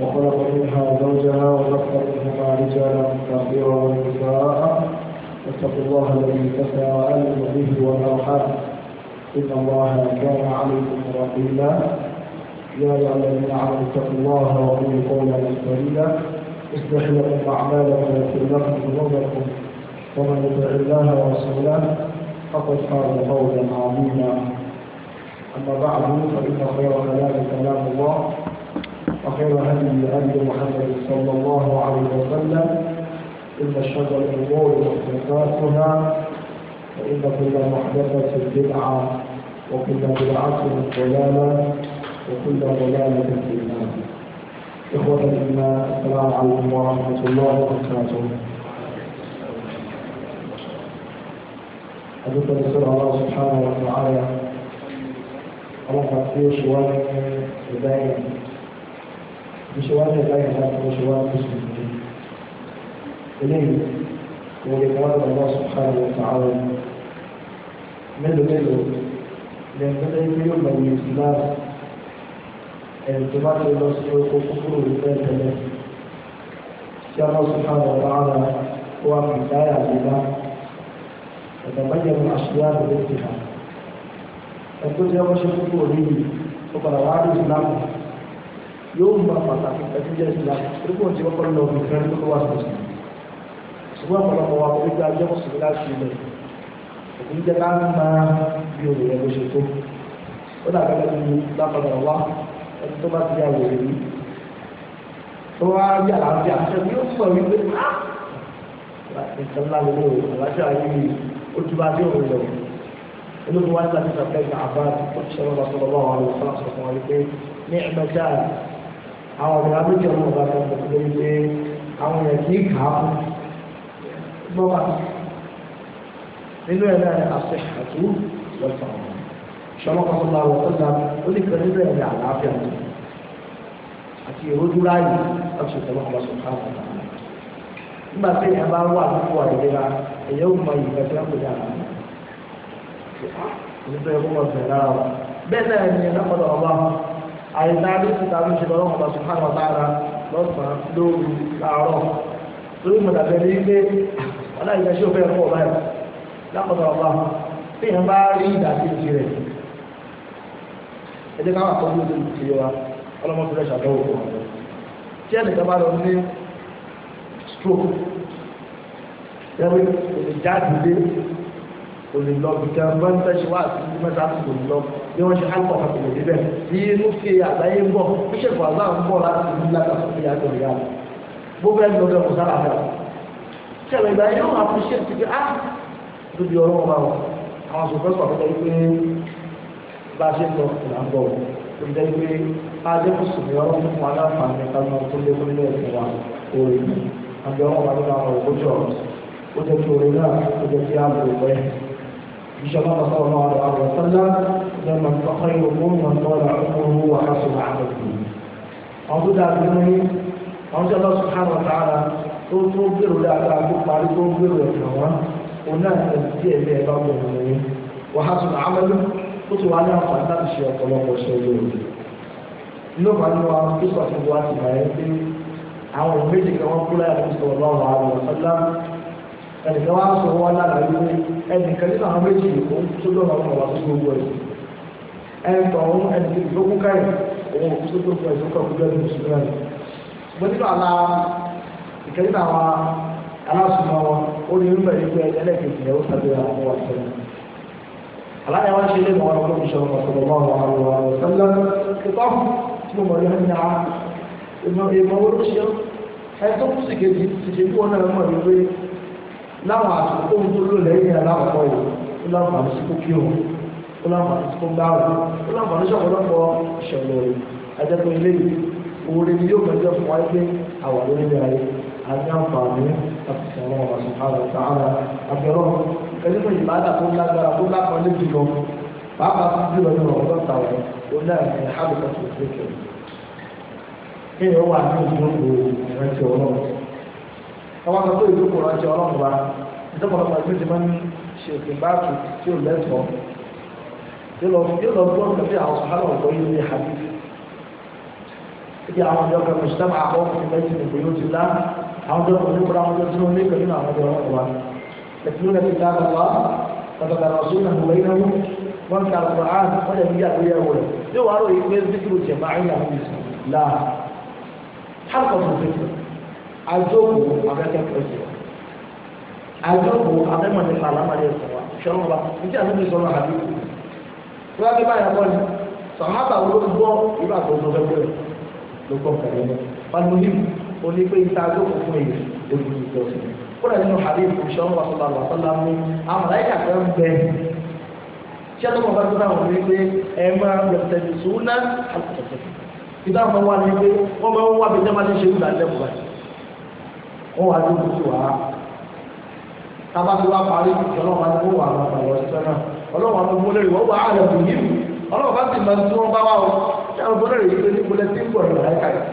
وخلق منها زوجها وخلق منها رجالا كثيرا ونساء واتقوا الله الذي تساءلون به والارحام ان الله كان عليكم رقيبا يا ايها الذين امنوا اتقوا الله وقولوا قولا سديدا اصلح لكم اعمالكم ويغفر لكم ذنوبكم ومن يطع الله ورسوله فقد فاز فوزا عظيما اما بعد فان خير كلام كلام الله وخير هدي هدي محمد صلى الله عليه وسلم إن شر الأمور محدثاتها وإن كل محدثة بدعة وكل بدعة ضلالة وكل ضلالة في النار إخوة الإيمان السلام عليكم ورحمة الله وبركاته حديث رسول الله سبحانه وتعالى الله قد في بداية مشوار الله مشوار المسلمين إليه ولقرار الله سبحانه وتعالى ملو ملو لأن بدأ يوم الانتباه الانتباه الله سبحانه وتعالى الله سبحانه وتعالى هو من داية الإله تتبين الأشياء بالاتحاد. أنتم يا بشر تقولين فقد وعد الإسلام yóò máa pàtàkì ẹ̀fíjẹ́ ìsìlámù nígbà tí wọ́n kọ́ lọ bí ìfẹ́ tó wà sí ìsìn ṣùgbọ́n ọ̀pọ̀lọpọ̀ wa kò gbé ajọ́ mùsùlùmí láti ilẹ̀ òkú jẹ́ ká ń máa bí òwe ẹ̀ bó ṣe tó ó dàbí ẹni ní lápapọ̀ wá ẹni tó bá ti yà wò rí tó wá yà láàbíà ṣẹ́ni yóò pọ̀ wípé nǹkan ah! ńlá lówó àlàáfíà yìí ó ti bá dé àwọn ọ̀gá méjì ọmọ ọ̀gá tó ń bọ̀ lórí pé àwọn èèyàn kì í kà á fún bọ́bà nínú ẹ̀ náà àṣẹ àtú lọ́sọ̀ ṣọlọ́kọ̀ tó bá wọ̀ tó dá ó lè kẹ́ nínú ẹ̀ ní àlàáfíà tó àti ìrójú láàyè láti ṣètọ́lọ́ ọmọ sọ̀tà àwọn nígbà tí èèyàn bá wà nípò àìlera èèyàn ò mọ ìgbà tí wọ́n kò dára nítorí kó mọ̀ bẹ̀rẹ̀ lára bẹ́ẹ̀ náà ni ẹ̀ àìsàn àdúgbò tàbí ìṣẹ̀lẹ̀ ọlọ́run ọba subhanahu wa ta'ala lọ́sàn-án lóru láàárọ̀ torí mo dàbẹ̀ ní pé aláìsàn ṣé o fẹ́ pọ̀ báyìí lápọ̀tọ̀ tí èèyàn bá rí ìdásí ti rẹ̀ ẹ káwọn àkọ́jú ojú ti yọ wa ọlọ́mọ fún tí bá lọ ní stroke olùlọ́bù kan máa ń tẹ́sí wá sí mẹ́ta sí olùlọ́bù bí wọ́n ṣe hàn pọ̀ kàkiri níbẹ̀ bí inú fi àgbáyé ń bọ̀ bí ṣèkọ̀ àgbà ń bọ̀ láti ìlú láti fún ìyá tó yá lọ gbogbo ẹni lọ́dọ̀ ọ̀hún sára fẹ́ ṣẹlẹ̀ ìgbà yóò máa fi ṣe ti fi á ah! di ọ̀rọ̀ wọn wọn àwọn sọ̀rọ̀ sọ̀rọ̀ sọ̀rọ̀ pé bá a ṣe lọ ìlà ń bọ̀ ó jẹ́ pé adékùsùn ni ọlọ́run fún aláǹfààní kan náà tó lé fúnlẹ̀ ẹ̀sìn wa orin àbí ọlọ́run wa ló máa ń rọ̀ ó jọ ó jẹ́ kí orin náà ó jẹ́ kí á lò ó pẹ́ إن شاء الله صلى الله عليه وسلم لما خيركم من طال عمره وحسن عمله أعوذ بالله أعوذ الله سبحانه وتعالى tó tó gbèrò dáadáa tó parí tó gbèrò ẹ̀kọ́ wọn òun náà ti di ẹ̀mí ẹ̀bá wọn nìyẹn wàhálà sọ̀rọ̀ amẹ́lú ó ti wà ní àǹfààní láti ṣe ọ̀pọ̀lọpọ̀ ṣe olóòrè inú ọ̀gá ni wọn tó sọ̀tún wá ti bàyẹ̀ pé àwọn méjì kan wọn kú láyà sọ̀rọ̀ lọ́wọ́ àwọn ọ̀sán ẹnìkan wá sọ wọn lára yìí pé ẹnìkan nínú àwọn méjì ó ń tó lọ́nà ọmọ wa tó gbogbo ẹ̀sìn ẹnìkan ọ̀hún ẹnìkan tó kú káyìn òun tó gbogbo ẹ̀sìn kọ́ gbogbo ẹ̀sìn sùn náà mo nínú àlá ìkẹ́ nínú àwọn aláṣùmọ̀ wọn ó ní irúgbà yìí pé ẹlẹ́kẹ̀kẹ̀ yẹn ó tàbí àwọn ọmọ wa sẹ́yìn aláya wá ṣe lé mọ́ ọmọ tó ṣe ọmọ sọ̀rọ̀ mọ́ ọmọ àwọn ọmọ láwọn àtúntò ohun tó lò lẹ́yìn aláwọ̀ yìí ó láǹfààní sí kókí òun ó láǹfààní sí kókí òun ó láǹfààní sí ọ̀pọ̀lọpọ̀ ìṣẹ̀lẹ̀ rẹ̀ ajẹ́pẹ́ ilé yìí oore ni yóò mẹ́jọ fún wa pé àwà lórí ilé ayé àti àǹfààní àti sọ̀rọ̀ ọ̀rọ̀ sọ̀rọ̀ sàárà àbẹ̀rọ̀ ẹnìmọ̀ ìbáàdà tó lágbára tó lápá lébi lọ pàápàá tó dúró ní ọ̀rọ̀ tàwọn onáàrin hábìtà tó fẹ́ kẹ́ káwọn sọ pé ìlú kò rántí ọlọ́run wa ìtọ́pọ̀lọpọ̀ ìlú ti máa ń ṣe òfin báàkì tí ò lẹ́tọ̀ọ́ yóò lọ gbọ́ pẹ̀lú àwọn sọ̀hánà ọ̀gbọ́ yóò ní hadith ibi àwọn ọjọ́ kan mọ̀ṣẹ́ máa kọ́ fún mẹ́tì nìkan yóò ti lá àwọn ọjọ́ kan nípa àwọn ọjọ́ tí wọ́n ní pẹ̀lú àwọn ọjọ́ ọ̀rọ̀ wa ẹ̀sìn lórí ẹ̀sìn láàbà wa ọ̀tọ̀tà lọ sí ìnáwó ẹ̀yìn náà á wọ́n lè níyà tó yẹ wọ̀ yóò wá rò yí pé zikiru jẹ̀ máa ń yà àjọkù afẹ́kẹ́kọ̀ọ́ sí àjọkù afẹ́mọ̀tẹ́ pàlámàlẹ́ ẹ̀sọ́ wa ìṣọ́nà wa níbi àtúntò ìṣọ́nà àbí wọ́n á gbé báyà kọ́ ni sọ̀hábà wo ló gbọ́ ìlú àtọ́jú ọ̀fẹ́ ló kọ́ kẹ̀lẹ́ lọ pàlùmíì ó ní pé ìta àjọkù fún èyí ewu ìjọsìn kódà nínú àbí ìṣọ́nà wa sọ̀rọ̀ àwọn àtọ́lá mú àmàlàyíkà fẹ́ ń bẹ tí a tó mọ̀ bá tó dáhùn ní pé ẹ máa bẹ̀rẹ̀ tẹ̀síwúná àtẹ̀tẹ̀ ìdáhùn wa ní pé wọ́n máa ń wá bí jẹ́ máa ti ṣe ìgbà lẹ́kọ̀ọ́ báyìí wọ́n wá dúró sí wàá tábàtí wá parí ìjọlọ́wọ́ ni wọ́n wà lọ pẹ̀lú ọ̀sẹ̀ náà ọlọ́wọ́ àwọn ọmọ olórí wọ́n wà á lọ bìí yìí ọlọ́wọ́ bá ti mọ tí wọ́n bá wà ó ṣé àwọn ọmọ olórí yìí ní ìpínlẹ̀ tí ń bọ̀ ní àyíká yìí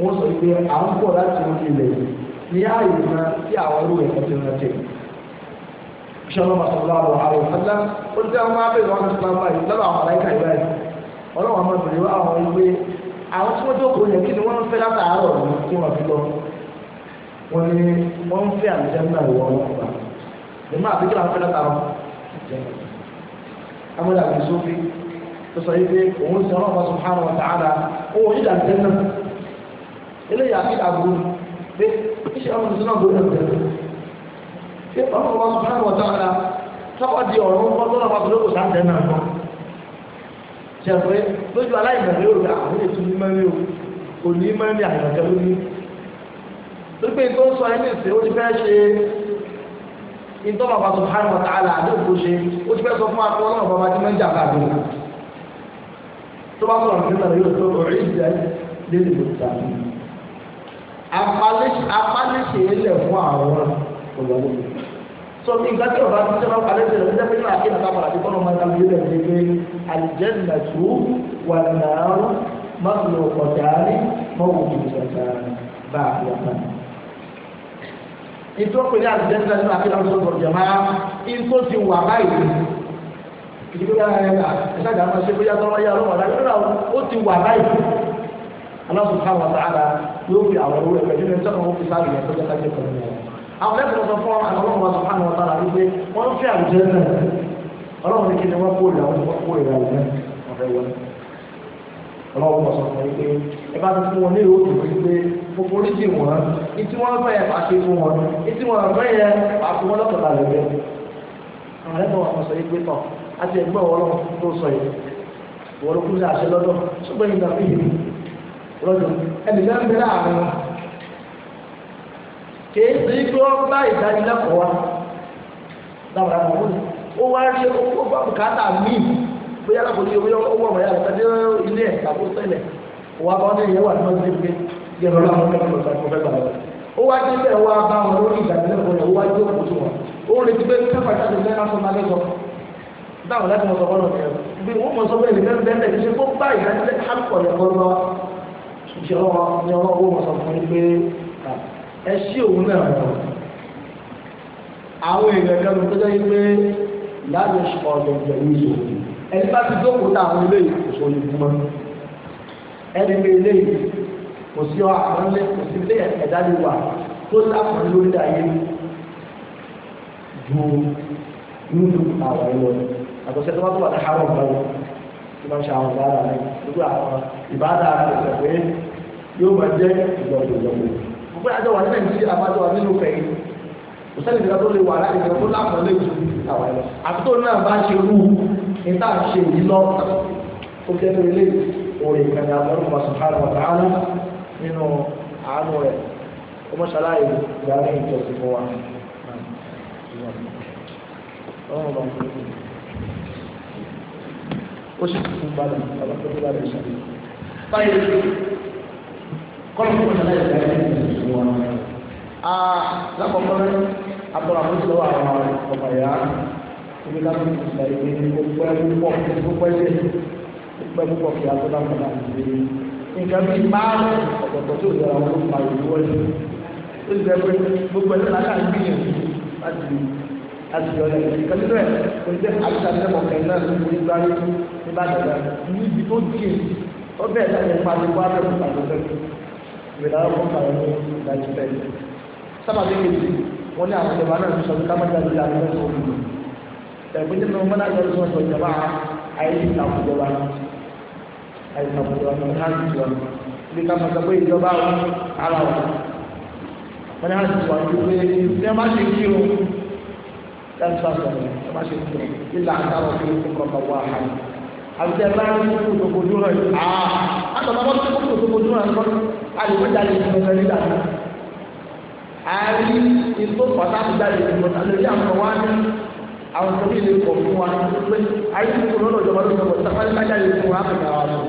wọ́n sọ pé à ń bọ̀ láti orí ilẹ̀ yìí ní ààyè náà tí àwọn olórí ẹ̀kọ́ ti rántí ìṣọ́nà màsàlọ́wọ́ àwọn ọ̀sẹ̀ náà ó ti àwọn máa bẹ̀rẹ̀ lọ́wọ́ àwọn àyíká báyìí ọlọ́wọ́ àwọn ọmọbìnrin wá àwọn ẹgbẹ́ àwọn ni wọ́n fẹ́ látàárọ̀ ní kí wọ́n wọ́n ní wọ́n ń fẹ́ àlùjẹ́ náà wọ́n wọ́n pa ìmọ̀ àbíkẹ́ àwọn fẹ́ lọ́ta wọn amúdà àbí sófi tó sọ yìí pé òun ti ọlọ́pàá subhanahu wa ta'ala owó yìí dàbí náà eléyìí àbí àbúrò pé iṣẹ́ ọmọ tuntun náà gbọ́dọ̀ pé ọlọ́pàá subhanahu wa ta'ala sábà di ọ̀rọ̀ ń bọ́ lọ́nà pàtó lóko sáńtẹ̀ náà kọ́ ṣẹ̀fẹ̀ lójú aláìmọ̀ lórí àwọn ètò onímọ̀ ní o onímọ̀ pípé tó ń sọ ẹni ìsìn ó ti fẹ́ ṣe ìtọ́nàbà subhanahu wa ta'ala àdókò ṣe ó ti fẹ́ sọ fún akọ ọlọ́run bàbá tí mẹ́jà bá dùn tó bá sọ̀rọ̀ nípa yóò tó orí ìjẹ́ lórí ìgbòta apálẹ́ṣe ilẹ̀ fún àwọn ọ̀gbọ̀n sọ ní ìgbà tí ọba tí wọn kàlẹ́ ṣe lọ́dẹ́ fún àti nàta padà tí ń tàbí ilẹ̀ ṣe pé àlìjẹ́nàtú wà ìtọ́pẹ̀ ní àdìjẹ́sílá nínú àfihàn tó sọ̀rọ̀ jẹ̀má ìtọ́ ti wà báyìí ìdílé ara ẹ̀ ká ẹ̀ṣáàjà máa ṣe bóyá tọ́wọ́ yá ọlọ́wọ́ láti rírà ó ti wà báyìí aláṣọ fún àwọn àtàrà yóò fi àwọn owó ẹ̀fẹ̀ nínú ẹ̀ṣọ́ kan ó fi sáré ẹ̀ tọ́jà kájẹ́ pẹ̀lú ẹ̀ àwọn ẹ̀fẹ̀ sọ fún àwọn ọlọ́wọ́ sọ fún àwọn àtàrà wípé wọ́n fi àdìjẹ́sílá ọlọ́wọ́ gbogbo oríṣi wọn ní tí wọ́n pàṣẹ fún wọn ní tí wọ́n pàṣẹ wọn lọ́tọ̀ lálẹ́ bẹ́ẹ̀. àwọn ẹ̀fọ́ yìí pé tán àti ẹ̀gbọ́n wọn tó sọ yìí wọ́n ló kúrò àṣẹ lọ́dọ̀ ṣùgbọ́n ìgbà fi yìí lọ́dọ̀ bẹ láàrin wọn. ṣe wa ó wá rí míì yẹ̀rọ láwọn mẹ́fẹ̀ẹ́ ọ̀sán fún fẹ́fẹ́ ọ̀sán. ó wá dé bẹ́ẹ̀ wá bá wọn lórí ìdánilẹ́kọ̀ọ́ rẹ̀ ó wá dé òkú wọn. ó retí pé pẹ́pà jáde lẹ́nà sọ máa lẹ́sọ. báwo láti wọn sọ fọ́nà rẹ̀ bí wọ́n mọ̀ sọ bẹ́ẹ̀ lẹ́nu bẹ́ẹ̀ ṣe kó bá ìdánilẹ́ alùpọ̀ rẹ̀ kọ́ lọ. ìṣòro wọn ni wọn ó mọ̀ sọ fún mi pé ẹ ṣí òun náà àwọn èèyàn kan tó jẹ́ pé láti ọ̀dọ̀ ìjẹ̀wé ìṣòro ẹni bá ti dókòó tá ilé ìṣòro ìgbìmọ̀ ẹni pé ilé ìṣòro kò sí àpọ́nlé kò sí ilé ẹ̀dá lè wà tó lápọn lórí ayé ju nínú àwọn ẹ̀rọ àtọ̀sẹ́ tó bá tó wà ní àwọn ọ̀gá wọn tó bá ń ṣe àwọn ọ̀gá rẹ̀ lórí àwọn ìbáàdà àtẹ̀sẹ̀ pé yóò máa jẹ́ ìgbọ̀ngbọ̀ngbọ̀ gbogbo àjọ wà ní nàìjíríà àbájọ wà nínú kẹyìn kò sẹ́ni ìgbà tó lè wà nínú àánú rẹ̀ ó mọ́ṣáláì ìyára ìjọsìn fún wa. ó sì tún balẹ̀ ọlọ́pàá tó balẹ̀ ìṣẹ̀lẹ̀. báyìí kọ́lọ̀ fún mọ́ṣáláì ìyára ìjọsìn fún wa. lákọ̀ọ́kọ́ rẹ̀ abọ́ra mú sí lọ́wọ́ àwọn ọmọ ìyá ibi ká fún ìgbà ìgbé ní gbogbo ẹ̀ púpọ̀ gbogbo ẹ̀ púpọ̀ kí a tó dáhùn náà nǹkan bíi márùn ọ̀tọ̀ọ̀tọ̀ tó yọra wọn pa ìlú wọlé ó sì fẹ́ pé gbogbo ẹ̀sìn náà kàn gbìyànjú láti láti yọ lẹ́yìn nǹkan nínú ẹ̀ kò ní jẹ́ àbíta sẹ́kọ̀ọ́ kẹ́yìn náà ló ń gbé gbáyé ní bàtàlá ní ibi tó jìn ó bẹ̀rẹ̀ láti pa gbogbo abẹ́kù pàtẹ́fẹ́ ìrẹ̀lá ọkọ̀ pàrọ̀ ní ìdájí bẹ́ẹ̀ sábàbí kejì wọn ní àwọn ìjọba náà ń sọ pé kámájáde láti mẹ́sàn-án òdùnnú ẹ̀gbẹ́ nínú mọ́nà ìjọba àìsí àkójọba náà àìsàkùnrin ọ̀nà náà ti wà bí ká máa sọ pé ìjọba ara wà wọ́n náà ti wà ju pé ṣé má ṣe kí o láti bá sọ̀rọ̀ ṣé má ṣe kí o ilà àtàwọn fi ń kọ́ ọ̀pọ̀ wá àná àbíkẹ́ ẹ bá ń kó kòtòkò ojú hàn yìí àá àtọ̀tọ̀ bá tó kòtòkò ojú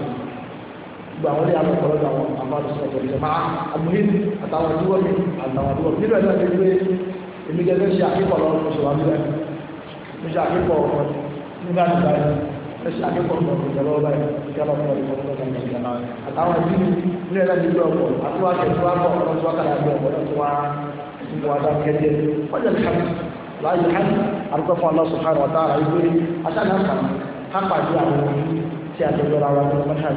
gba àwọn ilé àwọn ọ̀pọ̀lọpọ̀ àwọn àmàlùsọ̀ ọ̀pọ̀lọpọ̀ máa àmúhìn àtàwọn ìdúró mi àtàwọn ìdúró mi níbẹ̀ náà ti gbé èmi gẹ́gẹ́ ṣe àkíkọ̀ lọ́wọ́ mo ṣe wà níbẹ̀ mo ṣe àkíkọ̀ ọ̀pọ̀ nígbà tó báyìí mo ṣe àkíkọ̀ ọ̀pọ̀ ìjọba lọ́wọ́ báyìí kí wọ́n fọ́ ìfọ́ tó kàn yín àtàwọn ìdí nílẹ̀ náà ti gbé ọ̀pọ̀ àtúwáṣe tó wá kọ̀ ọ̀pọ̀ tó wá kàlà gbé ọ̀pọ̀ tó wá tó wá dá kẹ́jẹ́ wọ́n jẹ́ ká láyé ká àrùkọ́ fún Allah subhanahu tí a jọjọ ra wa ní manhaj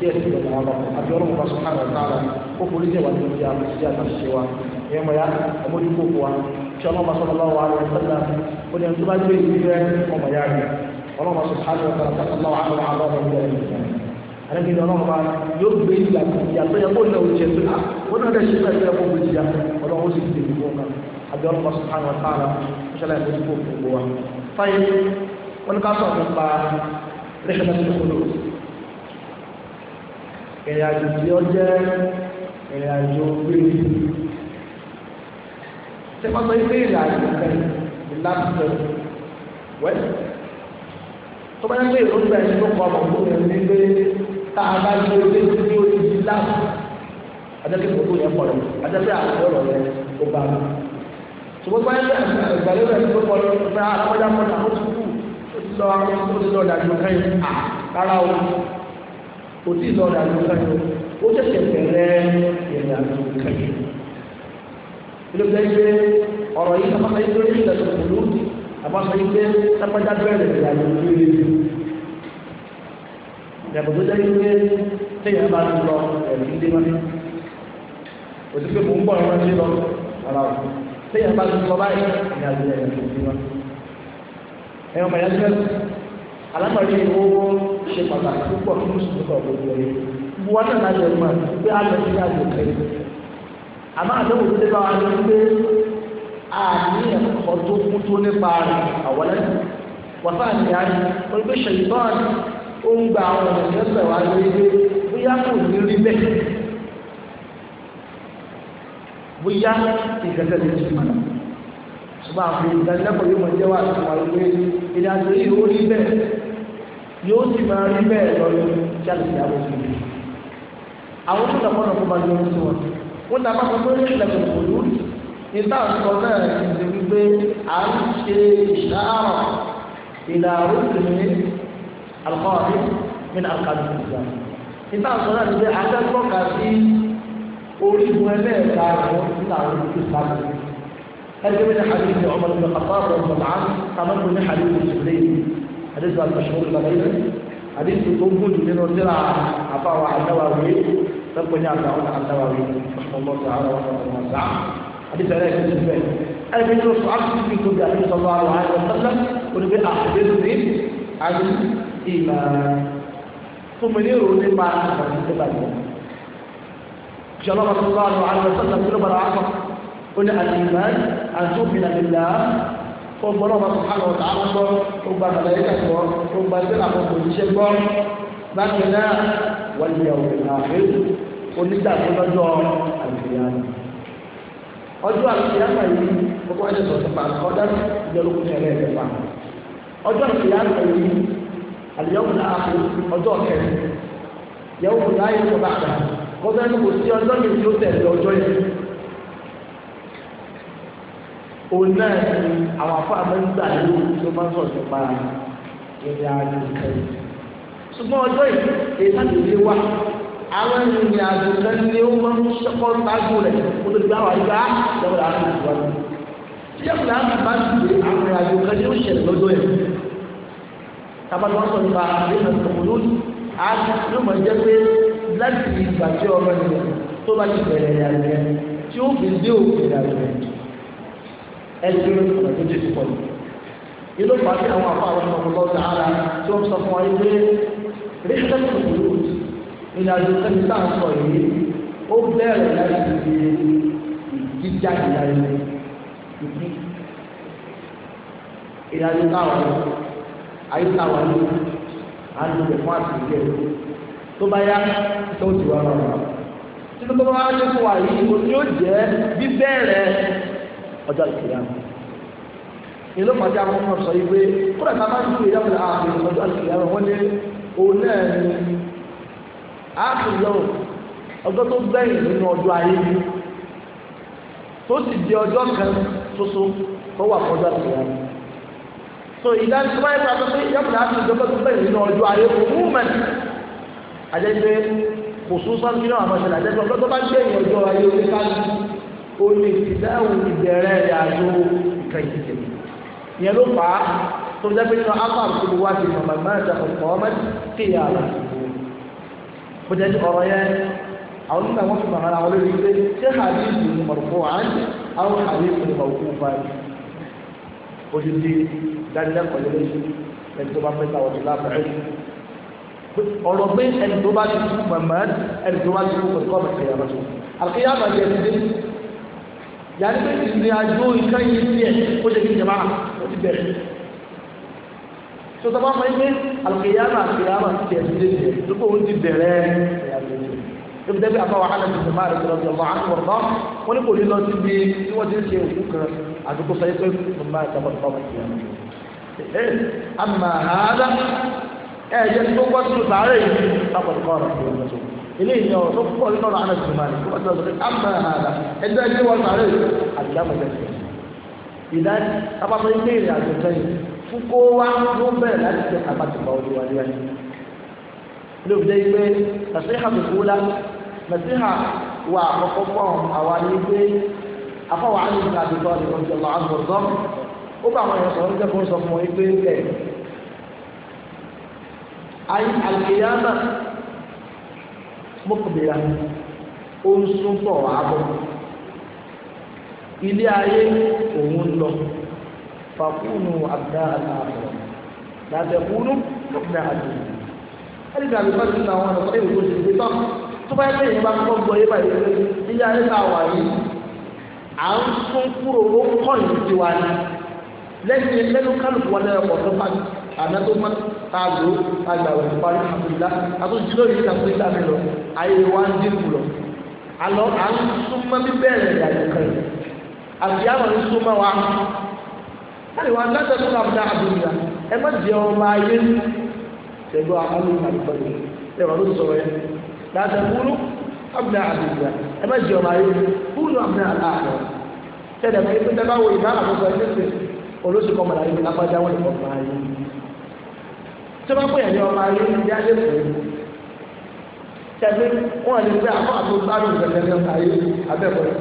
tí ẹsẹ̀ ìjọba wa lọ àti ọlọ́run bá sọ̀rọ̀ àwọn ọ̀tá rẹ̀ ó forí jẹ́ wà ní ìjà àti àṣìṣe wa ẹ̀yẹ́ mọ̀ ya ọmọdé kò wa tí ọlọ́run bá sọ̀rọ̀ lọ́wọ́ wa rẹ̀ sẹ́lá ó ní ẹni tó bá gbé ìlú rẹ̀ ọmọ ya rẹ̀ ọlọ́run bá sọ̀rọ̀ àwọn ọ̀tá rẹ̀ sẹ́lá wà á lọ́wọ́ àwọn ọmọ rẹ̀ alẹ́gbẹ̀rẹ̀ ọlọ́run bá yóò gbé ìgbà ìyàtọ̀ yẹ kó rẹ̀ rẹ́kẹ̀tà tó kúrò ìrìn àjò tí ó jẹ́ ìrìn àjò gbèrè ṣé wọ́n sọ pé ìrìn àjò kan ní lápútọ̀ wẹ́n tó bá yẹ pé ìrònúgbà yìí ló kọ́ ọmọ òkú yẹn a bá gbé ilé tí ó ti di láàbù adájọ́ òkú yẹn pọ̀ lọ adájọ́ àkọ́kọ́ rọ̀ yẹn ó bá a lọ. ṣùgbọ́n bá yẹ pé sọ àwọn tó ti lọ dàjú kẹ́yìn rárá o kò tí ì lọ dàjú kẹ́yìn o ó ṣẹ̀ṣẹ̀ bẹ̀rẹ̀ ìrìnàjò kẹ́yìn. ilé ìgbà yìí pé ọ̀rọ̀ yìí sábà sáyé lórí ìdàgbà pẹ̀lú àbá sáyé pé sábàjá bẹ̀rẹ̀ ìrìnàjò kéré. ìyàgbọ́ tó jẹ́ pé téèyàn bá ti lọ ẹ̀rí dé mọ́ òtún pé mò ń bọ̀ ẹ̀rọ sí lọ rárá o téèyàn bá ti lọ báyìí ìrìnàjò ẹ̀rí dé mọ́ ẹ̀yọ́ mọ̀ ẹ̀yọ́ alámọ̀rí owó ṣe pàtàkì púpọ̀ fún mùsùlùmí kan gbogbo ẹ̀ gbogbo wọn náà lájọ mọ̀ pé a lọ sí àjò kẹrin àmọ́ àdéhùn tó dé bá wa ló ń gbé àní ẹ̀kọ́ tó kú tó nípa àwọn ẹ̀ wàfáà ní àyè olùgbéṣẹ̀ ìbọn ó ń gba àwọn ọ̀nà ìgbésẹ̀ wa lórí pé bóyá kò ní rí bẹ́ẹ̀ bóyá ìgbésẹ̀ lè ti mọ̀ náà ṣùgbọ́n àpò ìdánilẹ́kọ̀ọ́ yóò mọ̀ jẹ́ wà sí àwọn ìwé ìrìn àjò yìí ó rí bẹ́ẹ̀ yóò sì máa rí bẹ́ẹ̀ lọ́dún tí a lè fi àwọn òṣèlú. àwọn tó lọ́kọ́ náà kó máa yọ sí wọn. wọ́n ta bá sọ pé ìlẹ̀kùn kò lórí. ìta sọ náà ti di wípé à ń ṣe ìṣàárọ̀ ìlà òṣèlú alkọ́ọ̀dé nínú àkàdé ìgbà. ìta sọ náà ti di àjẹsọ́ka sí orígun ẹlẹ́ẹ̀ka àwọn ìlà òṣèlú هل من حديث عمر بن الخطاب رضي الله عنه كمان من حديث جبريل حديث المشهور لدينا حديث موجود من ترى عطاء عن النووي تبني على عن النووي رحمه الله تعالى ورحمه الله حديث عليه السلام أنا من رسول عبد في كل النبي صلى الله عليه وسلم ونبي أحببني عن الإيمان ثم نيرو لما إن شاء الله صلى الله عليه وسلم كل مرة عقب قلنا الإيمان àtúnfìlà nílá ó gbọ́ náà bàbá àlọ́ ọ̀tá ń gbọ́ ó gba àlàyé kàgbọ́ ó gba ẹgbẹ́ àkọ́kọ́ ìṣe gbọ́ bákan náà wọ́n lè yàwó ìlàfẹ́ onígbàgbọ́ lọ́jọ́ àlùfíàmù ọjọ́ àlùfíàmù yìí gbogbo ẹ̀jẹ̀ sọ̀tún pa ọ̀dà ìjọlókun ẹ̀rẹ́ ẹ̀rẹ́ pa ọjọ́ àlùfíàmù yìí àlùyàwó òun náà ni àwọn afọ àmọ́gbà yóò tó máa ń sọ̀rọ̀ nípa ìrìn àjò kẹrin ṣùgbọ́n ọjọ́ yìí èyí láti lè wà àwọn ìrìn àjò kẹrin ni ó máa ń ṣọkọ́ gbájú rẹ̀ kó tó gbá wàá gbá lọ́wọ́ láti wà lọ. tí ẹ̀kọ́ láti bá ti gbé àwọn ìrìn àjò kẹrin yóò ṣẹlẹ̀ lọ́jọ́ yẹn tábàtà wọn sọ nípa àdéhùn ìṣòwò lónìí àti yóò máa jẹ́ pé láti ìgbà tí ọmọ ènìyàn tó bá ti bẹ̀rẹ̀ ẹgbẹ́ ọ̀nà tó ti pọ̀ ní. inú pàṣẹ àwọn afọ àwọn ọmọ ọlọ́dún ara tí wọ́n sọ fún ayé pé ríṣẹ́ kòkòrò ìlànà ìsẹ́ni tá à ń sọ yìí ó bẹ̀rẹ̀ láti di ìjíjà ìlànà ìdí ìlànà táwọn ayé táwọn ní àlùkò fún àtìlẹ́ tó bá yá tó ti wà lọ́wọ́ títí tó bá wá dé fún wa yìí òní ó jẹ́ bíbẹ̀rẹ̀ ọjọ́ ìkìyàmù ìlú pàdé àwọn ọmọ sọ ìwé kúrò ká bá ju ìyá pẹ̀lú ààbò ọjọ́ ìkìyàmù wọn ní òun náà ní àkìyàmù ọjọ́ tó gbẹ̀yìn nínú ọjọ́ ayé tó sì di ọjọ́ kan ṣoṣo tó wà fọjọ́ ìkìyàmù so ìdánilẹ́wọ̀n ẹ̀ka tó pé ìyá pẹ̀lú àkìyàmù tó gbẹ̀yìn nínú ọjọ́ ayé kò mú mẹ́ àjẹgbẹ́ kò sún sọ́ọ́ olùsìdáhùn ìbẹ̀rẹ̀ rẹ̀ àjò ìkẹyìn tẹ̀lé yẹn ló fà á tó jẹ́ pé nínú afáà tó bu wá sí mọ̀mọ́ máa jẹ ọ̀pọ̀ ọmọ tí ìyá rẹ̀ kò jẹ́ ọ̀rọ̀ yẹn àwọn nígbà wọn fi màmá àwọn olórí pé ṣé hadith ni mọ̀rùfọ́ àn àwọn hadith ni mọ̀rùfọ́ fan odidi dánilẹ́kọ̀ọ́ lé lórí ẹni tó bá fẹ́ ta ọ̀rọ̀ pé ẹni tó bá ti kú mọ̀mọ́ ẹni tó bá ti kú kọ̀ọ̀kọ̀ yàrá pé ìrìn àjò nǹkan yìí sí ẹ̀ ó jẹ́ kí ìjọba ó ti bẹ̀rẹ̀ tó tọ́ bá mọ̀ pé àlùkìyàmà àlùkìyàmà ti tẹ̀ sí ẹ̀ lóko ó ti bẹ̀rẹ̀ ebi dẹ́bi àbáwá hànà ti sèmá rẹ̀ sọ̀rọ̀ ọ̀gbọ̀n àti wọ̀rọ̀ wọn ni kò ní lọ sí bí tí wọ́n ti ń ṣe òkú kan àdúgbò sọ pé mọ̀mọ́ ìtàkọ̀ tó bá ti yàn. àmà hàdà ẹ̀ jẹ́ tó gbọ́ sí ìtàrẹ́ yìí lápapọ̀ kọ́ ọ̀rọ̀ ìgbìyànjú eléyìí ni ọ̀rọ̀ tó pọ̀ nínú ọ̀rọ̀ àná tìmọ̀ rẹ̀ wọ́n ti lọ sọ pé àmà àdá ẹjọ́ ẹjọ́ wọn sàárẹ̀ àti àmọ̀tẹ́sẹ̀ ìdájí abáfẹ́ ilé ìrìn àjò sẹ́yìn fún kó wá ló bẹ̀rẹ̀ láti ṣe àbátìpá ojú wa ní ẹni ló fi jẹ́ pé nàṣíhà bìkúlá nàṣíhà wà àkọ́kọ́ fún àwa ní pé afọwọ́ àmì ìgbà àdìgbò mọ́kànlélá ó ń sún bọ̀ ààbọ̀ ilé ayé òun lọ fàkúnù àbúrà àtàwọn làtẹ̀kúnù àbúrà àtàwọn ẹni tàbí fásitì náà wọn lọ ẹ̀wọ̀n tó ti gbé tán tó bá yẹ kí ìyẹn bá kọ́ gbọ́ yé báyìí lórí ilé ayé tá a wà yìí à ń sún kúrò ó kọ́ ìlú tiwa ni lẹ́yìn lẹ́nu kálukú wa lẹ́yìn ọ̀pọ̀ tó bá àná tó má tá a lò ó àgbà òkú parí àbúrò ìlà àbúrò ìdílé òyìnbó àbúrò ìlà mi lọ ayé wa ń dín kù lọ alọ à ń súnmọ́ bí bẹ́ẹ̀ rẹ̀ yàtọ̀ kan yìí àti àwọn ń súnmọ́ wa láti wá dájọ́ tó kàwé náà àdúrà ẹ má jẹ ọmọ ayé tẹ̀gbọ́ àmọ́lù àgbẹ̀rẹ̀ ẹ wà ló sọ̀rọ̀ yẹn láti kúrú àbúrà àdúrà ẹ má jẹ ọmọ ayé kúrú àbúrà àdúrà tẹ̀lé pé pé tẹ́lá wo ìbára àkókò ẹ̀ tẹ̀sẹ̀ olóṣù kọ́ mọ̀lá yìí lápájá wọn ìfọ̀mọ̀ ayé tẹ́lá pé ẹ̀yẹ ọmọ ayé ìdí ayé fún tẹ̀lé wọn lè fẹ́ àfọ́ àtò sáré ìgbẹ̀lẹ̀ ní ah, ayé abẹ́kọ̀ọ́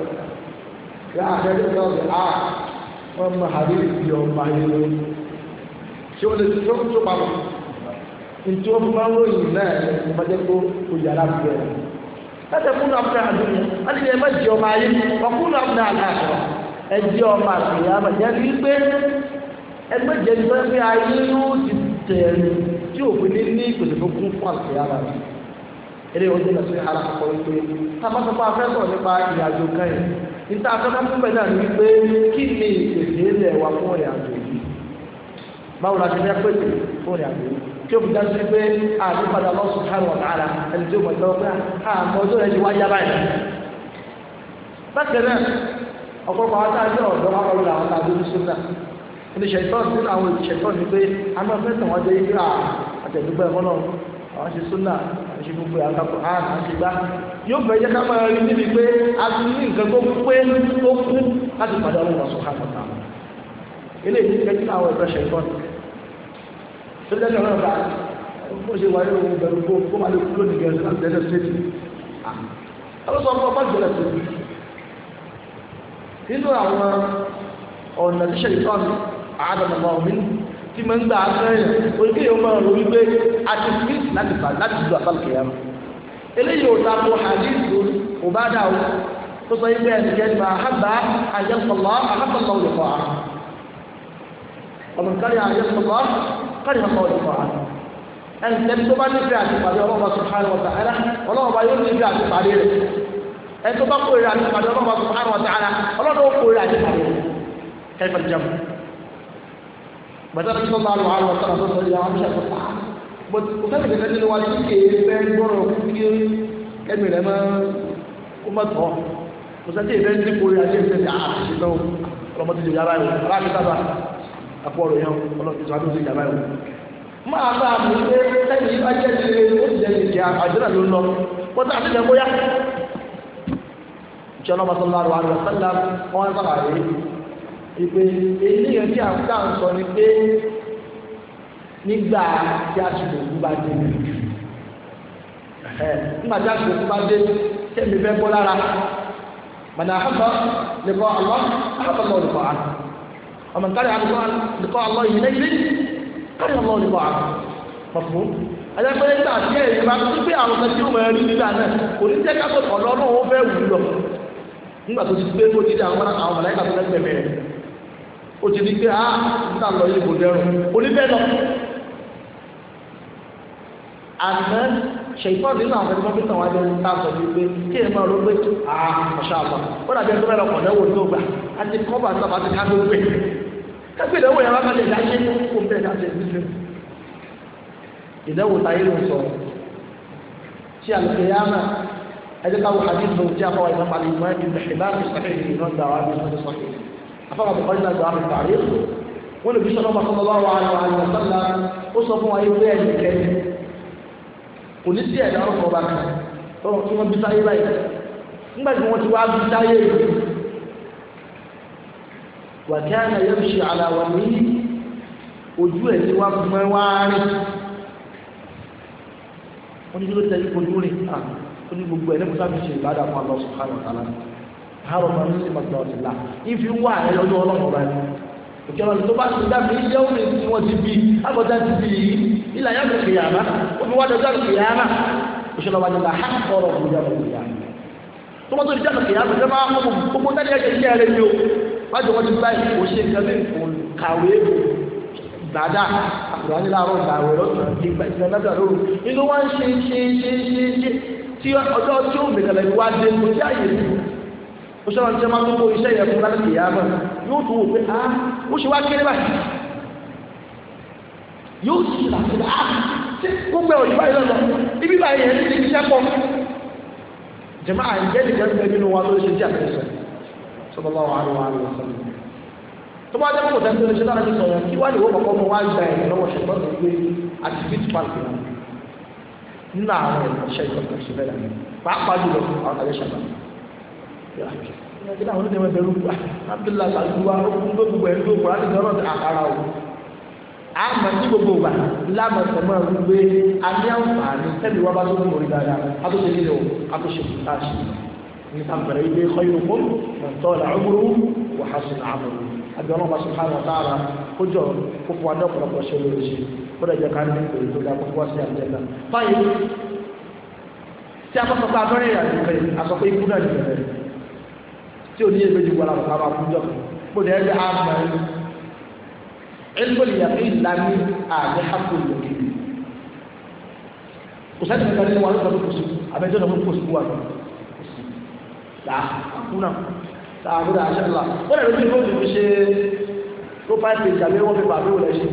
yà àfẹ́lẹ́ náà lè á wọn mọ àrí ìdí ọba yẹn lọ tí ó lè tí ó tó pamọ́ ntí ó máa ń ròyìn náà ìbàjẹ́ kó o yàrá bẹ̀ ẹ́ láti ẹ̀kúnnú abúlé àdúgbò wọn lè má jẹ ọba ayé ọkúnnú abúlé àdúgbò ẹ jẹ ọba àgbèyà àbàjẹ́ rí pé ẹgbẹ́ jẹ́ ní pé ayé yóò ti tẹ̀ tí òfin ní ìpèsè fún fún àgbèyà àbàjẹ́ eré ojú na sí ara kọ̀kọ́ wípé ta a bá sọ pé a nípa ìrìnàjò kan yìí níta pẹ̀lú wípé kí ni ìpèsè ilẹ̀ wa fún ìrìnàjò yìí báwo la ti fẹ́ pèsè fún ìrìnàjò yìí o fi dájú pé àdúpadà lọ sùn káàrọ̀ ọ̀tàrà ẹni tí o mọ̀ pé àmọ́ rẹ̀ ti wá yá báyìí. ọ̀pọ̀lọpọ̀ a ọ̀dọ́ wọn àwọn ṣe súnà ṣe gbogbo àkàkọ àwọn àwọn yóò fẹ́ jẹ́ ká máa níbi pé a ti ní nǹkan tó pé tó kú láti padà ọlọ́run ọ̀sán káàkiri náà eléyìí ti fẹ́ na àwọn ẹ̀fẹ́ ṣe tó jẹ́ ó ṣe wáyé ohun ìbẹ̀rù kó kó máa lè kú lónìí gẹ̀ẹ́sì láti ọmọ nínú àwọn ọ̀nà tíṣẹ̀ tí mo ń gbà sẹ́yìn oríkèé yóò máa rò wípé àti fíìsì láti fà láti lu àbálùkè yàrá eléyìí ò ta ko hadithu ò bá dà o tó sọ ibẹ̀ ẹnìkẹ́ ní máa hábà àyẹ̀kọ̀lọ́ àhábàlọ́ òyìnbó a ọmọ nkárí àyẹ̀kọ̀lọ́ kárí àmọ́ òyìnbó a ẹnìkẹ́ tó bá nífẹ̀ẹ́ àti pàdé ọlọ́wọ́ subhanahu wa ta'ala ọlọ́wọ́ bá yóò nífẹ̀ẹ́ àti pàdé rẹ̀ ẹni tó bá kórè àti pàdé ọlọ́wọ́ subhanahu wa ta'ala ọlọ́wọ́ kórè àti pàdé rẹ̀ kẹfẹ́ jẹun gbàtà bí sọ́nà àlọ́ àlọ́ sọ́nà tó sọ́nà àwọn aṣọ àtọ́ta but kò sẹ́ni kẹ̀kẹ́ nínú wa tí kì í fẹ́ gbọ́rọ̀ kú kí ẹnu rẹ̀ máa kó má tọ́ kò sẹ́ni kẹ̀kẹ́ nínú kórè àti ẹ̀sẹ̀ ní àṣìṣe náà ọlọ́mọdé lè yára yìí aláàbí sábà àpò ọ̀rọ̀ yẹn ọlọ́mọdé sábà lè yára yìí. máa bá a mú pé sẹ́ni yìí bá jẹ́ ìṣe ó sì jẹ́ ìṣe àjọyọ̀ ló ń lọ wọ́n ti àṣìṣe bóyá ìṣẹ́ ọlọ́mọdé sọ́nà àlọ́ àlọ́ sọ́nà wọ́n ń sábà rí ìpè eléyìí tí a ń tà ń ni pé nígbà tí àsìkò òkú bá dé nígbà tí àsìkò òkú bá dé tẹ̀mí fẹ́ bọ́ lára mọ̀nà àkọ́kọ́ lẹ́kọ́ àlọ́ àkọ́kọ́ lẹ́kọ́ àlọ́ ọmọ nǹkan àkọ́kọ́ àlọ́ yìí lẹ́yìn kárí àlọ́ pọ̀fú ayẹyẹ pé àwọn ọmọ tí rí nígbà náà kò ní jẹ́ ká tó ó fẹ́ wù lọ nígbà tó ti kó àwọn ọmọ ó ti di pé a ah, níta lọ yìí kò dẹrùn oníbẹ̀ lọ. àná ṣèyíkọ́ nínú àwọn ẹgbẹ́ pípa wájú ta sọ yìí pé kí ẹ máa ló pé a ọ̀ṣà àbọ̀ ó dàbí ẹgbẹ́ mẹ́rin ọ̀pọ̀ lẹ́wọ̀ tó gbà á ti kọ́ bá sábà ti ká ló pé kápẹ́ ìdánwò yẹn wá ká lè dáṣẹ́ kó ń bẹ̀ dáṣẹ́ nílẹ̀ ìdánwò táyé ló sọ tí àlùkè yá náà ẹjẹ́ káwọ́ hadith ló ti àbáwá ìmọ̀ àlùmọ́ ìbẹ̀ṣẹ̀ láti sọ̀rọ̀ ìrìnà gbà afọ́nà bọ̀kọ́ nígbà tó àrùn tààrí wọn lè fi sọ́nà ọmọkọ́ bọ́ wà àwọn àwọn sọ́nà ó sọ fún wa yìí pé ẹ̀yìn kẹ́ni kò ní sí ẹ̀dá ọkọ̀ bá kan tọ́wọ́ tí wọ́n bí sáyé báyìí nígbà tí wọ́n ti wá bí sáyé wà kí á yẹ fi àlàwà ní ojú ẹ̀ tí wá fún ẹ wá rìn wọ́n ní kí ló tẹ̀lé kojú rìn à ní gbogbo ẹ̀ lẹ́kọ̀ọ́ sábì ṣe ìbádà fún Allah subhanahu haroma ní mọ̀tò ọ̀tìlá ìfi wá ẹ̀ lọ́dún ọlọ́run ọba ni òkè ọ̀nà tó bá ti dá mi ilé omi tí wọ́n ti bí abọ́dá ti bí yìí ilà yà ló kìyà má omi wá dọ́jà kìyà má òṣèlú ọba nígbà ha kọ̀ọ̀rọ̀ ọ̀gbọ̀dá kìyà tó mọ́tò ìjà kìyà má ṣe máa mọ́ gbogbo dáadé ẹ̀jẹ̀ ní ẹ̀rẹ́ ni o wájú wọn ti bá ìkòṣe nǹkan bí kàwé dada àkùrọ̀ ní láàárọ̀ ìgbàwé lọ́sàn-án ìgbà ìgbà lóru inú wọn ṣe ṣe ṣe ṣe ṣe tí ọjọ́ tí ó gbẹ̀gàlẹ̀ wá dé kò sí àyè ó ṣe wọn ṣe máa tó kó iṣẹ́ yẹn fún lálẹ́ ìyá mọ̀ yóò tún wò pé á ah, ó ṣe wá kéré báyìí yóò sì làkè á ṣe ah, gbogbo ẹ̀rọ ìbáyìí lọ́nà ibi báyìí yẹn ti ṣiṣẹ́ pọ̀ jẹ̀mọ́ àìjẹ́ nìkan ń bẹ nínú wa ló ṣe jẹ́ àtẹ̀sẹ̀ sallallahu alaihi wa sallam tó bá jẹ́ kó tẹ́ tó lè ṣe láti sọ̀rọ̀ kí wá lè wọ́n kọ́kọ́ wá gba ẹ̀yìn lọ́wọ́ ṣùgbọ́n tó kí làwọn onídẹ̀ẹ́mọ̀ ẹ̀fẹ̀ rúgbà abdullahi sàlùwà okùn tó gbogbo ẹ̀ tó kùrọ̀ àti ìdánwò àkàrà o àmọ́ tí gbogbo wa lámà sọ̀mọ́ wípé a ní àǹfààní sẹ́ni wa bá tó kún orí dáadáa a tó tẹ̀lé o a tó ṣe kù tá a ṣe ní sàǹfààní wípé kọ́yìn òkú tọ́lá ọgbọ́rú wà á sùn àmọ́rú àbíọ́nà bá sùn hánà tí ò ní èméjì wọn àwọn bàbá fún jọ kó lè rí àmọ́ ẹ̀ ẹgbẹ́ ìyàtọ̀ ìlànà àmì hàpọ̀ ìlòkè kò sẹ́ni kankan nínú wa ló sọ̀rọ̀ kòsì àbẹ̀jọ́ lọ́mọ kòsì wà lọ kòsì là àkúnà là àkúnà àṣẹ là wọ́n lè rí bóyá ìlú ṣe ló fà ṣe ìjàmbá wọn fi bàbá wọlé ṣe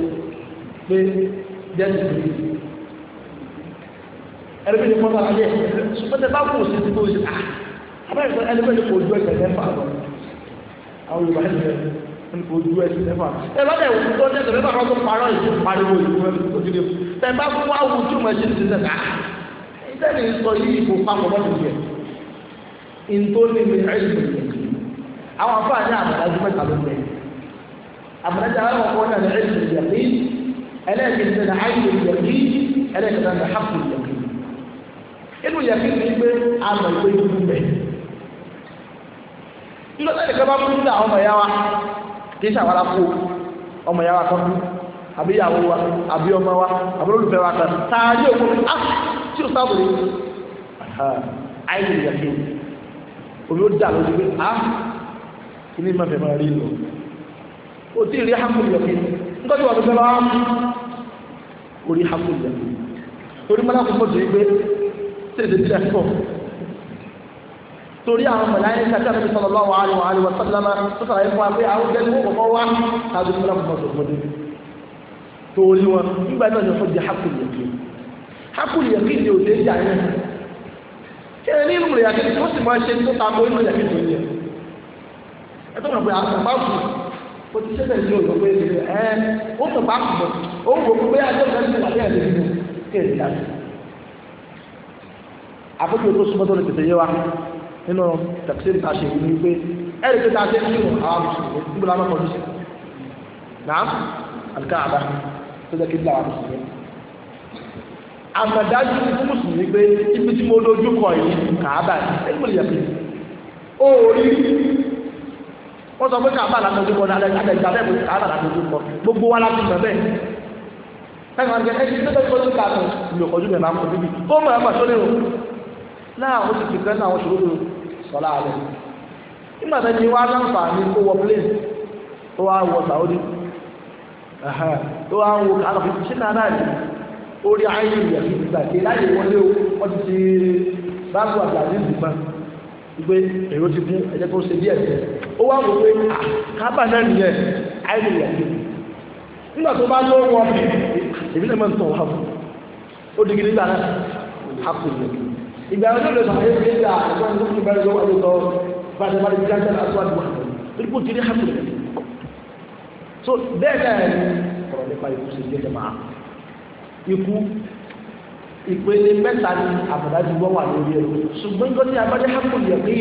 pé jẹ́ni ìlú ẹ̀rí bí ni mọ́tò àlẹ́ ẹ̀ ṣùgbọ́n tẹ bá kò sí ti tó ṣe à ah, bẹ́ẹ̀ sọ ẹni bẹ́ẹ̀ kò ju ẹsẹ̀ mẹ́fà lọ àwọn yorùbá ẹni bẹ́ẹ̀ ẹni kò ju ẹsẹ̀ mẹ́fà ẹ bá bẹ́ẹ̀ wù tó ẹsẹ̀ mẹ́fà lọ tó parọ́ ìlú pariwo ìlú ẹni tó ti dé tẹ bá fún wa wù tó mọ̀ ẹsẹ̀ ti sẹ̀ ká ìtẹ́ni sọ yìí kò pa mọ̀ bọ́ọ̀lù yẹ ntoni mi ẹyìn mi àwọn afáà ní àbàdájú mẹ́ta ló bẹ àbàdájú àwọn ọkọ náà ní ẹyìn mi yẹ kí ẹlẹ́ẹ̀kejì náà ẹyìn mi yẹ kí ẹlẹ́ẹ̀kejì náà ní hàkùn yẹ kí inú yẹ kí ni pé àmọ̀ ìgbé ìlú bẹ́ẹ̀ kí ló sẹ́ni kẹ́bá fún ní àwọn ọmọ ìyá wa kì í ṣàwárá kú ọmọ ìyá wa kan kú àbí ìyàwó wa àbí ọmọ wa àbúrò olùfẹ́ wa kan tààrí òkú á tí ó sábòrò àìlè ìyàkí omi ó dà lójú pé á ah, kí ní mọ̀fẹ́ máa rí lọ ó ti rí hàkùn ìyàkí nǹkan tí wọ́n fẹ́ lọ́wọ́ orí hàkùn ìyàkí orí mọ́lá kò mọ̀ sí pé tẹ̀sẹ̀ tí a torí àwọn mọ̀láyé kàtà nàbí sallallahu alaihi wa sallam tó sàlàyé fún wa pé àwọn jẹ́ ní kọ̀kọ́ wá tàbí fún ọmọ ọ̀dọ́gbọ́dé torí wọn nígbà náà ni ọjọ́ hakul yẹ̀kí hakul yẹ̀kí ni òde jà yẹn kí ẹni inú rẹ̀ yàtí tó sì máa ṣe tó ta ko inú yẹ̀kí tó yẹ ẹ tó mọ̀ pé àgbà kù ó ti nínú tafsir ta ṣe ní pé ẹ̀rí pé ta ṣe ń yìnbọn àwọn mùsùlùmí níbo la máa kọjú sí náà àlùkáàbá tó jẹ́ kí n lára mùsùlùmí. àmàdájú fún mùsùlùmí pé ibi tí mo dojú kọ yìí kàábà ẹ̀ mo lè yẹ pé ó rí wọ́n sọ pé kàábà látojú kọ náà àtẹ̀gbà bẹ́ẹ̀ mo kàábà látojú kọ gbogbo wa láti mọ̀ bẹ́ẹ̀ ẹ̀ka ń jẹ́ ẹ̀ṣin tó tẹ́kọ̀ọ́ tó kàtó mi ò kọjú mẹ́ta mọ̀ níbi ó mọ̀ ẹ̀ pàṣẹ sọlá rẹ̀ nígbà tó ti wá láǹfààní kó wọ plane tó wá wọ Saudi tó wá wọ kálọ̀ fífi ṣé náà náà orí ayé ìyẹ̀fì ìgbà tí láyé wọlé o wọ́n ti ti báàbù àgbàdì ìgbà gbé èrò ti kún ẹ̀jẹ̀ tó ṣe díẹ̀ díẹ̀ ó wá wò pé ah, kábà náà nìyẹn ayé ìyẹ̀fì nígbà tó bá ló wọ́n bí ìbílẹ̀ mọ́ ń fún ó di gidi dára hapun ìyẹ̀fì ìgbà wọn ló lọ sọ ayé ṣe dà ẹgbẹ́ wọn lókè bá lọ́wọ́ ló lọ bá ṣe máa dìjà jẹ́ aṣọ àdúgbò tó kò ti rí hàmù rẹ̀ so bẹ́ẹ̀ náà ni ọ̀rọ̀ nípa ikú ṣe jẹ́ jẹ́ máa ikú ìpele mẹ́ta ni àbàdájú wọn wà lórí ẹ̀rọ ṣùgbọ́n nígbà tí abájá hàmù yẹ̀ pé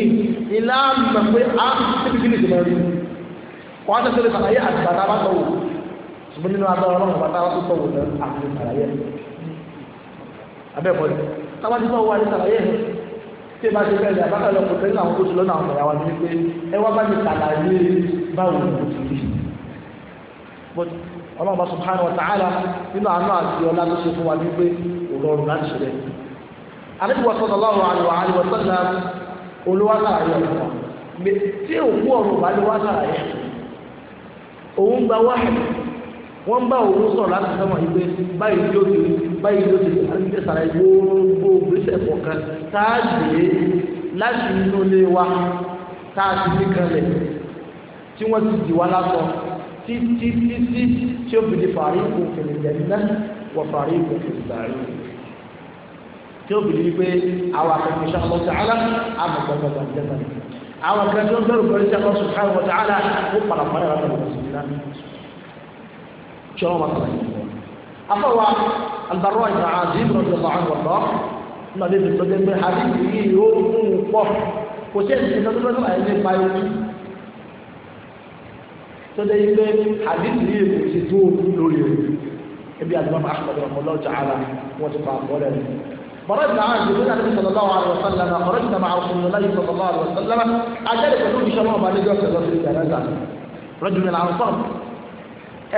ilá mọ̀ pé a ti fi kíni ìdìbò rẹ̀ wọ́n á tẹ̀sílẹ̀ sàlàyé àtìbàtà bá tọ̀wọ̀ ṣùgbọ́n nínú agbára ọlọ́run bàtà bá tábàtí náà wà ní sàlàyé ẹ̀ tí ẹ bá ṣe bẹ́ẹ̀ lẹ́yìn àbákàlẹ̀ ọkọ̀ tẹ́lẹ̀ àwọn oṣù lọ́nà àwọn ìyàwó ni pé ẹ wá bá ti sàlàyé báwo ni mo ti rí ọlọ́run bá subhanahu wa ta'ala nínú àánú àti ọlá tó ṣe fún wa wípé òrọ̀rùn láti ṣe rẹ̀. àdébùwà sọ̀rọ̀ lọ́rùn àlùwà àlùwà sọ̀rọ̀ olówó sàlàyé ọ̀rọ̀ tí òkú ọ̀rọ̀ bá lè wá sàlàyé òun gba wáhìn wọ́n bá òun sọ̀rọ̀ láti sọ́mọ̀ ìgbé báyìí ló ti báyìí ló ti àrídé sàrà gbogbo gbèsè kọ̀ọ̀kan táàdé láti inú ilé wa táàdé nìkanlẹ̀ tí wọ́n ti dì wá lásán títí títí tí ó fi di fàárí ìkó fèrè jẹ̀dínà wọ fàárí ìkó fèrè sàárì tí ó fi di pé àwọn akẹ́kọ̀ọ́ iṣẹ́ ọmọ sàárà àmọ̀ gbọ́dọ̀ gbọ́dọ̀ àwọn akẹ́kọ̀ọ́ tó ń bẹ̀rù pẹ̀lú iṣẹ́ ọmọ sàárà wọ sàárà ó pàràpàrà rẹ̀ lọ sí tí ọlọ́wọ́ sọ̀rọ̀ yìí fún ọ. afọwọ́ albarro ibn azim rọ̀bì ọ̀bà àwọn ọ̀dọ́ nínú àbí ibi tó dé pé àbí yìí ó fún un pọ̀ kò sí èsì tó tó tó àyè nípa ewu tó dé pé àbí yìí kò sí tó lórí rẹ̀ ebi àti bàbá àkọ́dọ̀ ọ̀pọ̀lọ́ jàálà wọ́n ti pa àkọ́dọ̀ rẹ̀. خرجنا عن جبريل النبي صلى الله عليه وسلم خرجنا مع رسول الله صلى الله عليه وسلم أجل كتب شباب عليه وسلم في الجنازة رجل من الأنصار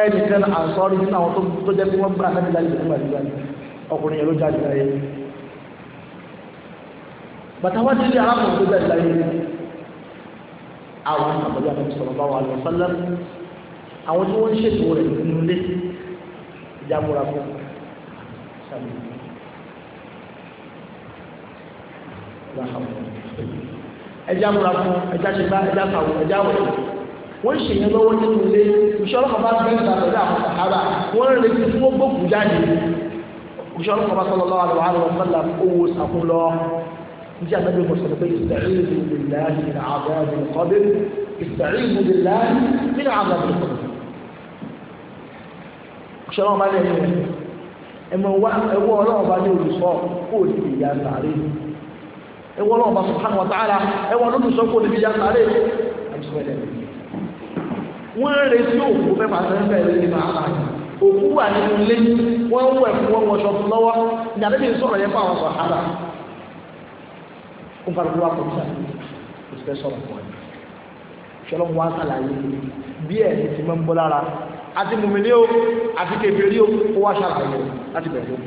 ẹnìkan àǹsọ́rí nínú àwọn tó jẹ́ pé wọ́n gbà náà láti ìlú màdìgbà ọkùnrin yẹn ló jáde láyé bàtà wá sí ilé arákùnrin tó jáde láyé àwọn àbọ̀lẹ́ àti sọ̀rọ̀ bá wà lọ sálẹ̀ àwọn tí wọ́n ń ṣètò rẹ̀ nínú ilé ìjábọ̀ra fún sàmì ẹjá múra fún ẹjá ṣe bá wọ́n ṣe yẹn lọ́wọ́ nínú ilé òṣìṣẹ́ ọlọ́pàá bá bẹ́ẹ̀ ta pẹ̀lú àwọn sàhábà wọ́n ń retí fún gbogbo jáde òṣìṣẹ́ ọlọ́pàá bá sọ̀rọ̀ lọ́wọ́ àwọn àwọn ọ̀sán làm owó sàkún lọ níjẹ́ àtàbí mo sọ̀rọ̀ pé ìsàríìmù bìláàhì ní àbọ̀ àbẹ̀kọ́bẹ̀ ìsàríìmù bìláàhì ní àbọ̀ àbẹ̀kọ́bẹ̀ òṣìṣẹ́ ti yà sàárè ẹ̀wọ́ ọlọ́pàá subhanahu wa ta'ala ẹ̀wọ́ wọ́n ń retí òkú fẹ́ máa sẹ́yìn bẹ́ẹ̀ lórí máa bá yìí òkú wà nínú ilé wọ́n ń wẹ̀ fún wọn wọṣọ fún lọ́wọ́ ní àdébí sọ̀rọ̀ yẹn fáwọn sọ̀ ara ó fara wá kò sá kò sì fẹ́ sọ̀rọ̀ fún ẹ ṣọlọ́ wọn sàlàyé bí ẹ̀ ti máa ń bọ́ lára àti mùmìnì o àti kèfèrí o ó wá ṣàlàyé láti bẹ̀rẹ̀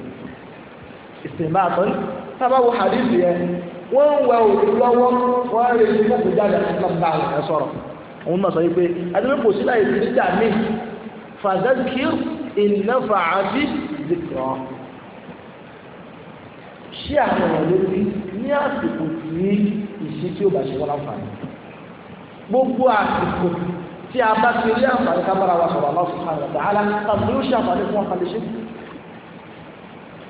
ìsìnbá àtọ́ni sábàwò hadith yẹn wọ́n ń òkú lọ́wọ́ wọ́n ń retí fún jáde àti òun náà sọ wípé adébẹ́ kò sí láì sí nígbà míì fàdákìr ìnáfà àbí zikra ṣé àwọn ọ̀rọ̀ lórí ní àsìkò tí ìṣe tí ó bá ṣe wọ́n láǹfààní gbogbo àsìkò tí a bá ti rí àǹfààní kábàrà wa sọ̀rọ̀ Allah subhanahu wa ta'ala tàbí ó ṣàǹfààní fún àǹfààní ṣe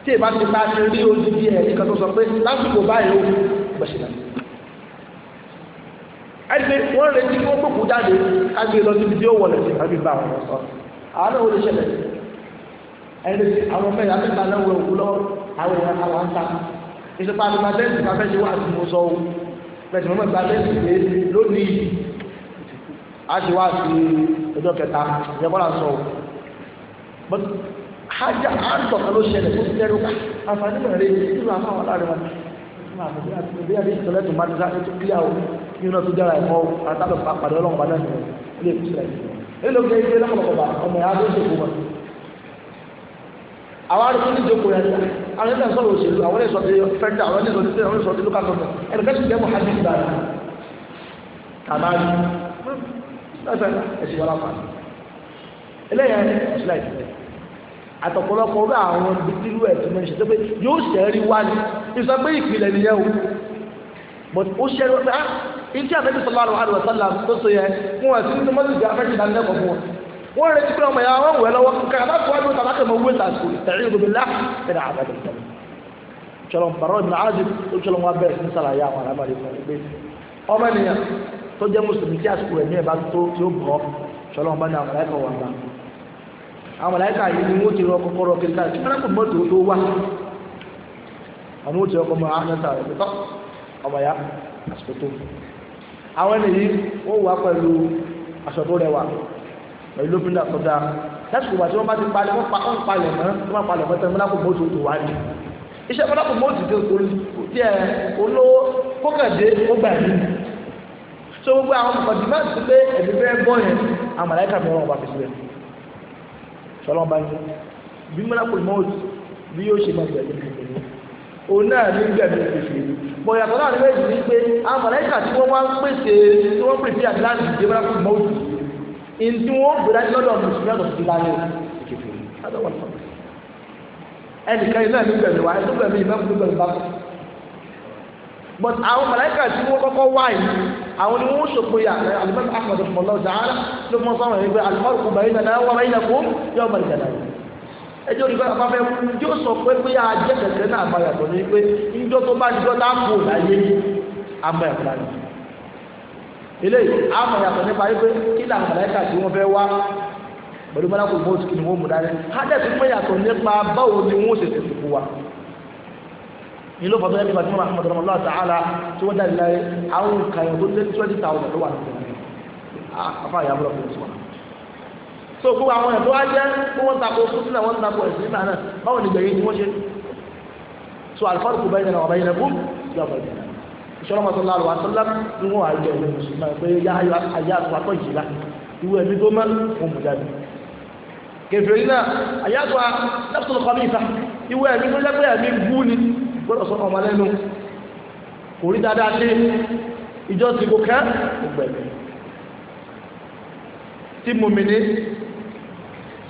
tí ìbá ti bá ti rí ojú bí ẹ̀ẹ́dì kan tó sọ pé lásìkò báyìí ó gbẹ̀ṣẹ̀ náà ẹgbẹ́ wọ́n retí kí wọ́n gbòkú jáde kágbé lọ síbi tí ó wọlé sí kágbé bá àwọn sọ àwọn náà wọlé ṣẹlẹ̀ ẹni tí àwọn mẹ́rin abẹ́ta náà wọ òkú lọ àwọn èèyàn àwọn ń ta ìṣèpá àti bàtẹ́ẹ̀sì káfẹ́ṣe wà sí mo sọ o bẹ̀sì mọ́mọ́ bàtẹ́ẹ̀sì pé lónìí a ti wá sí ọjọ́ kẹta ìyẹn kọ́ra sọ o but hajj àǹtọ̀ kan ló ṣẹlẹ̀ tó ti dẹ́rù àǹfààní mẹ́rin nínú àwọn àwọn aláàrẹ̀ wọn nínú àwọn àbẹ̀bẹ̀ àti ìṣẹ̀lẹ̀ tó má ti sáré kí iná tó dára ẹ̀kọ́ àtàlọ́ àpàdé ọlọ́run bá náà nìyẹn ilé ìkúsílẹ̀ yìí ló gbé ilé lọ́kọ̀ọ̀kọ̀ ọmọ ìyá tó ṣèkú wọn. àwọn arúgbó ní ìjókòó yẹn àwọn ẹ̀dá sọ̀rọ̀ òṣèlú àwọn ẹ̀sọ́ ti fẹ́ńdà àwọn ẹ̀sọ́ ti fẹ́ńdà àwọn ẹ̀sọ́ ti lókà sọ̀rọ̀ ẹ̀dùkẹ́sì jẹ́ mọ̀ hajj gbà kàmáàlì lọ́sẹ̀ ẹ̀sìn wọn lápá eléyà ìṣúná ìṣúná àtọ̀pọ̀lọpọ̀ ọ̀rọ̀ àwọn ìbílú ẹ̀tún mẹ́rin ṣe tó pé yóò ṣẹ̀rí wá ní ìsọ ìpìlẹ̀ nìyẹn o but ó ṣẹ̀rí wá pé ah, ibi tí àfẹ́jì sọlá àlùhàlù ọ̀sálà tó so yẹ fún wọn sí nínú mọ́tò ìjà àfẹ́jì ìdánilẹ́kọ̀ọ́ fún wọn wọ́n retí pé ọmọ ìyá wọn wẹ̀ lọ́wọ́ kàkà láti wájú tàbá kẹ́ mọ wíwèé tàṣù tẹ̀rí ìdòbí lá ẹ̀rẹ̀ àbájá ìṣọ̀lọ̀ bàrọ̀ ìbìnà ájì ó ṣọlọ̀ wọn bẹ̀rẹ̀ sí sàlàyé àwọn alámàrí fún ẹgbẹ́ ọmọ ènìyàn tó jẹ́ mùsùlùmí tí àsìkò ẹ̀mí ẹ̀ bá tó tí ó bọ̀ ṣọlọ̀ wọn bá ní àwọn aláìkọ̀ wọn bá àwọn aláìkà yìí ni wọ́n ti rọ kọ́kọ́rọ́ àwọn èyí ó wà pẹ̀lú aṣọ́bó rẹwà pẹ̀lú lóbìnrin àkọ́dá láti kò wà tí wọ́n bá ti palẹ̀ wọ́n pa ń palẹ̀ mọ́ tó máa palẹ̀ mọ́ tẹ́ mọ́lápò mọ́tò tó wà ní. iṣẹ́ mọ́lápò mọ́tò tó kórè tí ẹ olówó kókàdé ó gbà ní. so gbogbo àwọn ọ̀dùn náà ti pé ẹ̀mí fẹ́ bọ́ yẹn àmàlẹ́kà mi wọn wà fi sílẹ̀. sọlọ́n bá yẹn bí mọ́lápò mọ́tò bí yóò ṣe máa gbẹ̀yìn òun náà ní gbẹ̀mí ìfèsì bọ̀yàtọ̀ náà ní méjì ní pé amọ̀lẹ́kà tí wọ́n wá ń pèsè tí wọ́n pèsè àtìláàtì ìdí wọn fún mọ́ọ̀tì ní tí wọ́n gbé láti lọ́dọ̀ mùsùlùmí ọ̀dọ̀ sí láyé ìkẹfẹ́ ẹnìkan iná ní gbẹ̀mí wa ẹ̀dùn gbẹ̀mí ìmẹ́kùn ní gbẹ̀mí bá kọ́ but àwọn mọ̀lẹ́kà tí wọ́n kọ́kọ́ wá yìí àwọn ni wọ́n ṣòpò yà alimọ́sí ahmed ọ̀sùnmọ́lá ọ̀sán ló mọ́ sáwọn ẹ̀rí pé alimọ́sí kò bẹ̀rẹ̀ náà wọ́n bẹ̀rẹ̀ náà kó yọ̀ bẹ̀rẹ̀ náà ẹjọ́ òdìgbà bàbá fẹ́ kú yóò sọ pé pé ajẹ́ kẹ̀kẹ́ náà bá yàtọ̀ ní pé níjọ́ tó bá níjọ́ tá kò láyé àmọ́ ẹ̀kọ́ láyé eléyìí àmọ́ yàtọ̀ nípa wípé kí làwọn màláíkà tí wọ́n fẹ́ wá pẹ̀lú mọ́lákùn bó ti kí ni wọ́n mú dání hádẹ́ tó pé yàtọ̀ nípa báwo ni wọ́n ṣe tẹ̀sí fún wa ní ló fọ́tọ́ nípa tí wọ́n máa tọ́lọ́mọ́ lọ́wọ́ tààlà tí wọ́n dá ìlàyé àwọn kàyàn tó lé 20,000 ló wà nípa àfáà yàgbọ́n fún ìṣúná tó gbogbo àwọn ẹ̀ tó wá jẹ́ kó wọ́n tako fúnfún náà wọ́n tako ẹ̀sìn náà náà báwo ni gbẹ̀yìn ni wọ́n ṣe so alifari kò bẹ́yìn náà wà bẹ́yìn náà fún yàtọ̀ ìgbà ìṣọ́nà mọ́tòlá àlùwà sọ́lá ni wọ́n àjọ ìlú mùsùlùmá pé yá ayé àtúwàtọ̀ ìjìlá ìwé ẹ̀mí tó mọ́ òun mú jáde kẹfìrí náà ayé àtúwà lẹ́pùtùlù kọ́ mìíta ìwé ẹ̀mí tó jẹ́ ẹ̀mí bú ni gbọ́dọ̀ sọ́nà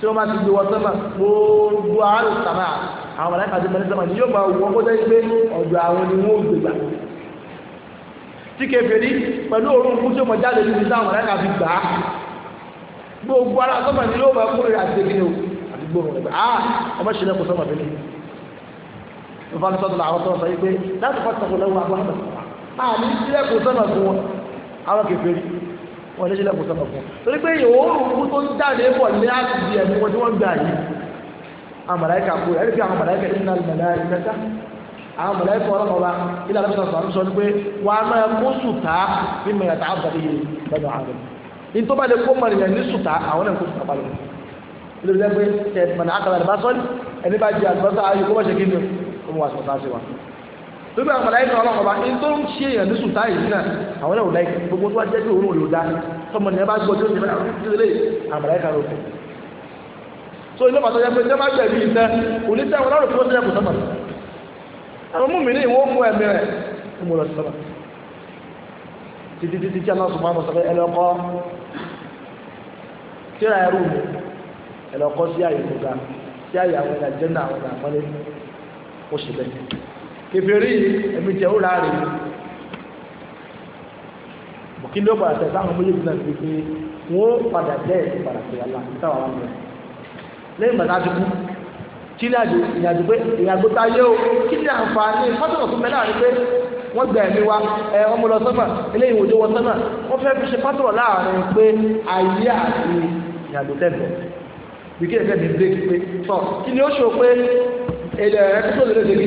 tí wọ́n bá ti gbé wọ́n sọ́mà gbogbo àárò sàmà àwọn mọ̀lẹ́kà ti mẹ́lẹ́ sọ́mà ni yóò máa wọ́n kó jẹ́ pé ọ̀dọ̀ àwọn ni wọ́n gbègbà tí kèfèrí pẹ̀lú òórùn kú tí ó mọ̀ jáde níbi táwọn mọ̀lẹ́kà fi gbà á gbogbo ara sọ́mà ni yóò máa kúrò àti ìgbìnrin o àti gbòòrùn rẹ̀ á ọmọ ìṣẹ̀lẹ̀ kò sọ́mà bẹ́ẹ̀ ní fani sọ́dọ̀ làwọn tó sọ pé láti fọ́ wọn léṣe lẹ́kùn sọ́kàn fún torí pé òórùn tó ń jáde bọ̀ ní àtìbí ẹ̀mí wọn tí wọ́n gbà yìí àwọn màláìka kú ẹ̀rí pé àwọn màláìka ìdí náà màláìka mẹ́ta àwọn màláìka ọlọ́run ọba ilé alábẹ́sà sọ̀rọ̀ sọ pé wọ́n á máa mú sùtá bí mẹ́ta àbàdí yìí lọ́dọ̀ àrùn ní tó bá lè kó mọ̀nìyàn ní sùtá àwọn náà kó sùtá balẹ̀ ilé ìdẹ́gbẹ́ tẹ̀ mọ̀nà àkàlà àdìbásọ́lì ẹni bá jẹ lórí àwọn ọmọláyé náà ọlọ́run ní tó ń ṣe èèyàn ní sùtá yìí náà àwọn náà ò gbogbo tó wá jẹ́ pé òun ò dá tọmọ nìyẹn bá gbọ́ tí ti bẹ́ẹ̀ ti lé àmọ̀láyé kan lóko. so ilé pàtó yẹ pé tí wọ́n bá gbẹ̀bí iṣẹ́ oníṣẹ́ wọn lọ́rùn tí wọ́n ti yẹ kò àwọn mú mi ní ìwọ́n mú ẹ̀mí rẹ̀ ó mú lọ sí sọ́mọ̀ títí títí tí aláwọ̀ sọ kèfèrí ẹ̀mí tẹ̀ ó láàrin kí ló padà tẹ̀ sáwọn méjèèjì náà ti pé wọ́n padà jẹ́ ẹ̀sìn padà pé àlá táwọn àwọn ọmọ lẹ́yìn bàtà ti kú kí ní àjò ìyàjò pé ìyàgbó ta yé o kí ní àǹfààní fásitì tó mẹ́lá rí pé wọ́n gba ẹ̀mí wa ẹ ọmọ lọ sọ́mà eléyìí òjò wọ sọ́mà wọ́n fẹ́ fi ṣe fásitì láàrin pé ayé àti ìyàgbó tẹ̀lẹ̀ bí kí ẹ̀kẹ́ kí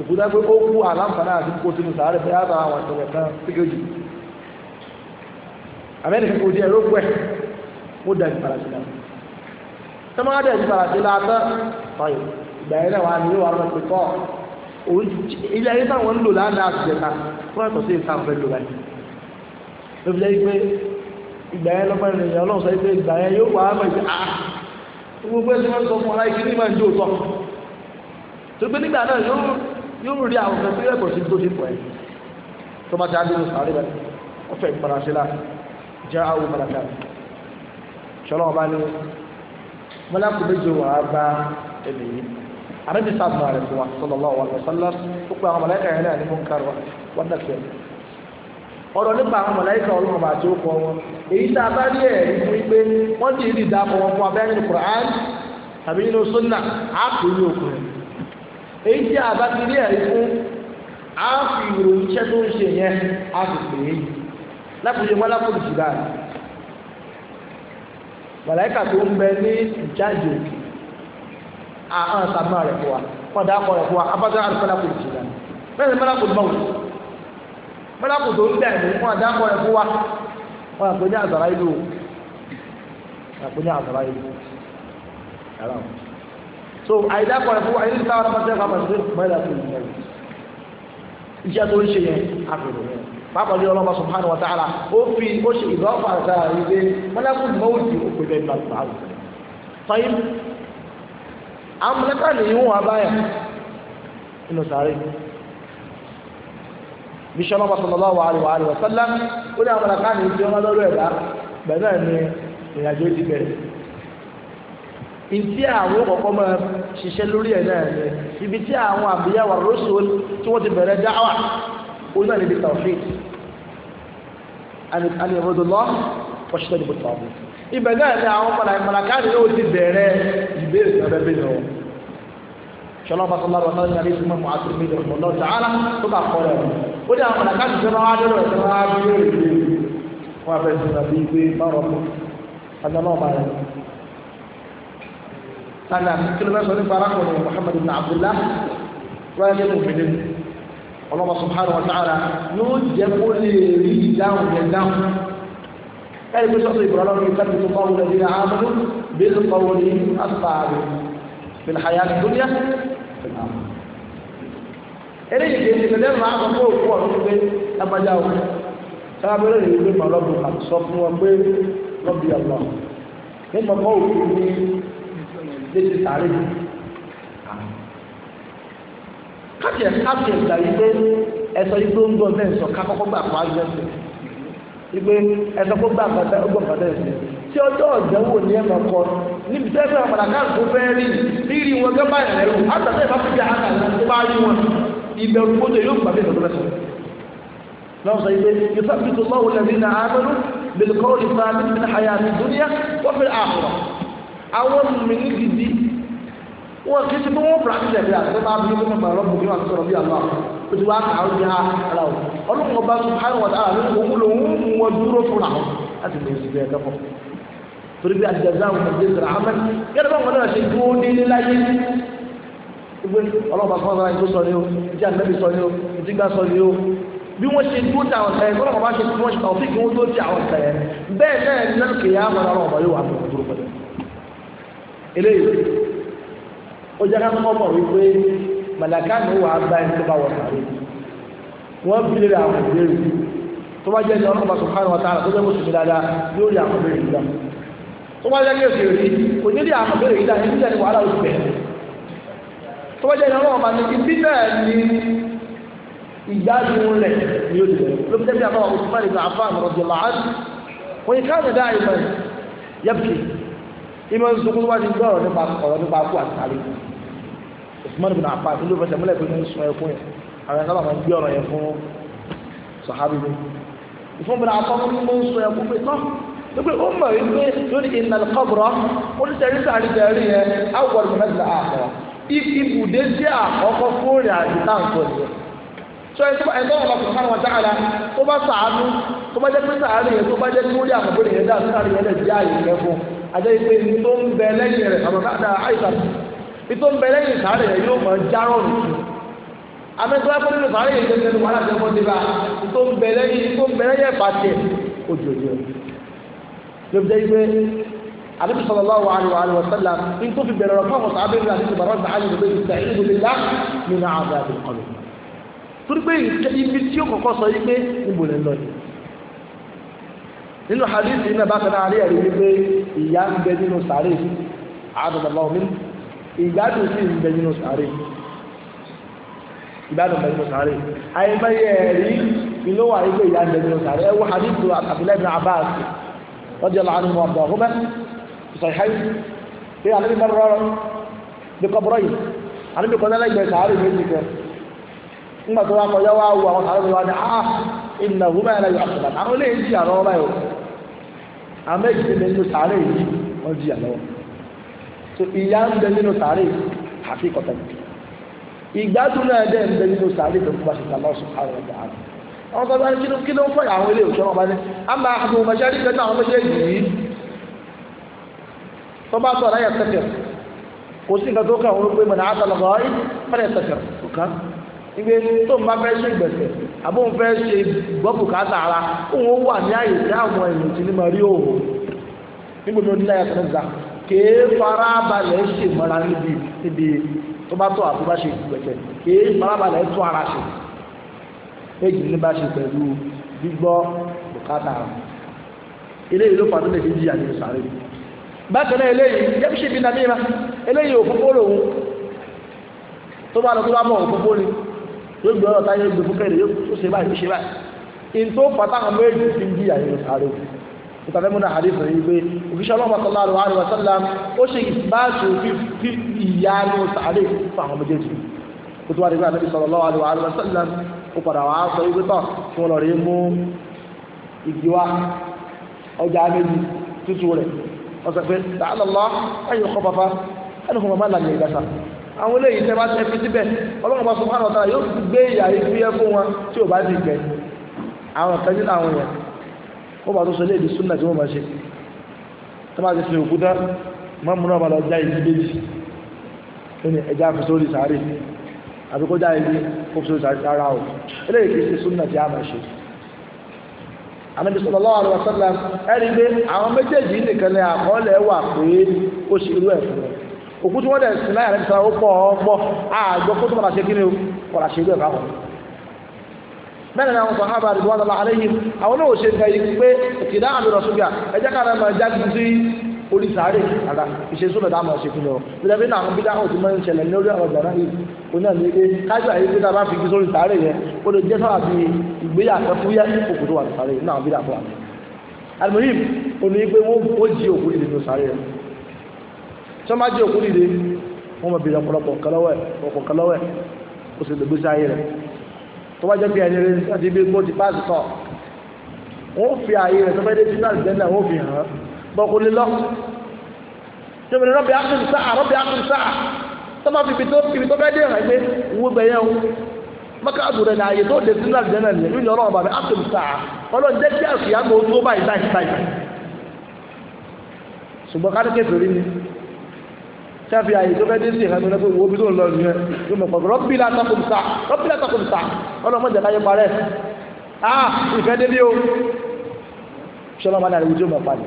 òkúta pé ó kú àlàǹfààní àti kó sínú sàárẹ̀ ya yàtọ̀ àwọn ìṣẹ̀lẹ̀ kan síkèjì àmẹ́rin kò di ẹ̀rọ pẹ̀ na dàbí parasílà tó máa dàbí parasílà tán fàyè ìgbà yẹn náà wà ní ìwà ọmọ pé kọ́ ilé ayé táwọn ń lò lánàá àtijọ́ta fi ọlọ́run sọ pé yóò wà á mọ̀ ìgbà ah, gbogbo wọ́n sọ fún ọ tó gbé nígbà náà yóò yóò rí àwọn ọ̀fẹ́ sílẹ̀ kò sí tó ṣe pọ̀ ẹ̀ tó bá ti á dínú sàárè bẹ̀rẹ̀ ó fẹ́ ìpara sí láà jẹ́ àwọn mọ̀láka ṣọlọ́ ọba ní mọ́lákù méjì wà á bá ẹ̀mí yìí àrẹ́bí sábà rẹ̀ fún wa sallallahu alaihi wasallam ó pe àwọn mọ̀láka yẹn náà ní munkar wọ́n dàkẹ́ ọ̀rọ̀ nípa àwọn mọ̀láìkà ọlọ́run àti òkú wọn èyí tá a bá rí ẹ̀rí fún pé wọ́n ti rí ìdáàbò wọn fún abẹ́rẹ́ ní Qur'an tàbí nínú sunna á ní òkú èyí tí a bá ti rí ẹ̀rí fún a fi ìròyìn iṣẹ́ tó ń ṣe yẹn a sì pè é lápòjì wọn lápòjì sí báyìí màláìkà tó ń bẹ ní ìjáde òkè wa wọn kọ rẹ̀ fún wa sí báyìí bẹ́ẹ̀ ni tó ń bẹ̀ ní wọn kọ rẹ̀ fún wa wọn àpò ní àzàrà ìlú àpò ní so àyíká kọ̀ọ̀rọ̀ fún wa ayélujára táwọn ọmọ tẹ́lẹ̀ kọ́mọ̀ sí mọ́lá fún mi lẹ́yìn iṣẹ́ tó ń ṣe yẹn àbẹ̀rẹ̀ rẹ̀ pápá lórí ọlọ́mọ subhanahu wa ta'ala ó fi ó ṣe ìdọ́fà sára yìí pé mọ́lẹ́kùn mọ́wùdì ó pè bẹ́ẹ̀ gbàgbà áwù fàyín àwọn mọ́lẹ́kà nìyí wọn abáyà nínú sàárè bíṣọ́ ọlọ́mọ sallallahu alaihi wa ìdí àwọn kọ̀ọ̀kan máa ṣiṣẹ́ lórí ẹ̀ náà ni ibi tí àwọn àbíyáwá rọ́ṣọ́ tí wọ́n ti bẹ̀rẹ̀ dáwà ó náà níbi tàwọ́fẹ́ alìrọ̀dọ̀lọ́ pọ̀ṣẹ́ níbi tàwọ́ ibẹ̀ náà ni àwọn mọ̀làkáàdì yóò ti bẹ̀rẹ̀ ìbéèrè tẹ́lẹ̀ bí lọ sọlọ́pàá sọlọ́pàá náà ní alẹ́ ìsúnmọ́ mọ́ àtúnmí ìdọ̀tọ̀ tààlà tó bá kọ́ rẹ̀ ó ní àwọn mọ̀làkáàdì tó máa dé lọ́wọ́ tó máa bí lórí ìbéèrè wọn fẹ́ sọ tàbí pé má rọ̀ fún adọ́nà ọ̀bà rẹ̀ tàdà kílómẹ́ sọ nípa arákùnrin Muhammad ibn Abdullah rẹ́lẹ́ mùmìnì ọlọ́mọ subhanahu wa ta'ala yóò jẹ́ kó lè rí ìdáhùn yẹn dáhùn ẹ̀rí pé sọ́sọ́ ìbúra lọ́wọ́ yìí kábi tó kọ́ wọlé nínú àmàlú bẹ́ẹ̀ tó kọ́ wọlé nínú àtàrí fìlàyà dúnìá eléyìí kejì ní lẹ́nu àwọn ọmọ òkú ọ̀rọ̀ pé ẹgbẹ́jà òkú sábà bẹ́ẹ̀ lè gbé màlọ́bù àti sọ fún wọn pé lọ́bì ọ̀lọ́ nípa kọ́ òkú ní létí sáré mi. káàkiri káàkiri ìgbà pé ẹsọ yìí ń bẹ́ẹ̀ sọ gbà pa kó gbà bàtà tí ọjọ́ ní ẹ̀mọ̀ kọ níbi fẹ́ rí rírì wọn gẹ́gbà ẹ̀rọ tó lọ́wọ́ àyà àti dúníà wọ́n fi àwọn mìíní gidi wọ́n kì í ṣe pé wọ́n practice ẹ̀bí àtẹ́tẹ́ bá bí wọ́n máa bí bí kà á ara o ọba ní òun mú wọn dúró láti lè ṣe torí bí àwọn ọmọdé wọn náà ṣe dúró délé láyé fún sọ ni o eléyìí ó jẹ́ káwọn ọmọ wípé màlàká wà á gba ẹni tó bá wọ sàárè wọ́n fi lè àwọn ìbéèrè tó bá jẹ́ ní ọlọ́pàá subhanahu wa ta'ala tó jẹ́ mùsùlùmí dáadáa yóò rí àwọn ìbéèrè yìí dá tó bá jẹ́ rí kò ní rí àwọn ìbéèrè yìí ní wàhálà oṣù bẹ̀rẹ̀ tó bá jẹ́ ní ọlọ́pàá ní bẹ́ẹ̀ ni ìgbádùn rẹ̀ ni ó ló fi ìmọ̀ ń sunkún wájú gbọ́rọ̀ nípa ọ̀rọ̀ nípa kú àti kàlẹ́ Usman bin Affan ìlú fẹsẹ̀ múlẹ̀ pé ń sun ẹkún yẹn àwọn ẹ̀ka máa ń gbé ọ̀rọ̀ yẹn fún sọ̀hábì mi Usman bin Affan mú ń sun ẹkún pé tán pé ó mọ̀ wípé lórí innal qabra ó ti tẹ̀rí sàrí tẹ̀rí yẹn awwal manazil al-akhirah ibùdé jẹ́ àkọ́kọ́ fóònù àti táǹkọ̀ yẹn sọ ẹ tó àjẹ́ ìpè tó ń bẹ lẹ́yìn rẹ̀ àmọ̀kádà àìsàn ìtò ń bẹ lẹ́yìn sáré rẹ̀ yóò mọ̀ járọ̀ nù amẹ́tọ́ ẹ̀kọ́ nínú sáré yìí gẹ́gẹ́ ní wàhálà tẹ́kọ́ ti bá ìtò ń bẹ lẹ́yìn ìtò ń bẹ lẹ́yìn ẹ̀fà tiẹ̀ ojoojú ẹ̀ ló jẹ́ ìpè àdébí sallallahu alaihi wa sallam nítorí fi bẹ̀rẹ̀ ọ̀pọ̀ ọ̀sán abẹ́rẹ́ àti ìbára ọ̀sán àyè lóbi ìsàìlú lóbi lá nínú àbẹ̀ àbẹ̀ kọlù torí pé ibi nínú hadith iná bákan náà rí ẹ̀rí wípé ìyá ń bẹ nínú sàárè àdùnnàmọ́ mi ìgbádùn sí ń bẹ nínú sàárè ìgbádùn bẹ nínú sàárè àyèmáyé ẹ̀rí ìlú wà wípé ìyá ń bẹ nínú sàárè ẹ̀wọ́ hadith Abdullah ibn Abbas radiyallahu anhu wa abdahuma sahihayn pé àlejò bá rọrọ bí kọ́bọ̀rọ̀ yìí àlejò kọ́ lẹ́lẹ́gbẹ̀ẹ́ sàárè méjì kẹ́ ńgbà tó wá kọjá wá wù àwọn sàárè wá ní ah ìnáwó báyìí láyé àkùnà àwọn olè ń jì àrọ́ báyìí àmọ́ èyí ti bẹ nínú sàárè yìí wọ́n jìyà lọ́wọ́ so ìyà ń bẹ nínú sàárè àfi kọ̀tà nìkan ìgbádùn náà dẹ̀ ń bẹ nínú sàárè tó kúbà ṣètà lọ́sùn àwọn ọ̀dà àná àwọn sọ wọn kínú kínú fún àwọn ilé òṣèlú ọba ní àmà àbò mọ̀ṣẹ́ nígbà náà wọ́n ṣe yìí tó bá sọ láyà tẹ̀tẹ̀ kò sí nǹkan tó kàn wọ́n pé mọ̀nà àtàlọ́gọ́ ọ̀rí fẹ́rẹ̀ tẹ̀tẹ̀ kò kán àbóhùn fẹ́ ṣe gbọ́bùkátà ara òun wà ní àyè tí àwọn èèyàn ti ní máa rí òun nígbà tó ní láyà tó ń gbà kèé fara balẹ̀ ṣe mọ́ra níbi níbi tó bá tọ́ àbúrò bá ṣe gbẹ̀tẹ̀ kèé fara balẹ̀ tún ara ṣe méjì ní bá ṣe pẹ̀lú gbígbọ́ bùkátà ara eléyìí ló fàdúrà lè jìyà nínú sàárè bákan náà eléyìí yẹ́n ṣe bí nàmíra eléyìí òfófó lòun tó bá lọ tó bá mọ̀ òfófó ni yóò gbé ọ̀rọ̀ táyé gbé fúnkẹ́ rẹ̀ yóò ṣe báyìí ṣe báyìí in tó fata àwọn méjì ti ń jìyà yìí sáré ìtàlẹ́múnà àdéhùn yìí pé òfìṣẹ́ ọlọ́mọ sallallahu alaihi wa sallam ó ṣe ìbáṣe fi ìyá ní sáré fún àwọn méjèèjì kó tó wà nígbà Nabi sallallahu alaihi wa sallam ó padà wà á sọ wípé tán kí wọ́n lọ rí mú igi wá ọjà méjì tútù rẹ̀ àwọn eléyìí tẹ́ bá tẹ́ fi síbẹ̀ ọlọ́run bá sọfún àlọ́ta yóò fi gbé ìyá ibi ẹ fún wọn tí ò bá di ìgbẹ́ àwọn kan nínú àwọn yẹn wọ́n bá tó sọ léèdì súnà tí wọ́n máa ṣe tó bá ti fi òkúta mọ́mú náà máa lọ já ìdí méjì lónìí ẹja fi sórí sáré àbí kó já ìdí kó fi sórí sáré rárá o eléyìí kì ṣe súnà tí a máa ṣe Ànábì sallallahu alaihi wasallam ẹni òkú tí wọ́n dẹ̀ sí láyà lẹ́bi sara ó pọ̀ ọ̀pọ̀ àgbọ̀ kó tó padà ṣe kíni o padà ṣe irú káwọn. mẹ́rin náà wọn sọ hábà lọ́la yìí àwọn náà ò ṣe nǹkan yìí pé àmì rọ̀ṣúgà máa já sí a máa ṣe fún yọ ìdàbí náà àwọn bídà òtún máa ń ṣẹlẹ̀ àwọn ọ̀gbọ̀nà yìí oní àná ilé àyè bá fi tí wọ́n bá jí òkú dìde wọ́n mọ̀ bí ọ̀pọ̀lọpọ̀ kọlọ́wẹ̀ ọ̀pọ̀ kọlọ́wẹ̀ ó sì lògbé sáyé rẹ̀ tó bá jẹ́ pé ẹni rẹ̀ àti ibi gbó ti páàsì tọ̀ wọ́n fi ààyè rẹ̀ tó fẹ́ dé sínú àlùjẹ́nà wọ́n fi hàn án bọ́kú lílọ́ tí wọ́n rọ́bì ákùn sáà rọ́bì ákùn sáà tó bá fi ibi tó fẹ́ dé hàn pé wọ́n bẹ̀ yẹn o mọ́kà àdúrà ní ààyè tó dé sínú àlùjẹ́nà nìyẹn nílò ọlọ́run sáfi àyè tó fẹ́ dé sí ìhànú lẹ́gbẹ̀ẹ́ wo bí tó ń lọ nìyẹn yóò mọ̀ pọ̀ rọ́bì látàkùn sá rọ́bì látàkùn sá ọlọ́mọ jẹ́ káyé parẹ́ ah ìfẹ́ délé o sọlọ́mọ náà lè mọ̀ pàdé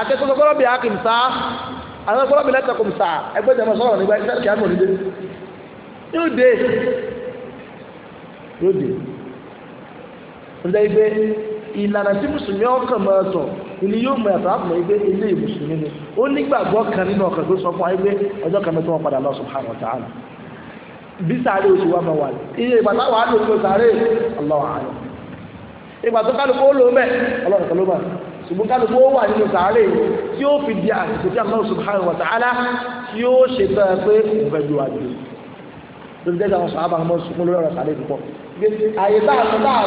akẹ́kọ̀ọ́ kọ́lọ́bì àkìm sá àwọn kọ́lọ́bì látàkùn sá ẹgbẹ́ jẹ́ mọ́ sọ́rọ̀ nígbà iṣẹ́ kí á ìní yóò mọ ẹ̀fọ́ àpò ẹgbẹ́ ilé ìmùsùlùmí ni ó nígbàgbọ́ kan nínú ọkàn tó sọ fún ẹgbẹ́ ọjọ́ kan mẹ́tọ́ wọn padà lọ subhanahu wa ta'ala bí sáré oṣù wa máa wà ní iye ìgbàtà wà ló tó sáré Allahu a'lam ìgbà tó kálukú ó lò mẹ́ ọlọ́run kan ló mọ̀ ṣùgbọ́n kálukú ó wà nínú sáré tí ó fi di àsìkò Allah subhanahu wa ta'ala tí ó ṣe bẹ́ẹ̀ pé òfẹ́ ju àjò lórí dẹ́gbẹ́ àwọn sọ̀rọ̀ àbámọ́ sùkún ayé tá a mọ̀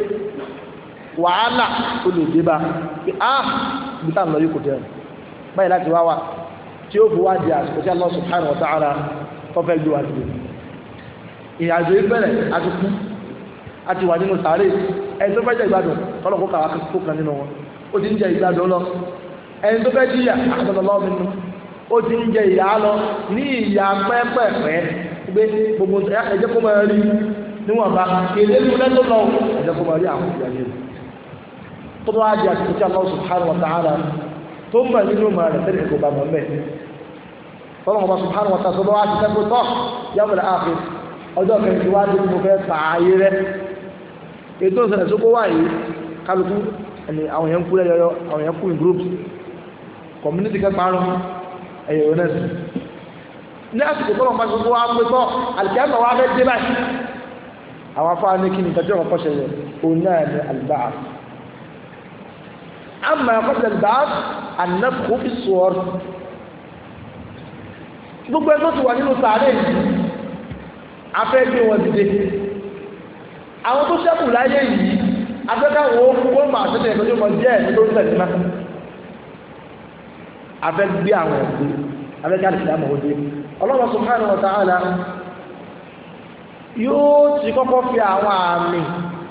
wàhálà tó lè dé bá pé á ah, ibi táwọn lọ́yọ́ kò jẹ́ báyìí láti tí ó fi di àsìkò tí Allah subhanahu wa ta'ala ara fẹ́ gbé wa ìrìnàjò ìbẹ̀rẹ̀ àti kú àti wà nínú sàárè ẹni tó fẹ́ tọ́lọ̀ kó kàwá nínú wọn ó ti ń jẹ ìgbádùn lọ ẹni tó fẹ́ jìyà ó ti ń jẹ lọ ní pẹ́pẹ́pẹ́ gbé gbogbo kó máa rí níwọ̀nba tó wá jẹ́ àti ìjọ Allah subhanahu wa ta'ala tó ń bẹ̀ nínú ma rẹ̀ tẹ́lẹ̀ kò bá mọ̀ mẹ́ tọ́lọ̀ ọba subhanahu wa ta'ala tó wá ti tọ́ yàmùlẹ̀ wá fẹ́ pa ayé àwọn èèyàn kú groups community kan parun ẹ̀yẹ̀ yóò nẹ́sì ní àsìkò tọ́lọ̀ ọba tó wá pé tọ́ àlìkẹ́ àwọn afá ní kí ìtàjọ́ ọ̀pọ̀ ṣẹlẹ̀ òun náà ní àlìbáà أما قبل البعث النفخ في الصور gbogbo ẹgbẹ́ tó wà nínú sàárẹ̀ yìí afẹ́ gbé wọn dìde àwọn tó ṣẹ́kù láyé yìí afẹ́ká wo wọ́n máa tẹ́tẹ́ ẹ̀kọ́ tó mọ díẹ̀ ní ló ń tẹ̀lé náà afẹ́ àwọn ẹ̀gbẹ́ afẹ́ká lè dá mọ̀wọ́ dé Allah subhanahu wa ta'ala yóò ti kọ́kọ́ fi àwọn àmì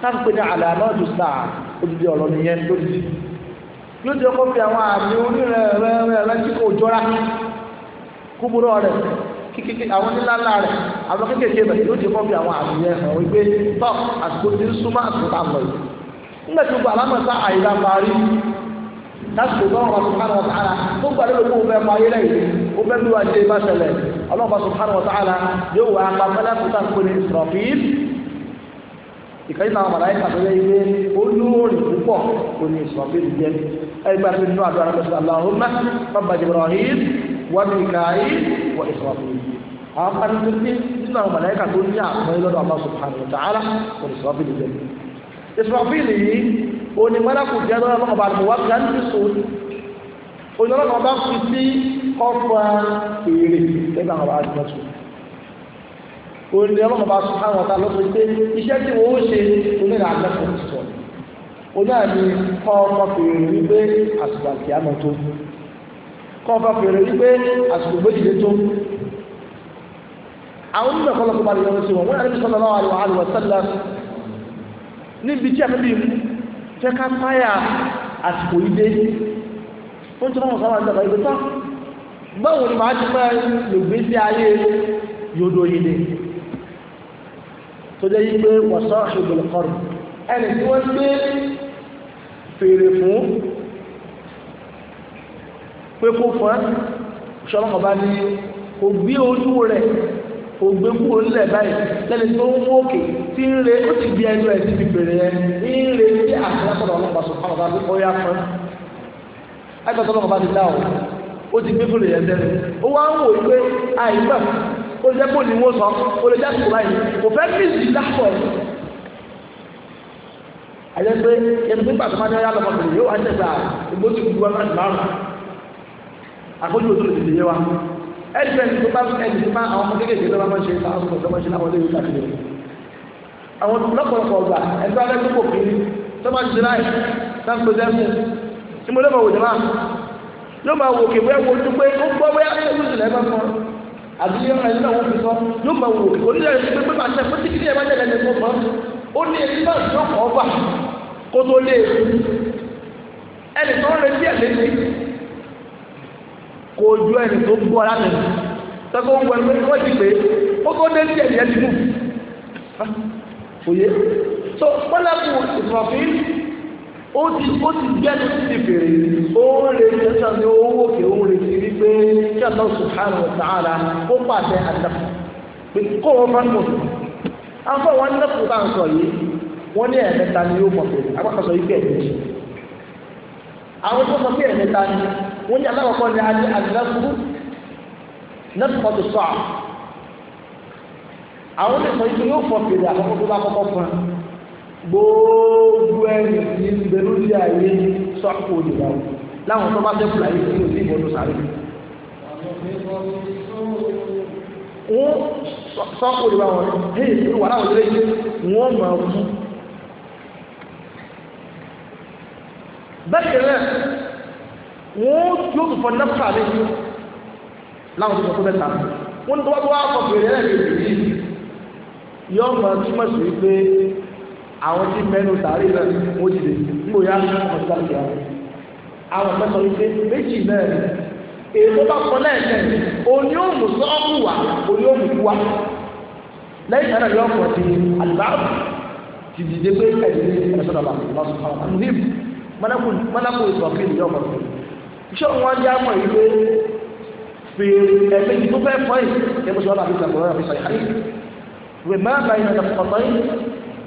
táǹpé ní àlànà ọ̀dùsà odidi ọ̀rọ̀ nìyẹn lódìdí yóò jẹ́ kó fi àwọn àmì onírẹ̀rẹ̀rẹ̀ tí kò jọra kúburọ̀ rẹ̀ kíkíkí àwọn níláńlá rẹ̀ àwọn kékèké bẹ̀ yóò jẹ́ kó fi àwọn àmì yẹn hàn wípé ń a yìí nígbà tí gbogbo alámọ̀sá àyíká parí tó lẹ́yìn ìkànnì náà màláyé kàtọ́lẹ́ ilé olóòrì púpọ̀ oní ìsọ̀bí jẹ́ ẹgbẹ́ tó nínú àdúrà lọ́sọ̀ aláhùnmá bàbá Ibrahim wà ní ìkàáyé wọ ìsọ̀bí àwọn pàtàkì nínú àwọn màláyé kàtọ́ ní àpọ̀ lọ́dọ̀ Allah subhanahu wa ta'ala oní ìsọ̀bí jẹ́ ìsọ̀bí yìí oní mọ́lákù jẹ́ lọ́dọ̀ ọba àlùmọ́wá kan ti sọ oní ọlọ́dọ̀ ọba fi sí ọ̀fà èrè ẹgbẹ́ àwọn àjọ orí ni ọlọ́run bá sọ àwọn ọ̀tá lọ́sọ pé iṣẹ́ tí wọ́n ó ṣe onílà àgbẹ̀fọ́ ti sọ oní àmì kọ́ ọmọ fèrè wípé àsìkò àti àmọ́ tó kọ́ ọmọ fèrè wípé àsìkò gbèjìlé tó àwọn onímọ̀ kọ́ lọ́kọ́ bá lè lọ́wọ́ sí wọn wọ́n àti sọ́nà náà àlùwà àlùwà sẹ́lá níbi tí àmì fẹ́ ká àsìkò ìdé ó ń tọ́ wọn sáwọn àti àbáyé tó ni màá ti fẹ́ lògbé sí ayé yòdò yìí tó jẹ́ yí pé wọ̀sán ìbùlùkọ́rù ẹni tí wọ́n gbé fèrè fún pé kó fún ẹ́ ṣọ́lọ́mọ bá ní kò gbé ojú rẹ̀ kò gbé kúrò nílẹ̀ báyìí lẹ́ni tó ń mú òkè tí ń re ó ti di ẹnu ẹ̀ síbi bèrè yẹn ń re tí àtúntò ọlọ́mọba sọ fún ọba bí ó fún ẹ́ ẹgbẹ́ tó ọlọ́mọba ti dá o ó ti gbé fèrè yẹn dẹ́nu ó wá ń wò pé àìgbà ó lè jẹ́ kó ní wọ́n sọ ó lè jẹ́ kó báyìí kò fẹ́ mí sí dápọ̀ ẹ̀. àyẹ́ pé ẹni tó gbàgbọ́ máa ń yára lọ́mọbìnrin yóò wá ń tẹ̀sà ìgbó ti gbogbo ẹ̀ láti márùn àkójú òtún lè tètè yé wa ẹni tó ẹni tó bá ẹni tó bá àwọn ọmọ kéékèèké lọ́wọ́ máa ń ṣe àwọn ọmọ tó máa ń ṣe láwọn ilé ìwé káàkiri àwọn lọ́pọ̀lọpọ̀ ọgbà ẹni alẹ́ tó kò kiri tó máa ń ṣe láì sáà ń pèsè ẹ̀sìn tí mo lọ́mọ wò ní máa yóò máa wò kí wọ́n wo pé ó gbọ́ bóyá ẹ̀rú ìsìlẹ̀ máa fọ́ àbí ẹni náà wọ́n fi sọ yóò máa wò onílẹ̀ ẹni pé pépà tẹ pété kíni ẹ bá tẹ̀lé ẹni mọ́ ó ní ẹni náà tí ó kọ́ bà kó tó lé ewu ẹni tó ń retí ẹ̀ léde kò ju ẹni tó gbọ́ láti tẹ́kọ̀ ń wọ ẹni pé wọ́n ti pè é tó dé sí ẹ̀yẹ́ ti mú òye so pẹ́lẹ́kù ìfọ̀fín ó ti ó ti gẹ́lú ti bèrè ó ń retí ẹ̀sán ní owó òkè ó ń wípé kí ta'ala pàṣẹ àdàpọ̀ pé kó wọn bá mọ̀ afọ wọn lẹ́kùn bá ń sọ yìí ní ni yóò mọ̀ pé apákọ̀sọ yìí bẹ̀rẹ̀ méjì àwọn tó sọ pé ni wọ́n ní alákọ̀ọ́kọ́ ní adé àdìlẹ́kùn sọ gbogbo ẹni tí ń bẹ lórí ayé sọ́kò òdìbò láwọn tó bá fẹ́ fúlàyé sí òsì ìbọn tó sáré wọ́n sọ́kò ìwà wọn ní ìlú wà láwọn ilé ilé wọ́n máa fún. bẹ́ẹ̀ náà wọ́n yóò tún fọ nẹ́pà lé láwọn tó sọ fún mẹ́ta wọ́n tó wá tó wá sọ fèrè ẹ̀rẹ́ lè rí yọ́ọ̀ máa túmọ̀ sí wípé àwọn tí mẹ́nu sàárè náà ó ti lè nígbò yá ọmọ sí láti àwọn àwọn ọ̀pẹ sọ wípé méjì náà ni èèmọ bá kọ lẹ́ẹ̀kẹ́ òní òmù sọ́ọ̀mù wà òní òmù kú wa lẹ́yìn náà yọ ọkọ̀ ti àlùbáàbù ti dìde pé ẹ̀dínlẹ́ ẹ̀sọ́dọ̀ bá lọ́sùn àwọn àmúhìm mọ́nàkù ìsọ̀kì ìdílé ọkọ̀ tó ṣé wọn yá mọ̀ yìí pé fèrè ẹ̀mí tó fẹ́ fọ́ yìí ẹ̀mí sọ́ọ̀lá àbí sàkóyọ̀ àbí sàkóyọ̀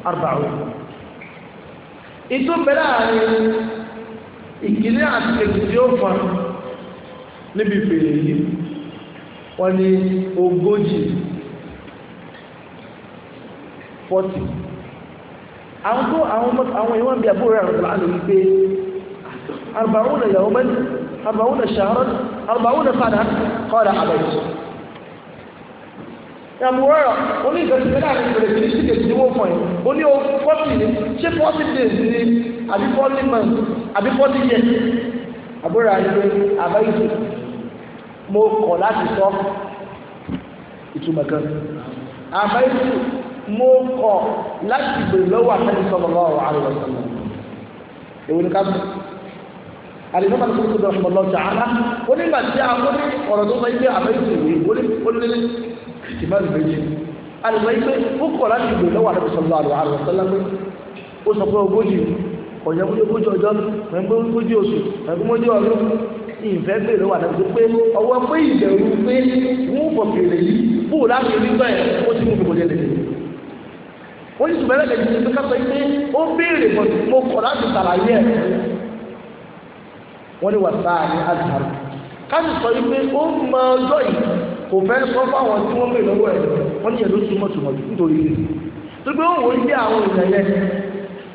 arba'un ìtò bẹ̀rẹ̀ àárín ìkíní àti èkìtì ó fa níbi ìpèrè yìí wọ́n ní ogójì fọ́tì àwọn tó àwọn ìwọ̀n bí àbúrò rẹ̀ rẹ̀ lè wípé arba'un yawman arba'un shahran arba'un sana qala abaytu ẹ̀mùrọ̀rọ̀ ó ní ìgbésí pé láàrin ìbẹ̀rẹ̀ kìí sí kejì ní wọ́n fọ̀ yìí ó ní o forty ní ṣé forty days ní àbí forty months àbí forty years àbúrò àyẹ̀wò àbáyé mo kọ̀ láti sọ ìtumọ̀ kan àbáyé mo kọ̀ láti gbèrè lọ́wọ́ àtẹ́lẹ́ sọ̀rọ̀ lọ́wọ́ àrùn ọ̀sán èwo ni ká sọ alimọ́ta tó tó dọ̀rọ̀ ọ̀lọ́ọ̀tà àná ó nígbà tí a ó ní ọ̀rọ̀ tó sọ ibi àbẹ́yẹ̀sì ìtìmáàlì méjì alùpàá yìí pé ó kọ̀ láti ìgbè lọ́wọ́ àdàbí sọ̀rọ̀ àlọ́ àlọ́ sọ́lá pé ó sọ pé ogójì ọ̀yẹ́ pé ogójì ọjọ́ ẹgbẹ́ ogójì oṣù ẹgbẹ́ ogójì ọdún ìfẹ́ bèrè lọ́wọ́ àdàbí pé ọwọ́ pé ìbẹ̀rù pé wọ́n bọ̀ fèrè yìí bù láti rí bẹ́ẹ̀ ó ti mú kòkòrò lẹ́lẹ́ ó sì tùbẹ́rẹ́ lẹ́yìn tó kásọ̀ yìí pé ó béèrè mo kọ̀ láti sàlàyé ẹ̀ wọ́n ní wàsáà ní azhar ká sì sọ yìí pé ó mọ ọjọ́ yìí kò fẹ́ sọ fáwọn tí wọ́n pè lọ́wọ́ ẹ̀ wọ́n ní ẹ̀ló túmọ̀ túmọ̀ jù nítorí rẹ̀ tó gbé òwò ń jẹ́ àwọn èèyàn yẹn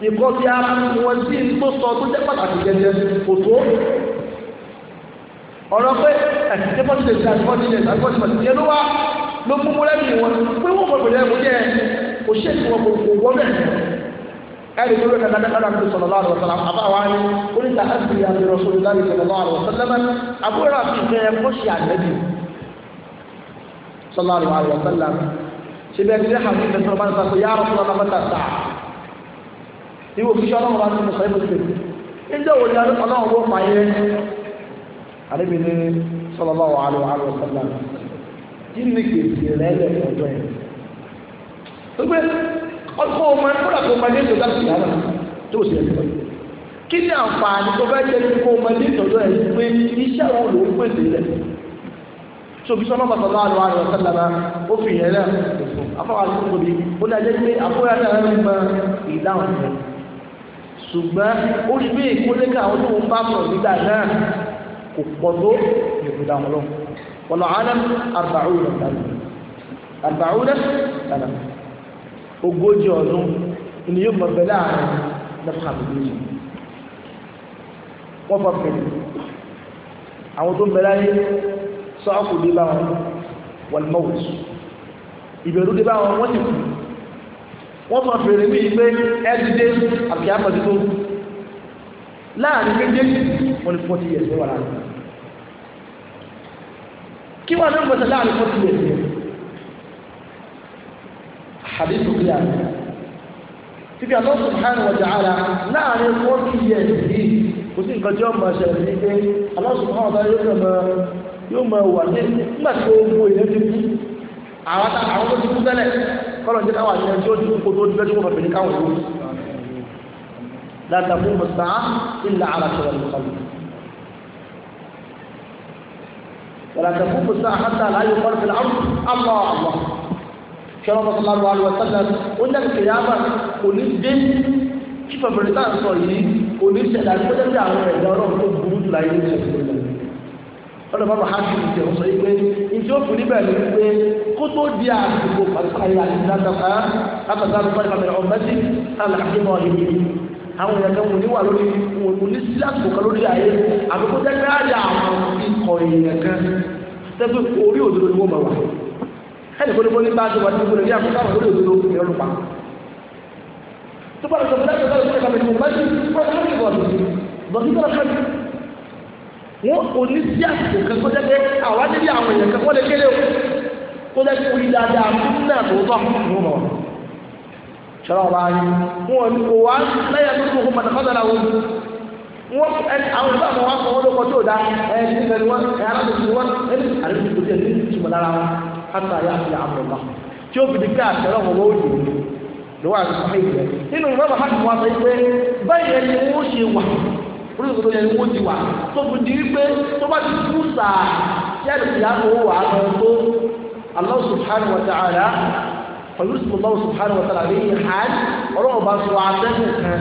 nǹkan bí wọn sí ní tó sọ tó jẹ́ pàtàkì jẹjẹ kò tó ọ̀rọ̀ pé ẹ̀sìn tí wọ́n ti lè ṣe àtìmọ́tìlẹ̀ àtìmọ́tìlẹ̀ ló wá ló mú mú lẹ́yìn wọn pé wọ́n mọ̀ pẹ̀lú ẹ̀mú jẹ́ kò ṣe tí wọn kò wọ́n bẹ̀ ẹ̀rí tó lóye kàdá kàdá tó sọ̀rọ̀ láàrọ̀ sọ̀rọ̀ àbá wa ni oníta àti àbẹ̀rọ̀ sọ̀rọ̀ láàrọ̀ sọ̀rọ̀ láàrọ̀ sọ̀rọ̀ sallallahu alaihi wa sallam síbẹ̀ ní ṣe àfihàn tó máa ń sàkó yára fún ọmọ mẹ́ta sáà ìwò fi ṣọ́nà wọn láti mọ̀sán ìbò sílẹ̀ níjẹ́ òun ni ọlọ́run wó pààyẹ àríbi ní sallallahu alaihi wa sallam kí ni kèsì rẹ̀ lẹ̀ ọ̀dọ́ ẹ̀ gbogbo ọkọ̀ ọmọ ẹ̀kọ́ làkọ̀ ọmọ ẹ̀dẹ́ ìjọba sì yára tó sì ẹ̀kọ́ kí ni àǹfààní tó fẹ́ jẹ́ kó ọmọ ẹ̀dẹ́ ìjọba ẹ̀ pé iṣẹ́ àwọn olùkọ́ so bí sọ́nà bàtàlá àlọ́ àlọ́ sẹ́lẹ̀mà ó fi yẹn lẹ́ fún afọ́wà tó tóbi ó ní ajẹ́ pé àkóyá náà ń mọ ìdáhùn rẹ̀ ṣùgbọ́n ó rí bí ìkólégà àwọn tó ń bá pọ̀ nígbà náà kò pọ̀ tó ìrùdà wọn lọ wọn lọ àná àbàrún ọ̀dàlù àbàrún ọ̀dàlù ogójì ọdún ni yóò mọ̀ bẹ́lẹ̀ àárín lẹ́fà méjì wọ́n fọ́ pẹ̀lú àwọn tó ń bẹ sọ́ọ̀kù dé bá wọn wàlúmọ́wò ìbẹ̀rù dé bá wọn wọ́n ti kú wọ́n tún fèrè mí pé ẹ́dídé àti àpàdúgbò láàrin méjèèjì wọ́n ní forty years wọ́n wà láàrin kí wọ́n ní gbèsè láàrin forty years yẹn àdéhùn kí á títí Allah subhanahu wa ta'ala láàrin forty years yìí kò sí nǹkan tí wọ́n máa ṣẹlẹ̀ ní pé Allah subhanahu wa ta'ala yóò máa wà ní nígbà tí owó èèyàn ti kú àwọn tá àwọn tó ti kú tẹ́lẹ̀ kọ́lọ̀ jẹ́ káwọn àti ẹjọ́ ìdíkú kó tó dúpẹ́ tí wọ́n fẹ́ fẹ́ni káwọn ìlú láti àbúrò mọ̀tà ìlà ara sọ̀rọ̀ nìkan. ولا تقوم الساعة حتى لا يقال في الأرض الله الله كما صلى الله عليه وسلم قلنا القيامة قل الدين كيف بريطان صلي قل الشهادة قل الدين àwọn ẹ̀dá ọlọ́run tó burú jù ọlọ́mọ bá hàn sí ìjẹun sọ yìí pé ìjọ òfin níbẹ̀ ni pé kó tó di àsìkò pàṣípààyè àdìdàdàkà látàdà lọ́pàá ìmọ̀ ìrọ̀ mẹ́tì aláàbímọ̀ ìlú àwọn èèyàn kan wọ́n ní wà lórí wọ́n kò ní sí àsìkò kan lórí ayé àbíkó jẹ́ pé àyà àwọn ikọ̀ èèyàn kan tẹ́gbẹ́ orí òdodo ni wọ́n máa wà ẹnì kó ní kó ní bá aṣọ wà ní ìgbòho ní àkókò orí òdodo ni ọlọ́pà tó bá lọ sọ fún wọn kò na sí àsìkò kan kó níbi àwọn èèyàn kan lè o kó jẹ́ pé orí dáadáa fún náà fún wọn. wọn kò wá wọn àwọn ìgbà wọn ló ẹ ní wọn ẹ wọn ẹ ní ní ìtumọ̀ lára wọn orí ìṣòro yẹn ni wọ́n ti wà tó fi di pé tó bá ti kú sàá tí àdìsí àbòwò wà á lọ tó Allah subhanahu wa ta'ala ọ̀yọ́sùn Allah subhanahu wa ta'ala lè yí hàn ọlọ́run bá sọ afẹ́fẹ́ kan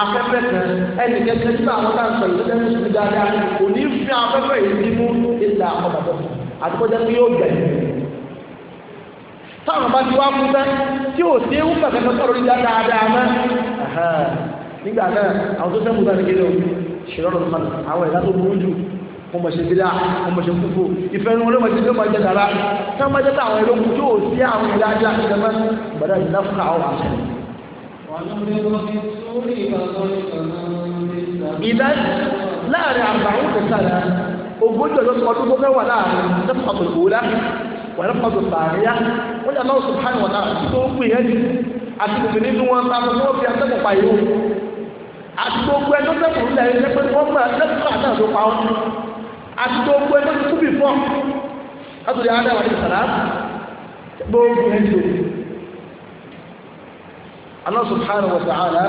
afẹ́fẹ́ kan ẹnì kẹ́kẹ́ tí àwọn náà sọ ìlú tẹ́lẹ̀ sùn dáadáa kò ní fi afẹ́fẹ́ yìí ní mú ìlà ọ̀dàbọ̀ àtúkọ́jẹ́ pé yóò gbẹ̀ táwọn bá ti wá kú nígbà náà àwọn tó sẹ́kù bá ti kéde òun ṣìrọ́rọ̀ mọ́nà àwọn ìdá tó burú jù ọmọ ṣe bídá ọmọ ṣe kúfò ìfẹ́ ní olóòmọ̀ ṣe ló máa jẹ dára tá máa jẹ tá àwọn ẹlòmù tó ò sí àwọn ìlà ajá ìjọba gbọ́dọ̀ ìlà fún àwọn àṣẹ. ìdá láàrin àbáwọn kẹsàrà ogójì ọjọ́ ọdún tó fẹ́ wà láàrin lẹ́fọ̀tò òwúlá wà lẹ́fọ̀tò sàárẹ́yà wọ́n yà náà sùn àti gbogbo ẹjọ́ sẹ́kùn ńlẹ̀ ẹ̀ṣẹ́ pé wọ́n gbà lẹ́kùn àti àjọ pa ọ́ àti gbogbo ẹjọ́ tó bì fọ́ látòlí adam àti sàlá gbogbo ẹjọ́ Allah subhanahu wa ta'ala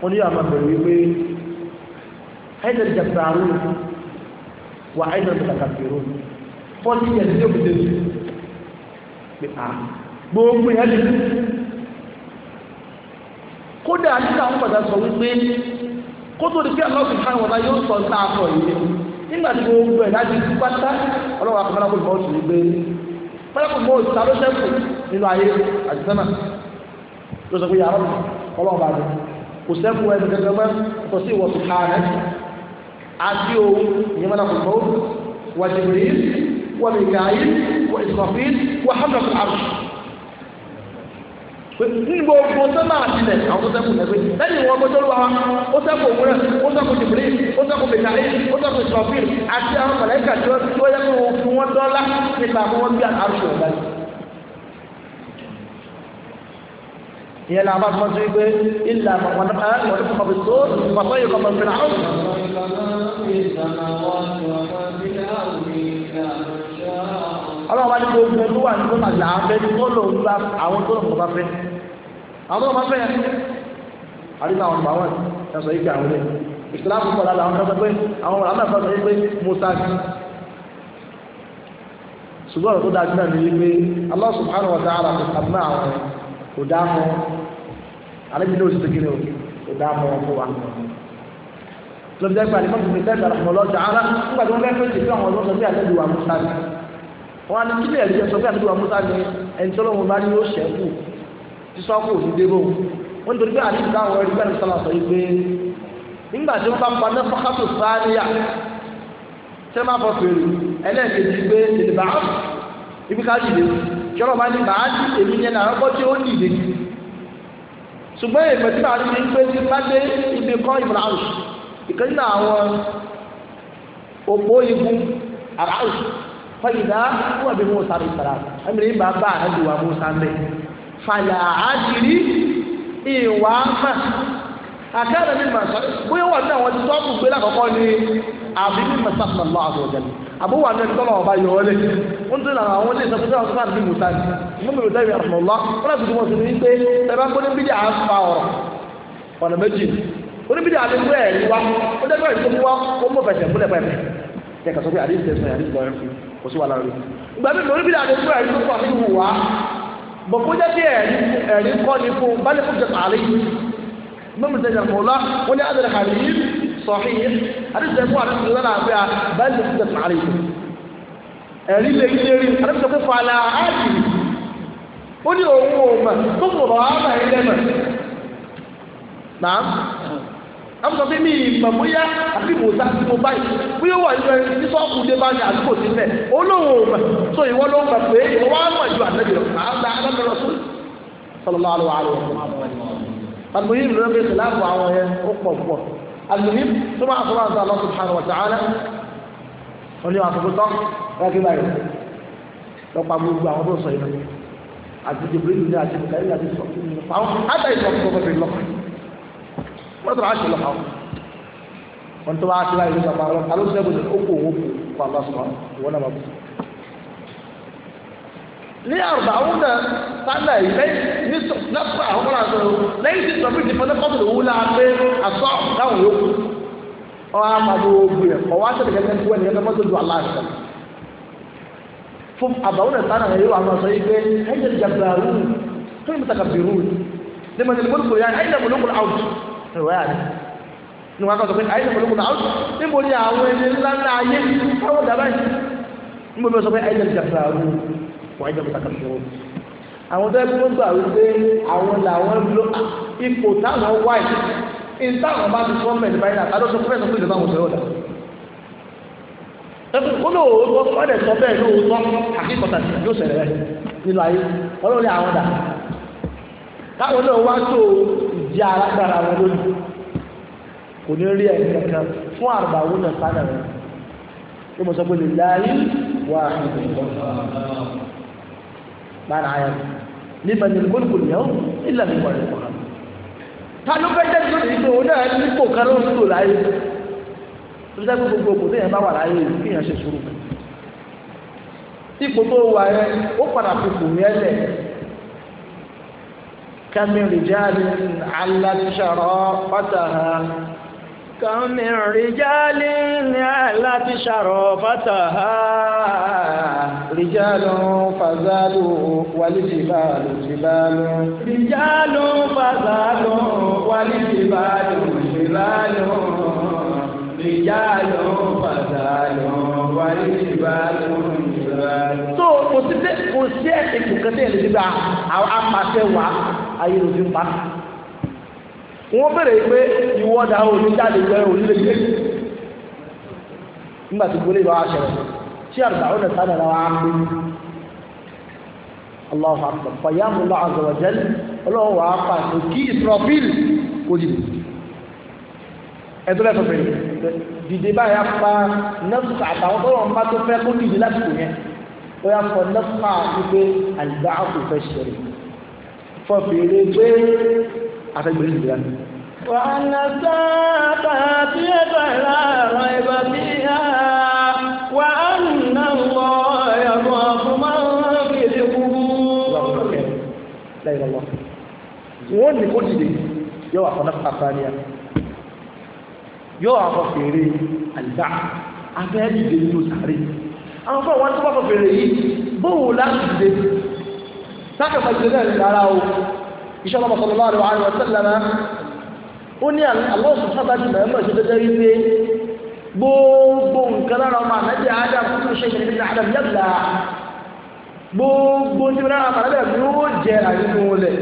wọ́n ní àmà bẹ̀rẹ̀ wípé ẹ̀jẹ̀ jàpàrú wà ẹ̀jẹ̀ jàpàrú fọ́ọ̀tì ẹ̀jẹ̀ tó bì gbogbo ẹjọ́ kódà nígbà àwọn padà sọ wípé kó tó di pé Allah subhanahu wa ta'ala yóò sọ ní àtọ̀ yìí nígbà tí gbogbo ẹ̀ láti kú pátá ọlọ́wọ́ akọ̀mọ́lákùn mọ́ọ̀tù ní gbé mọ́lákùn mọ́ọ̀tù ta ló nínú ayé àdìsánà tó sọ pé yàrá mi ọlọ́wọ́ bá dùn kò sẹ́kù ẹni gẹ́gẹ́ mọ́ tó sì wọ̀ sùkárẹ́ àti òun ìyẹn mọ́lákùn mọ́ọ̀tù wà jìbìrì wà ní gbogbo sọ́nà àtìlẹ̀ àwọn tó sẹ́kù lẹ́gbẹ̀ẹ́ lẹ́yìn wọn gbọ́dọ̀ wá ó sẹ́kù òwúrẹ́ ó sẹ́kù jìbìlì ó sẹ́kù bìtàlì ó sẹ́kù sọ̀fìn àti àwọn mọ̀lẹ́kà tí ó yẹ kó fi wọ́n dọ́là nípa àwọn wọn bí àrùsọ̀ ìbàdí. ìyẹn la bá tọ́ sí pé ilà àwọn ọ̀dọ́kọ̀ọ́bí tó pàtó yìí kọ̀ọ̀bí ọlọ́run bá ní kó gbẹ tó wà ní tó màgbà abẹ́ ní tó lòun gba àwọn tó lòun bá fẹ́ àwọn tó lòun bá fẹ́ àdúgbò àwọn ọmọ àwọn ẹ̀sọ́ yìí kí àwọn ilé ìsìláàmù kọ̀ lára àwọn ọmọ pé àwọn ọmọ àmọ́ ìfọ̀sọ̀ pé musa sí ṣùgbọ́n ọ̀rọ̀ tó dáa jù náà ní wípé Allah subhanahu wa ta'ala kò sàmúnà àwọn kò dá mọ́ alẹ́bí ló sì ti kiri kò dá mọ́ fún wa lọ́dún jẹ́ pé àdìmọ́ tuntun tẹ́sán ọ̀rọ̀ lọ́jà ara nígbà tí wọ́n fẹ́ fèsì fún àwọn ọlọ́sọ̀ bí àtẹ́jú wa musa sí wọn ni kí lè rí ẹsọ pé àdúgbò amúta ni ẹni tí ọlọ́run bá ní yóò ṣẹ́kù tí sọ́kù ò ní dé bò wọn nítorí pé àdìsí táwọn ẹrí bẹ́ẹ̀ ní sọ́lá sọ yìí pé nígbà tí wọ́n bá pa náà fọ́kátò sáníyà tí wọ́n bá fọ́ fèrè ẹlẹ́ẹ̀kejì pé èdè bá á ibi ká dìde jọlọ bá ní bá á dì èmi yẹn náà ọkọ tí ó dìde ṣùgbọ́n èèpẹ̀ tí màá rí ni pé tí bá dé ibi kọ́ ìbùràwù ìkẹ́yìn fayida wọ́n àbí musa àbí sara ẹ̀mìrì ń bá bá ànábì wa musa ń bẹ̀ fàlà àdìrí ìwà mà àkàrà mi mà sọ bóyá wà ní àwọn tí tọ́pù gbé lákọ̀ọ́kọ́ ni àbí mi mà sàfù nà lọ́wọ́ àbúrò jẹ́ni àbó wà ní tọ́lọ̀ ọba yọ̀ ọ́lẹ̀ ń tún àwọn àwọn ilé ìsọfúnjẹ́ àwọn tó náà ní musa ni mo mi ò dẹ́bi àrùnmọ̀lá wọ́n láti tún wọn sí ní pé ẹ bá gbọ́dọ̀ bíjà àfa ọ̀rọ̀ ọ̀nà méjì oníbìdí àdúgbò ẹ̀ ní wa ó dẹ́gbẹ́ ìṣòwò wa ó mọ̀ kò sí wà lára rẹ̀ ìgbà mi lórí bídà ni fún ẹ̀rí tó kọ̀ nínú wa bọ̀ kó jẹ́ pé ẹ̀rí ẹ̀rí kọ́ ni fún bá lè fún jẹ tààrí mọ́mí tẹ̀yà mọ́lá wọ́n ní adìrẹ̀ kàrí sọ̀hí adìrẹ̀ fún àdìsí lọ́nà àgbẹ̀ bá lè fún jẹ tààrí ẹ̀rí lè ń lérí adìsí tó fà là áàdì ó ní òun ò mọ̀ tó mọ̀ àwọn sọ pé mi ìmọ̀ bóyá àbí mò ń sá sí mo báyìí bí ó wà nínú ẹni tí sọ́ọ̀kù dé bá ní àdúgbò sí mẹ́ olóhùn mọ̀ so ìwọ ló mọ̀ pé ìwọ wá mọ̀ ju ànábì lọ àgbà ànábì lọ sí sọlọ́lá àlọ́ àlọ́ àlùmọ́yìn ló bẹ sàlámù àwọn yẹn ó pọ̀ pọ̀ àlùmọ́yìn tó máa sọ̀rọ̀ àti Allah subhanahu wa ta'ala wọ́n ní àtúntò tán wọ́n kí báyìí wọ́n tọrọ àṣẹ lọ́kàn wọn tó bá aṣọ láyé lọ́kàn máa lọ́kàn alóṣèlú ẹ̀bùn ní okò owó kó àbá sọ̀rọ̀ ìwọ náà bá bù. ní àrùbá àwọn náà sáńdà yìí lẹ́yìn ní sọ́kà àwọn ọmọlá sọ̀rọ̀ lẹ́yìn tí sọ̀rọ̀ ti fọ́n lẹ́kọ̀ọ́ tó wú láàbẹ̀ àṣọ táwọn yòókù ọ̀hún àmàlú ogun yẹn ọ̀wá sọ̀rọ̀ fún àbáwọn ìtànà ẹ̀yọ́ àwọn sọ ipé ẹ̀yẹ́ jàbàrún fún ìmìtàkàbìrún ní mọ̀lẹ́mọ̀lẹ́kùn yára ẹ̀yẹ́ mọ̀lẹ́kùn out ìwé àná ní wọn kọ́ sọ pé ayé lè kọ́lọ́kọ́ náà níbo ni àwọn ẹni ńlá ńlá ayé káwọn dàbá yìí níbo ni wọ́n sọ pé ayé lè jàpá àwọn wọ́n ayé lè mọ̀tàkà fún àwọn tó ẹgbẹ́ gbà wípé àwọn làwọn lo ipò táwọn wáyé ìtàwọn bá ti fọ́n mẹ́rin báyìí náà àdóso fẹ́sọ̀ fún ìjọba àwọn òṣèré ọ̀dà olóòótọ́ fọ́dẹ̀ sọ bẹ́ẹ̀ jẹ́ alágbára wọn lónìí kò ní rí ẹ̀rí kankan fún àrùbá owó náà sánà rẹ̀ tó mọ̀ sọ pé lè láyé wà àhìbò lára ayé nípa ní gbólùkù yẹn ìlànà ìwà rẹ̀ kọ̀ ta ló fẹ́ jẹ́ tó ti gbòó náà nípò kan ló ń lò láyé tó jẹ́ gbogbo òkú tó yẹn bá wà láyé kí yẹn ṣe sùúrù ipò tó wà yẹn ó padà fi kù yẹn lẹ̀ كم رجال علت شرافتها كم رجال علت شرافتها رجال فزالوا والجبال جبال رجال فزالوا والجبال جبال رجال فزالوا والجبال جبال. so kò sí kò sí ẹ̀sìn kò ayé ló ti ń pa wọ́n bèrè pé ìwọ́dà oníjáde ìwẹ́ onílé gbé nígbà tí gbólé ìwà aṣẹ́rẹ̀ tí àrùbà ó nẹ̀ta nà wá pé Allahu akbar fàyàmù lọ àzọ̀wọ̀jẹ́lì ọlọ́run wà á pa àti kí ìsọ̀rọ̀fíìlì kò dìbò ẹ̀dọ́rẹ́ fẹ́fẹ́ dìde báyà pa nẹ́fùsà àtàwọn tó fọ́ fèrè pé afẹ́gbèrè ìgbéra ni. wàhálà sábà tí ẹ bá ra àwọn ìbá bí i á wà á nà wọ ẹ̀rọ fún máa ń fèrè wọ́n ní kó dìde yóò wà fún yóò wà fèrè àlìbá afẹ́ dìde nínú sàárè àwọn fún àwọn tó bá fọ́ fèrè yìí bóòwò láti sákàtà ìṣẹ̀lẹ̀ ìdára o iṣẹ́ ọlọ́mọ sallallahu alaihi wa sallam ó ní Allah subhanahu wa ta'ala mọ̀ ìṣẹ́ dédé rí pé gbogbo nǹkan lára ọmọ ànábì adam tó ṣe ìṣẹ̀lẹ̀ nígbà adam yàgbà gbogbo tí lára ọmọ ànábì adam yóò jẹ àyínú rẹ̀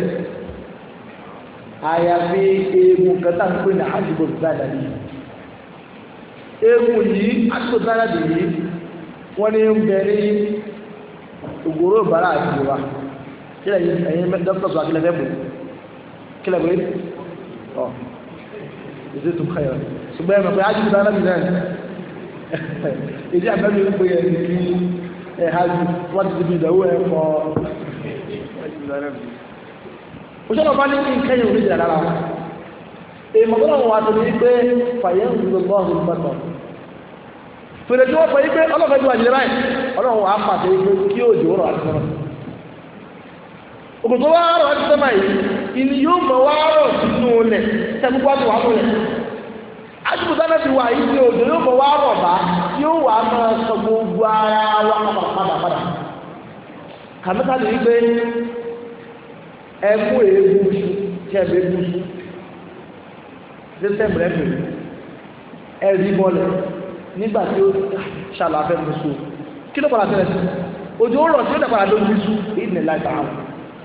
àyàfi eegun kẹta ń pè ní àdìgbò gbàdàbí eegun yìí àdìgbò gbàdàbí yìí wọ́n ní ń bẹ ògòrò ìbára àti ìwà kílẹ̀ yìí ẹ̀yin dókítà sọ akílẹ̀ fẹ́ bò kílẹ̀ bò ọ ìdí tó kẹyọ ṣùgbọ́n ẹ̀mọ̀ pé ájú dáná mi náà ìdí àbẹ́mi ń pè ẹni kí ẹ̀ ájú wọ́n ti di ìdánwò ẹ̀ fọ́ òṣèlú ọba ní kí n kẹyìn òní ìjà lára èèmọ̀ tó náà wà tó ní pé fàyẹ̀ ń gbogbo ọ̀hún gbọ́tọ̀ fèrè tí wọ́n pẹ̀ yí pé ọlọ́fẹ́ ju àjẹrẹ́ báyìí ọlọ́run wà á pàṣẹ yí pé kí òjò rọ̀ àti sọ́rọ̀ òkùnkùn wá rọ̀ ọ́ ti yìí ìní yóò mọ̀ wá rọ̀ sínú lẹ̀ sẹ́gbùkú àti wàá lọ́lẹ̀ àdúgbò sábà ti wà yìí ní òjò yóò mọ̀ wá rọ̀ bá yóò wà máa sọ gbogbo ara wa padà padà kàmíkà lè gbé ẹkú èébú tí ẹ bẹ bú sísẹmù rẹ nígbà tí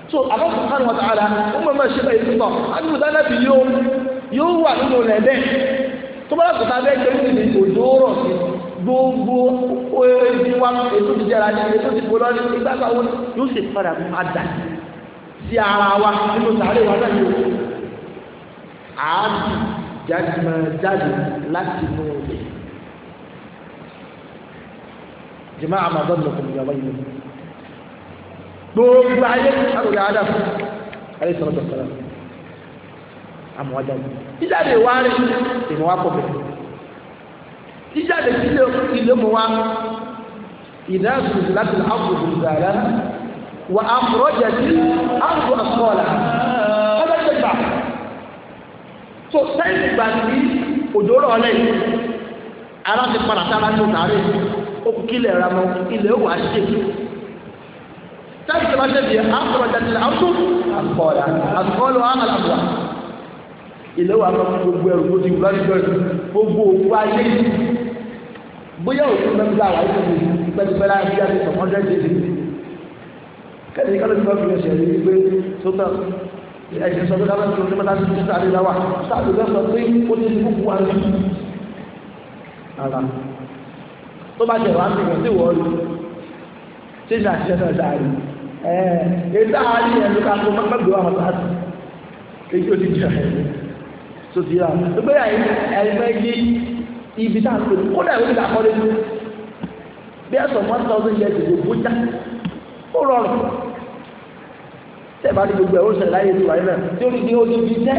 so Allah subhanahu wa ta'ala ó mọ̀ mọ̀ ṣe bẹ́ẹ̀ ìtútọ̀ àdúgbò dáadáa bí yóò yóò wà nínú rẹ̀ bẹ́ẹ̀ tó bá lọ́kùnrin abẹ́ jẹ́ ní ìdí òjò rọ̀ sí gbogbo ebi wa ètò ìjẹra ní ètò ìbò lọ́rí ìgbàgbà wo yóò sì padà padà sí ara wa nínú sàárè wa náà yóò àádì jáde jáde láti inú rẹ̀ jìmọ́ àmàdọ́nù lọ́kùnrin ìyàwó yìí gbogbo ayé àròyìn adam ayé sọ̀rọ̀ tó sọ̀rọ̀ àmọ́jà jíjáde wá rí ìmọ̀ wá pọ̀ bẹ̀rẹ̀ jíjáde sílé ilé mu wá ìdá sùn láti àpò ìgbàlá wà àkùrọ̀jà sí àpò àkọọ̀là ọlọ́dẹ̀gbà tó sẹ́yìn òjò padà sára kílẹ̀ ilẹ̀ wà á táyì tó bá ṣe bìí àkọlọ̀ jàdìlẹ̀ àkọ́ àkọlọ̀ àkọlọ̀ àmàlà àbúrà ilé wa máa fi gbogbo ẹrù tó ti wù lọ́dún bẹ́ẹ̀ gbogbo òkú ayé bóyá òkú mẹ́fìlá wà ní ìlú pẹ́ẹ́pẹ́ẹ́ láti bí a ti sọ̀kọ́ dẹ́ ṣe kẹ́lẹ́ ní kálọ́dún bá fi ẹsẹ̀ rí i pé sótà ẹ̀sìn sọ pé káwọn ẹ̀sìn onímọ̀tà ti ti sáré láwà sáàbì bẹ́ẹ̀ sọ pé ó ti ti kúkú wọn lù ara tó bá jẹ̀ wá sí ìwọ̀n sí ìwọ̀n lù ṣé ìṣàṣẹ́ náà dáa rí i ẹ̀ẹ́dá ayé ẹ̀lú ká tó mọ́gbẹ́ wà wọ́n láti kéjì ó ti jẹ́ ẹ̀lú tó ti rà tó gbé ẹ̀ẹ́dẹ́ yí ibi tá a tó kó dà ìwé ìdàkọ́lé tó bí ẹ̀sọ̀ one thousand years ago bójá ó rọrùn tẹ́ bá ní gbogbo ẹ̀ ó ṣẹlẹ̀ láyé ìwà náà tí ó ní ní ojú bíi jẹ́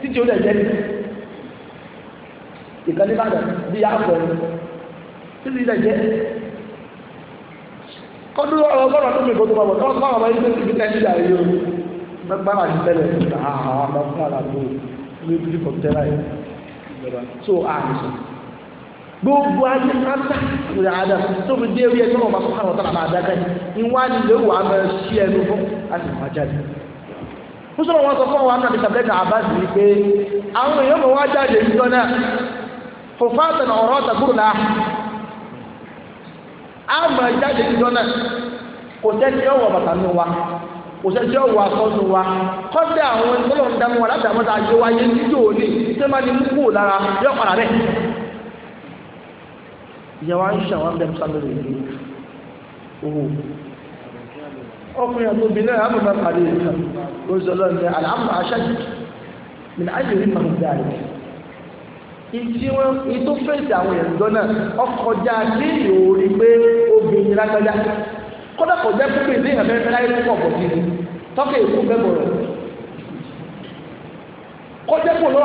títí ó lẹ̀ jẹ́ ní ìkànnì bàdàn bíi àpọ̀ títí lẹ̀ jẹ́ kọ́dún ọ̀rọ̀ ọgọ́rọ̀ tó mi kó tó bá bọ̀ kọ́ bá wọn ilé ti fi tẹ́ nígbà yìí o gbẹ́gbẹ́ àti tẹ́lẹ̀ ah, àwọn àbá fún ara tó ní ibi kò tẹ́ láyé tó àìsàn gbogbo ayé pátá rẹ̀ àdá tó fi dé orí ẹ̀ tó wọn bá fún àwọn tó máa dáká yìí ìwà nílé wà á máa ṣí ẹnu fún àti ìwà jáde fún sọ́wọ́n wọn sọ fún àwọn àmì tàbílẹ́tà àbáṣe yìí pé àwọn èèyàn mọ̀ wá jáde á mọ jáde níjọ́ náà kò sẹ́ni ọ̀wọ̀ bàtà mi wa kò sẹ́ni ọ̀wọ̀ asọ́nu wa kọ́dà àwọn ìtọ́lọ̀ ń dánwó aláta àwọn tá a jẹ́ wáyé níjọ́ òní tí wọ́n ní mú kúrò lára yọ padà rẹ̀. ìyẹn wá ń ṣe àwọn abẹ́rẹ́ sábẹ́rẹ́ ìlú owó ọkùnrin àti obìnrin náà àmọ̀ máa pàdé ìtàn lóṣù ní àlàáfà aṣáájú mi ní àyè rí màmú dáadé ìdí wọn ìtò fèsì àwọn èèyàn jọ náà ọkọjá sí ìròrí pé obìnrin lágbájá kódà kò jẹ́ pípé ní ìhàn fẹ́fẹ́ láyé púpọ̀ pọ̀ sí i tọ́kẹ́ ìkú fẹ́ bọ̀rọ̀ kọjá kò lọ́wọ́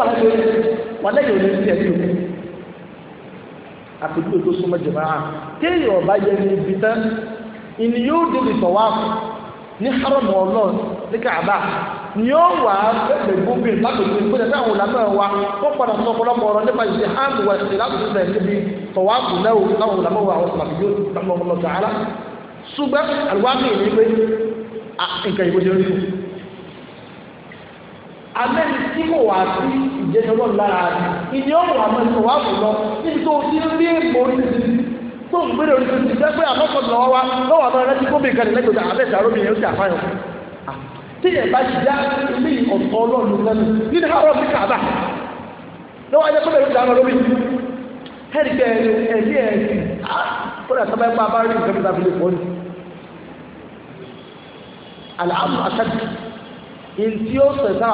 wà lẹ́yìn òní sí òní súnmọ́ jẹ̀mọ́ àá kéèyàn ọ̀bá yẹ ní ibi tán ìní yóò ní haram ọlọ́ọ̀ ni ó wà á fẹ́ẹ̀ gbóngbè lágbègbè pé ẹgbẹ́ àwọn olùdámọ̀ wa wọ́n padà sọ ọ̀pọ̀lọpọ̀ ọ̀rọ̀ nípa ìṣe hàn wà láti ṣe níbi tọ̀wá láwọn wa àwọn yóò ọmọ ara ní pé nǹkan ìbò ṣe tí kò wá sí lára rẹ̀ ìní ó wà mọ́ ìtọ̀wá níbi tó ti rí tó ń gbé tí yẹn bá ṣe dá ilé ọ̀tọ̀ ọlọ́run lẹ́nu nínú àwọn ọ̀sìn kàbà lọ́wọ́ ajẹ́ kọ́bẹ̀rún dáná lórí ẹ̀rí pé ẹ̀rí ẹ̀rí kódà ah, tó bá ń pa bá rí nǹkan tó lè pọ̀ ní. àlàáfù àtàkì èyí tí ó sọ̀ sáà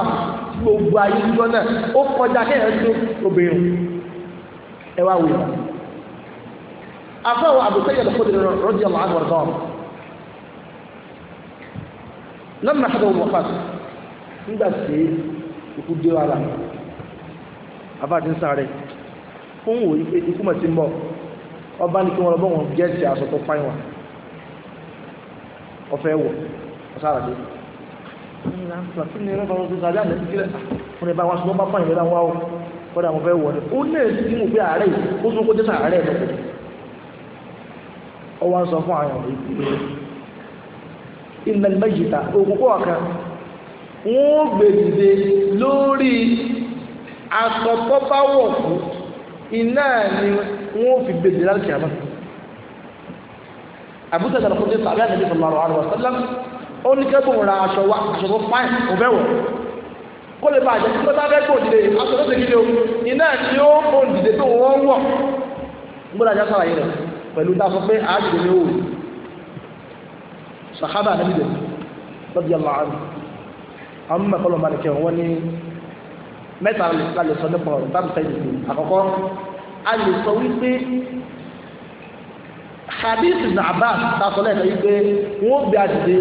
gbogbo ayé jọ náà ó kọjá kẹ́yìn tó obìnrin ẹ wò ó. afọ àwọn lọ́kọ́ lọ́mọ àti ọmọ fà nígbà tí ikú dé wa la abáàdì ń sáré fún wò ikú mọ̀ sí ń bọ̀ ọba ní kí wọ́n lọ bọ́ wọn gẹ́ẹ̀sì aṣọ tó fáyín wa ọ̀fẹ́ wọ̀ ọ̀sára dé kí ni ẹ̀rọ bá wọn tó sáré àná kíkílẹ̀ fún ẹ̀ bá wọn aṣọ bá fáyín lọ́dà wọn o kọ́dà wọn fẹ́ wọ̀ ni ó náà sí mo pé àárẹ̀ ó sún kó dé sàárẹ̀ ẹ̀ lọ́kùnrin ọwọ́ ń sọ fún àwọn ìpínlẹ̀ ilẹ̀ mẹ́jìta òkùnkùn ọ̀kan wọ́n gbèdìde lórí asọ̀tọ́ bá wọ̀ fún iná ni wọ́n fi gbèdìde láti àmà àbúté ìdàlọ́kọ́ tó tàbí àtẹ̀lé fún ọ̀rọ̀ àrùn ọ̀sán lẹ́nu ó ní kẹ́kọ̀ọ́ wọn ra aṣọ wa aṣọ tó fáìn kò fẹ́ wọ̀ kó lè bàjẹ́ kí pẹ̀lú tá pé àájò ni ó sàhábà ànábì dẹ̀ lọ́dí aláàánú àwọn mímọ̀ kọ́lọ̀ bá nìkẹ́ wọ́n ní mẹ́ta lálẹ́ sọ nípa ọ̀rọ̀ tábìtà ìdìbò àkọ́kọ́ a lè sọ wípé hadith ibn abbas ta sọ lẹ́ẹ̀kan wípé wọ́n gbé àdìdè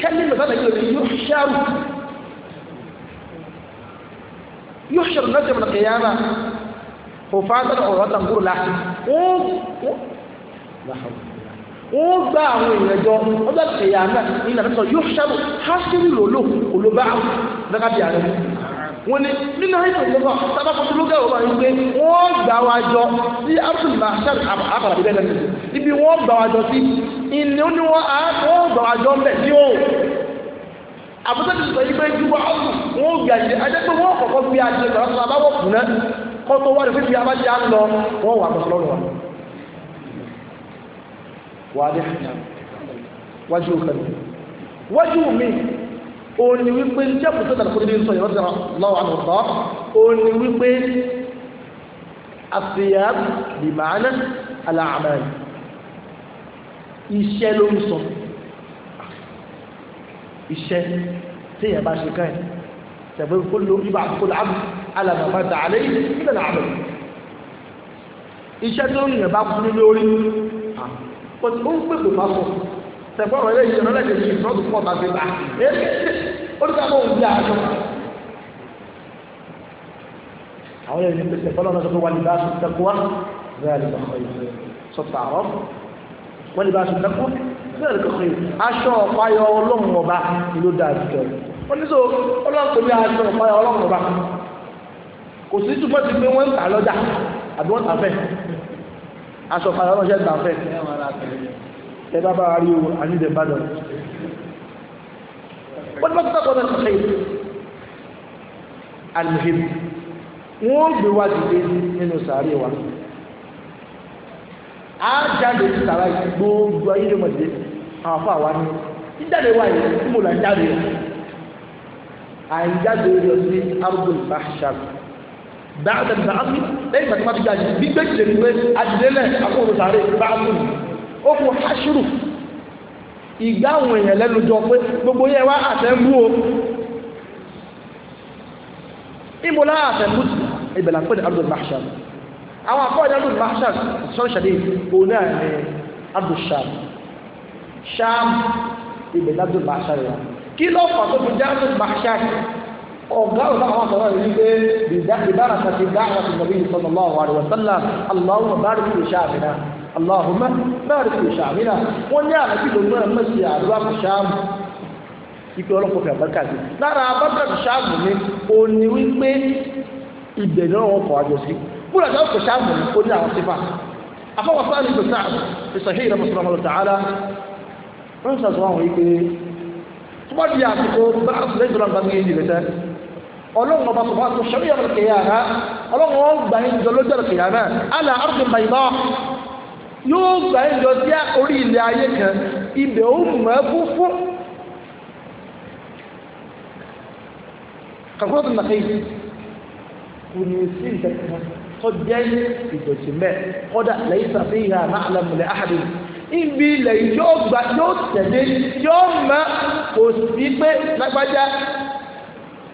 kẹ́lí mẹ́ta lẹ́yìn òní yóò ṣẹ́rù yóò ṣẹ́rù náà tẹ̀wọ̀n kẹ̀yàmà kò fàá tẹ̀lé ọ̀rọ̀ tàǹgùrù lá wọ́n wọ́n gba àwọn èèyàn jọ ọjọ́ ìṣẹ̀yà náà ní ìlànà sọ yóò ṣàbò hásírì lòlò olóbá lọ́gàbí ààrẹ wọ́n ní nínú àìsàn ìlọ́gbà sábàkọ́tù lógà ọ̀rọ̀ yìí pé wọ́n gbà wá jọ sí abdullah shah akọ̀làbí bẹ́ẹ̀ lẹ́nu ibi wọ́n gbà wá jọ sí ìní ó ní wọ́n á wọ́n gbà wá jọ mẹ́ sí òun àbúté ti sọ yìí pé júwọ́ wọ́n gbà yìí ajẹ́ pé wọ́n kọ̀kọ́ fi àjẹ ìgbà واضح وجه كريم وجه من òun ni wípé jẹ́pù tó tàbí kúrò ní sọ ìrọ́sẹ̀ lọ́wọ́ àwọn ọ̀tọ́ òun ni wípé àfihàn bìmọ̀ánà aláàmàlì iṣẹ́ ló ń sọ iṣẹ́ tí ìyẹn bá ṣe káyìn tẹ̀bí kó ibà kó láàbù alàmàmà tààlẹ́ ìlànà àbẹ̀ iṣẹ́ tó ń yẹn bá kú lórí ó ti ó ń pèpè máa sọ tẹ̀gbọ́n rẹ̀ yìí ọ̀nà lẹ́gbẹ̀ẹ́ yìí ìfọ́dù pọ̀ máa fi bá ó ní káàmọ́ òun bí àjọ. àwọn yẹn ní pèsè fọlọ́ náà sọ pé wàlíbá aṣọ tẹkuwa bẹ́ẹ̀ ni kọ̀ọ̀kan yìí sọ tààrọ́ wàlíbá aṣọ tẹkuwa bẹ́ẹ̀ ni kọ̀ọ̀kan yìí aṣọ ọ̀páyọ ọlọ́run ọba ló dáa jùlọ wọ́n ní sọ ọlọ́run tó ní aṣọ ọ̀páyọ ọlọ́run ọba kò sí túbọ̀ ti pé wọ́n ń tà lọ́jà àbí wọ́n tà fẹ́ẹ́ aṣọ fara ránṣẹ́ gbà fẹ́ ẹ bá bá rí o àníjẹ ìbàdàn wọ́n ti bá tọ́tọ́ náà ṣe alìhìm wọ́n gbé wá dìde nínú sàárè wa á jáde sí sàárè gbogbo ayé ló mọ̀ àwọn afọ àwa ni jíjáde wa yìí tí mo là ń jáde àìjáde rẹ̀ sí arúgbó ìbáṣà dáadé ní sáàmì lẹ́yìn ìgbà tí wọ́n ti jáde bí gbèsè lè fi wé adìdélẹ̀ akóhùn sáré báàmù ó kú haṣúrù ìgbà àwọn èèyàn lẹ́nu jọ pé gbogbo yẹn wá àtẹ̀mú o ìmọ̀lá àtẹ̀mú ìbẹ̀là pé ní Abdul Mahshar àwọn akọ́wé Abdul Mahshar sọ́rọ̀ ṣàdé òun náà Abdul Sham Sham ìbẹ̀là Abdul Mahshar rẹ̀ kí ló tó fi já Abdul Mahshar وقالوا صلى الله عليه وسلم ببركة دعوة النبي صلى الله عليه وسلم اللهم بارك في شعبنا اللهم بارك في شعبنا ونعم في دولنا المسيح أرواح الشام ipe ọlọ́pọ̀ fi àbáríkà sí lára abájá ṣáàmù ni ó ní wípé ibẹ̀ náà wọn kọ̀ àjọ sí búra tó kọ̀ ṣáàmù ni ó ní àwọn sífà afọwọ́ sáàlì ní ìjìnlẹ̀ tẹ́ ọlọ́run ọba sọ̀rọ̀ àti ṣẹ́rí ọ̀rọ̀ kìyàmá ọlọ́run wọn gbà ń jọ lójú ọ̀rọ̀ kìyàmá àlà àrùn bàyìnbá yóò gbà ń jọ sí orí ilẹ̀ ayé kan ibẹ̀ ó mọ̀ ẹ́ fúnfún. kankuro tó nàkè yìí kò ní sí ìdẹ̀kùn tó jẹ́ ìdọ̀tí mẹ́ kọ́dà lẹ́yìn sàfihàn máa lẹ́mùlẹ̀ àhàdùn ibi ilẹ̀ yóò gbà yóò tẹ̀lé yóò mọ kò sí pé lágbájá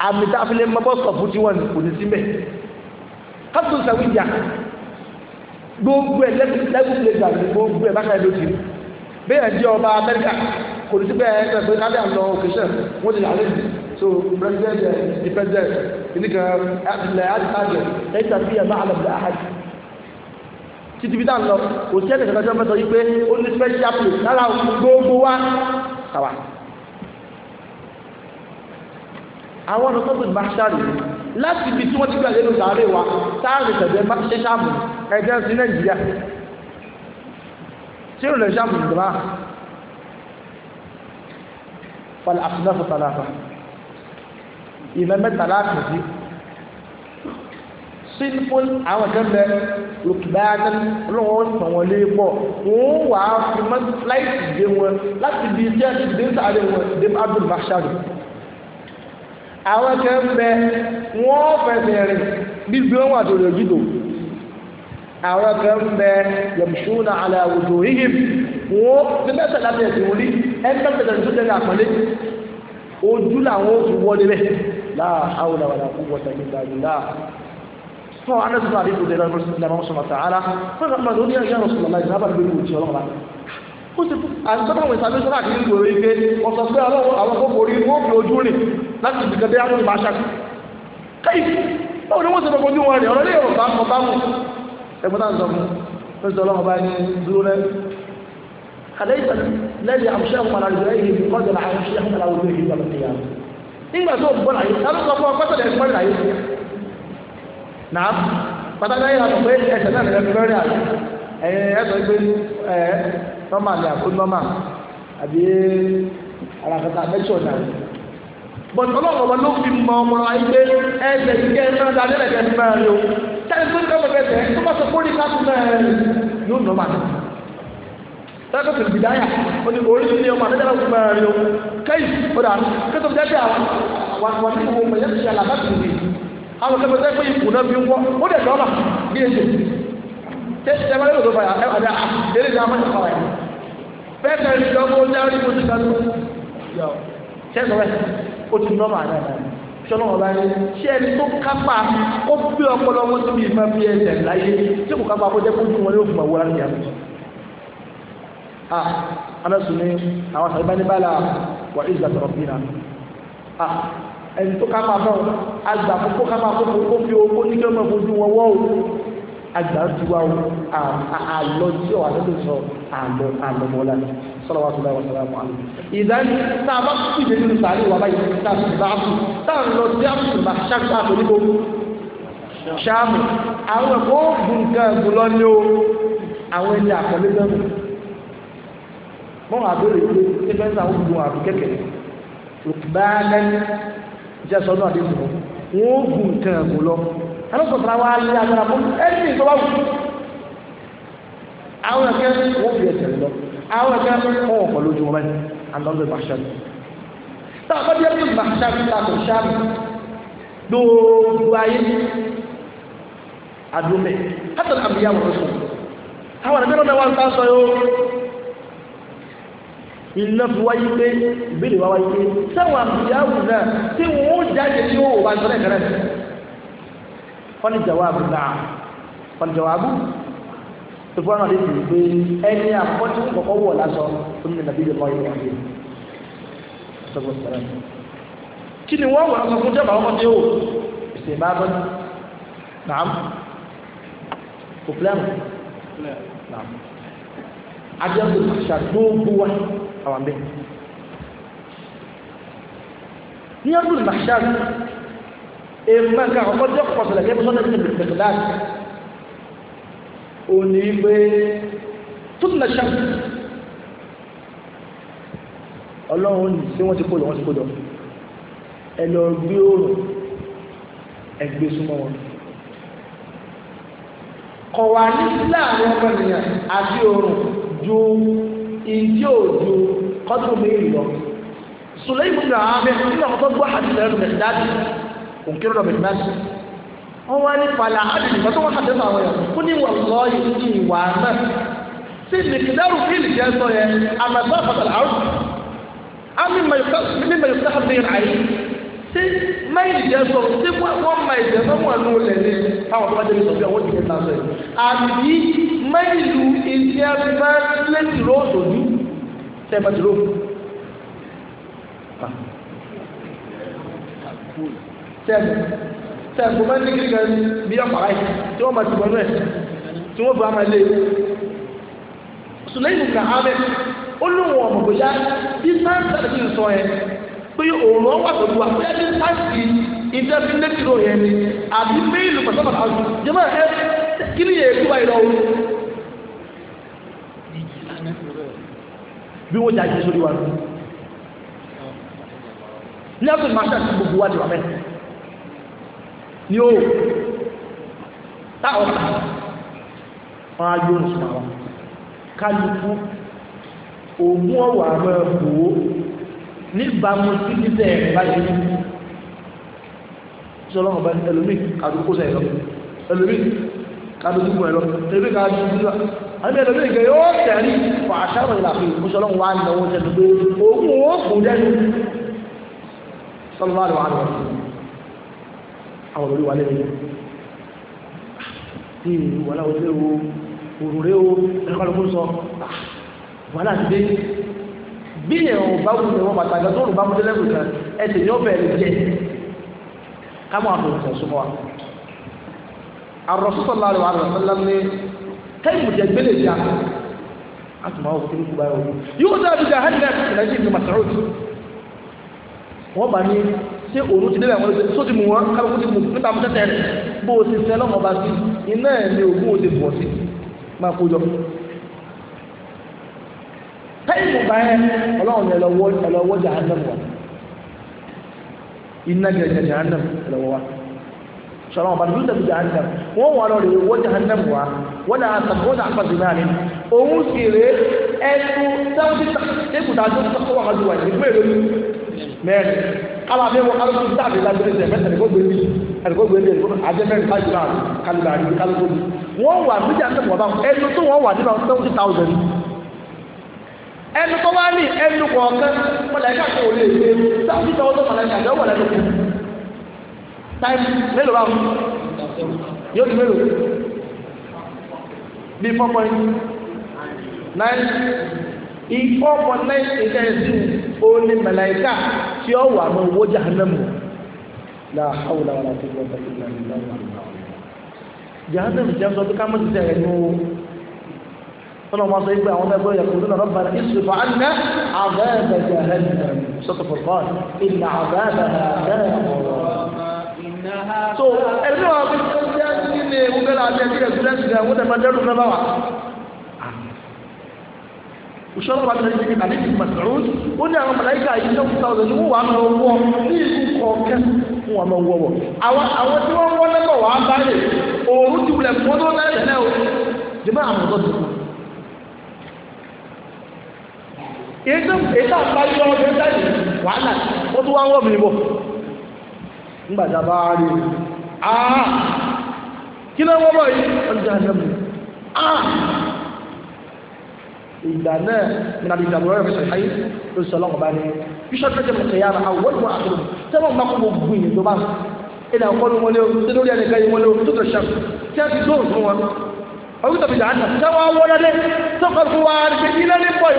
àmì tá a fi lè mọ bọ́sọ̀pù tí wọ́n kò ní síbẹ̀ kápítù sàwíjà gbogbo ẹ̀ lẹ́gùn pléjà ní gbogbo ẹ̀ bákan ẹ̀ ló ti rí bẹ́ẹ̀ jẹ́ ọba amẹ́ríkà kò ní síbẹ̀ ẹ̀ pẹ̀lú kábẹ́ àlọ́ òkèṣẹ́ wọ́n ti rà lẹ́yìn so president the president ìníkan ilẹ̀ àdìsájọ lẹ́yìn tàbí ẹ̀ máa lọ́dọ̀ àhàjì títí bí dáhùn lọ kò àwọn ọ̀nà tó gbìn bá ṣáàlì láti ibi tí wọ́n ti gbà lérò sàárè wa sáàrì tẹ̀lé má ṣe ṣáàmù ẹ̀jẹ̀ sí nàìjíríà tí ó lè ṣáàmù ìgbà fal asnafu talafa ìmọ̀ mẹ́ta láti sí sinful àwọn kan bẹ lùkìbáyà lọ́wọ́ ìtàwọn lé pọ̀ wọ́n wà á fi mọ́ láìsí dé wọn láti bí iṣẹ́ ti dé sáré wọn dé abdul bashar àwọn kẹ́ ń bẹ wọ́n fẹsẹ̀ rìn bí bí wọ́n wà tó lè jùdò àwọn kẹ́ ń bẹ yamshuna ala wujuhihim wọ́n ti mẹ́sẹ̀ láti ẹ̀sìn wọlé ẹni mẹ́sẹ̀ lẹ́nu tó tẹ̀lé àpọ́nlé ojú làwọn oṣù wọlé rẹ̀ la hawla wala quwwata illa billah fún àwọn anẹ́sùn àdìgbò dẹ̀rẹ̀ lọ́sọ̀rọ̀ sọ̀rọ̀ sọ̀rọ̀ sọ̀rọ̀ sọ̀rọ̀ sọ̀rọ̀ sọ̀rọ̀ sọ̀rọ̀ sọ̀rọ̀ ó ti àtúntàwọn ìsàmìsọ́nà àti ìgbòrò ike wọ́n sọ pé àwọn kò borí wọ́n fi ojú rìn láti ìbìkan dé àwọn ìbáṣà káyì báwo ni wọ́n ti fọwọ́ ojú wọn rìn ọ̀rọ̀ lè rọ̀ bá mọ̀ bá mọ̀ ẹgbẹ́ tá à ń sọ fún ó sọ ọlọ́run bá ní dúró lẹ́nu kàdé lẹ́yìn àmúṣe àwọn ará ìgbà yìí kọ́ jẹ́ àwọn àmúṣe àwọn ará ìgbà yìí lọ́dún nọ́mà ni àkó nọ́mà àbí àràkàtà mẹ́tọ̀ náà bọ̀t ọlọ́run ọba ló fi mọ ọmọ ayé pé ẹsẹ̀ kíkẹ́ ẹ̀ náà dáadé lẹ́kẹ́ fún mẹ́rin o tẹ́lẹ̀ tó ń kọ́ lọ́kẹ́ tẹ́ tó bá sọ fún oríkà fún mẹ́rin yóò nọ́mà tẹ́lẹ̀ tó gbìdáyà ó ní oríṣi ní ọmọ àtẹ́tẹ́lẹ̀ fún mẹ́rin o kẹ́yì ó dà kẹ́tọ́ fi jẹ́ àwọn àwọn àti gbogbo mẹ́yẹ́ ti ṣàlà bá tìrì àwọn kẹ́tọ́ tẹ́ pé ìkùnà bẹ́ẹ̀ kẹrin ìjọ kó járí mo ti kálú yọ sẹ́sọ̀ rẹ̀ ó ti nọ́mà dáadáa sọ́nà ọ̀la yẹn ṣé ẹni tó kápá ó gbé ọpọlọ wọn síbi ìfẹ́ bí ẹsẹ̀ láyé tí kò kápá kó jẹ́ kó dùn wọn yóò fún àwòrán ìyá ah anásùn ní àwọn àtàlùbánibàlà wà ìjà tọrọ bí náà ah ẹni tó kápá náà àgbà kókó kápá kókó kó fi owó nígbà mọ̀ fojú wọn wọ́ agbàtiwa àlọ tí ọ̀wà tó sọ àlọ àlọmọlá sọlọ́wọ́ tó dáwọ́ sọlá mọ́ àlọ. ìdáni tá a bá kú ìdè nínú sàárè wà báyìí tá a sì bá a kú tá a lọ sí àkùkù bá ṣáàkùn àtò níbo ṣáàmù àwọn ẹ̀kọ́ nǹkan ẹ̀gbọ́n lọ ní o àwọn ẹni àkọlé lẹ́nu. mọ́wọ́n àbẹ̀rẹ̀ ìwé ẹgbẹ́ ń sàwọn gbogbo àrùn kẹ̀kẹ́ òkùnbá lẹ́nu jẹ́ sọ́nà àdéhùn wọn ó gùn nǹkan alọ́sọ̀tara wa lé agbára fún ẹni tó bá wù àwọn ẹ̀kẹ́ wọ́n fi ẹsẹ̀ lọ àwọn ẹ̀kẹ́ wọ́n wọ̀ pẹ̀lú ojú wọn báyìí alọ́dún bàṣẹ́mi tá a bá dé bí bàṣẹ́mi ta kò ṣáàmì gbogbo ayé adúmẹ̀ hátà àbíyá wọn sọ àwọn ẹ̀mẹ́rọ̀ náà wà ń sọ yóò iná fi wáyé pé ìbéèrè wá wáyé pé sẹ́wọ̀n àbíyá wọn náà tí wọ́n jáde tí wọ́n wà ń sọ fọ́nìjàwábù náà fọ́nìjàwábù tó fọ́nà lè fi pé ẹni àkọ́tí kọ̀kọ́ wọ̀ lásọ tó ní nàbí lè kọ́ ìwé ọ̀hún yìí sọ́gbọ́n sọ́rọ́ kí ni wọ́n wọ̀ lọ́sọ fún jẹ́ màwọn ọmọdé o ìsè máa bọ́ nàám kò fúlẹ́mù nàám ajẹ́bù ṣàgbóògbó wa àwọn bẹ́ẹ̀ ní ẹ̀bùn màṣáàlú èèmọ̀ nǹkan àkọ́kọ́ tí ọkọ̀ ṣẹlẹ̀ kí ẹbùsọ́nà ti bẹ̀rẹ̀ láti ò ní pé túnlẹ̀ ṣá ọlọ́run ní sí wọ́n ti kó lọ wọ́n ti kó lọ ẹ lọ gbé oòrùn ẹgbẹ́ súnmọ́ wọn kọ̀ wá ní láàrin ọmọ ènìyàn àti oòrùn ju ìdí òdu kọ́tù mi lọ sùlẹ́ ìbùdó àwọn abẹ́ nígbà wọn tó gbọ́ àti lẹ́nu mẹ́tàdì òǹkérò lọ́bẹ̀ nígbà tí wọ́n wá ní falà ádìdì ìgbà tó wọ́n kàdé fún àwọn èèyàn ó ní wọ́n lọ ìlú ìwà náà sí nìkìdárù fíìlì jẹ́ sọ yẹn àmàgbà pàtàkì àrùn àmì mẹ́yọ̀ká àbí ìràyè sí mẹ́yìn jẹ́ sọ sí wọ́n mẹ́yìn jẹ́ sọ wọn ló lẹ̀ ní táwọn tó bá dé sọ bí àwọn òjì kẹta sọ yẹn àbí mẹ́yìn lu ìjẹ́ bẹ́ẹ̀ tẹ́ẹ̀mù tẹ́ẹ̀mù bá ń dígírí kan bí ọ̀pá láì tí wọ́n máa ti bọ̀nú ẹ̀ tí wọ́n bá máa lé sùlẹ́yìn nà ámẹ́ ó lóun ọ̀mọ̀ bóyá bí sáńsì àti ìsọ yẹn pé òun ọ̀wà pẹ̀lú wa pé ẹni sáńsì indefinite road yẹn ni àbí méèlù pàṣẹpàṣẹ àwọn jẹ́mọ̀ ẹ kí yẹn kúbà ìlọ òun. bí wọ́n jà jẹ́ sórí wa ní ọ̀sẹ̀ máa ṣàkóso gbogbo wa jù wá mẹ́rin ní ó táwọn wọn á yóò sùn àwọn kálukú ògùn ọ̀wà rẹ̀ wò ó níbàámu sí títẹ̀ ẹ̀ báyìí sọlọ́n ọba ẹlòmíì kàdúkú sẹ̀ lọ ẹlòmíì kàdúkú ẹ̀ lọ ẹlòmíì kàdúkú sẹ̀ lọ àbí ẹlòmíì kẹ yóò tẹ̀lé wà á sábà ìlà fi ìkú sọlọ́n wà á náwó tẹ̀lé pé ògùn ó kù dẹ́nu sọlọ́n wà á lọ wà á lọ àwọn olórí wa lẹ́yìn ah, tí wàhálà òṣèré o òrùlé o ẹ̀kọ́lùkún sọ ah, wàhálà ti dé bí ẹ̀wọ̀n bá wù ní wọn bàtà ìgbà tó rùn bá mú délẹ́gùn kan ẹsẹ̀ ní ọbẹ̀ rẹ̀ jẹ́ káwọn àfọwọ́sọ̀ súnmọ́ wa àròsọ́sọ́ láàrin wa àròsọ́lá ní kẹ́yìn ìjẹ́ gbélé ìjà àtùmáwò kiri kú báyọ̀ yóò dábìjà hàn ṣé òru ti débẹ̀ wọn ṣó ti mú wọn kálukú ti mú nípa mú tẹ́tẹ́ rẹ̀ bó o ṣe fẹ́ lọ́mọ bá sí iná ẹ̀ ní ogún o ti bọ̀ sí máa kó jọ. táyìmù báyẹn ọlọ́run ẹ̀ lọ́wọ́ ẹ̀ lọ́wọ́ jà án lẹ́mu wa iná gẹ̀ẹ́gẹ̀ jà án lẹ́mu ẹ̀ lọ́wọ́ wa sọlọ́wọ́ bá dúdú tẹ̀sí jà án lẹ́mu wọ́n wà lọ́rọ̀ rẹ̀ wọ́ jà án wa wọ́n náà sàkóso àpàtì náà ni òun sì rè é ẹnu sẹ́wọ́n ti tẹ̀kùtà tó ń sọ́kọ́ wà ala bẹ wọ kalo tuntun t'ale la bere tẹ mẹ tẹnẹ ko gbẹ bi tẹnẹ ko gbẹ bi adé mẹ ba jira kalo la ni kalo tó bi wọn wà níbi àti mọba ẹnu tó wọn wà níbi àwọn seventy thousand ẹnu tó wà ní ẹnu kọ̀ọ̀kan wọlé ẹka tó lè lé seventy thousand wọlé ẹka tó wọlé ẹka tó time mélòó báwo yóò di mélòó bí four point nine i four point nine ìkẹyẹsì òní mẹlẹ ẹka. tí ó wà mọ́ owó jahannamu la hawla wala quwwata illa billah jahannamu jẹ́ sọ pé ká mọ́ ti sẹ́rẹ̀ ní o tọ́lọ́ wọn sọ pé àwọn ọmọ ẹgbẹ́ yẹ̀kọ́ lọ́nà rabbana isrif 'anna 'adhaba jahannam sọ́tọ̀ fọ̀tọ́n inna 'adhabaha kana so ẹgbẹ́ wọn fi ṣe ń jẹ́ nílé ìwúgbẹ́lá àti ẹgbẹ́ ìgbẹ́lá òṣèlú wa tẹ̀lé ìdíje àti ìdíje màtàrún ó ní àwọn màláìka yìí tó fúta ọ̀dọ̀ ní wọ́n wà á máa wọ́ ní ìlú kọ̀ọ̀kẹ́ fún wa máa wọ́ wọ́. àwọn àwọn tí wọ́n wọ́n lẹ́kọ̀ọ́ wà á bá lè òòrùn ti wulẹ̀ fún ọdún lẹ́lẹ́lẹ́ o jẹ́mọ́ àwọn ọ̀dọ́ tó kù. ètò ètò ń wọ̀ mí bọ̀. nígbà ah ìgbà náà nàbí ìdàgbọ́ rẹ̀ fẹsẹ̀ ṣáyé ló sọ lọ́wọ́ bá ní bíṣọ́pù tẹ́tẹ́ mọ̀tẹ́ yára àwọn ìwọ̀n àtúrò tẹ́wọ̀n bá kó gbogbo ìyẹn tó bá ìdá ọkọ̀lù wọn lé o tó lórí ẹnìkan yìí wọn lé o tó tó ṣàkó tí a ti tó òfin wọn. ọ̀gbìn tàbí ìjà àná tẹ́wọ̀n wọ́n lọ́dẹ tọ́kọ̀ fún wa ṣe kí lẹ́ni pọ̀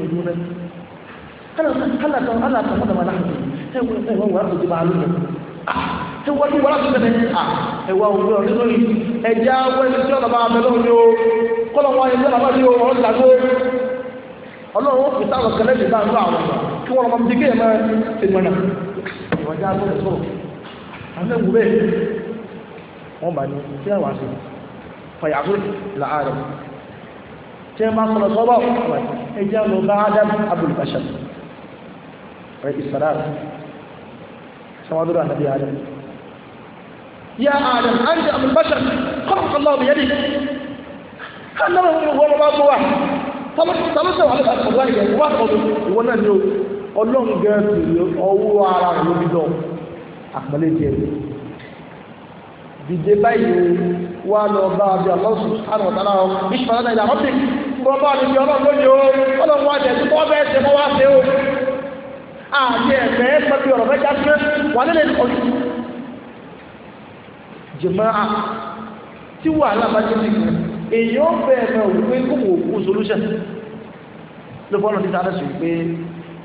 ìwòrò rẹ̀ kala tɔn ala tɔn ko dama la ɛ wo ɛ wo wala tuntun b'a lu lɛ ɛ wo ni wala tuntun bɛ a ɛ wa o yɔrɔ nínú yi ɛ ja wɛni tí ɔlọba mɛlɛw yi o kɔlɔn wa yi tí ɔlọba yi o ɔlɔn la ko ɔlɔn o fi sáwọn kɛlɛ de b'an lọ àwọn kí wọn kɔn ti kéèyàn mɛ tẹgbɛnna ìwà ja tó lè sọ̀rọ̀ àmì wúbɛ wọn bá ní kí wọn wá sí fayakul la adam tí wọn bá sọ̀rọ̀ sɔbɔ ɛ ja lọ bá adam abulbashar rẹ̀ ìsọ̀rọ̀ àti sọmọdúró ànábì adam yá adam anta àmúbáṣà kọ́kọ́ lọ́wọ́ bí yẹ́dì ká náà wọ́n wọ́n bá gbọ́ wa tọ́lọ́sọ̀ wà lọ́wọ́ àtọ̀wá ìyẹn wọ́n àtọ̀dọ̀ ìwọ náà ni ọlọ́run gẹ́gẹ́ ọwọ́ ara rẹ̀ lóbi dọ̀ àpẹẹlẹ jẹ dìde báyìí wà lọ bá a bí ọlọ́sùn àwọn ọ̀tá náà ìṣọ̀rọ̀ náà ìlànà ọ̀pẹ̀ ń bọ́ bá a lè fi ọlọ́run lónìí o ọlọ́run wà jẹ́ tó bọ́ bẹ́ẹ̀ ṣe mọ́ wá ṣe o àti ẹ̀fẹ́ pẹ̀lú ọ̀rọ̀ fẹ́ jáde wà nílẹ̀ ọdún jẹ̀mọ́ a tí wà alábàjẹ́ ti kàn èyí ó fẹ́ ẹ̀fẹ́ òwúwé kó wò kó solution ló bọ́ọ̀lù ti sáré sùn pé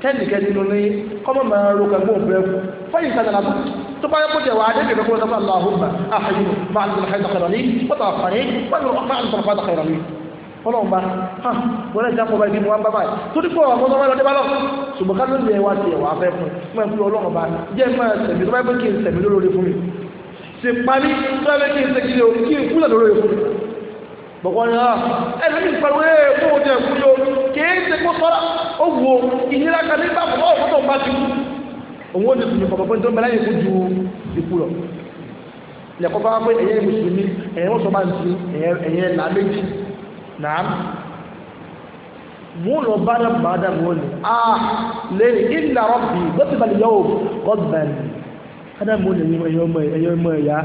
kẹ́nìkẹ́ni ló ní kọ́mọ̀ máa ro kẹgbọ́n bẹ́ẹ̀ fẹ́yìn sájà lábọ́ tó bá yẹ kó jẹ wàá dẹ́gbẹ̀ẹ́ kó sọ́kọ́ aláhùn bá àfẹ́yìn bá àdùnnà kẹta kẹrọ ní wọ́n tà fàní wọ́n tà fàní tà fàní ọlọ́ọ̀ba ha wọ́n lẹ́sẹ̀ àpọ̀ báyìí wọ́n bá báyìí tó dípò ọ̀pọ̀ tó bá lọ débá lọ ṣùgbọ́n ká ló ń yẹ wá tiẹ̀ wá fẹ́ fún mọ́ ẹ̀kú ọlọ́ọ̀ba jẹ́ máa sẹ̀mí tó bá pé kí n sẹ̀mí lórí fún mi ṣe parí tó bá pé kí n ṣe kí n kú lórí fún mi. bọ̀kọ́ ni ah, ẹni mi pariwo ẹ̀ eh, kó o jẹ kú yóò kéé ṣe kó sọ́ra wá pé ẹ̀yẹ́ mùsùlùmí ẹ̀yẹ́ wọ́n sọ bá ń sin ẹ̀yẹ́ là méjì nàám wọ́n lọ bá dà bá dà wọ́n ni a ah, lẹ́yìn ìlà rọ́bì gbọ́dọ̀bàlì yóò gọ́dọ̀bàlì ádámù ní ẹ̀yọ́ ọmọ ẹ̀yà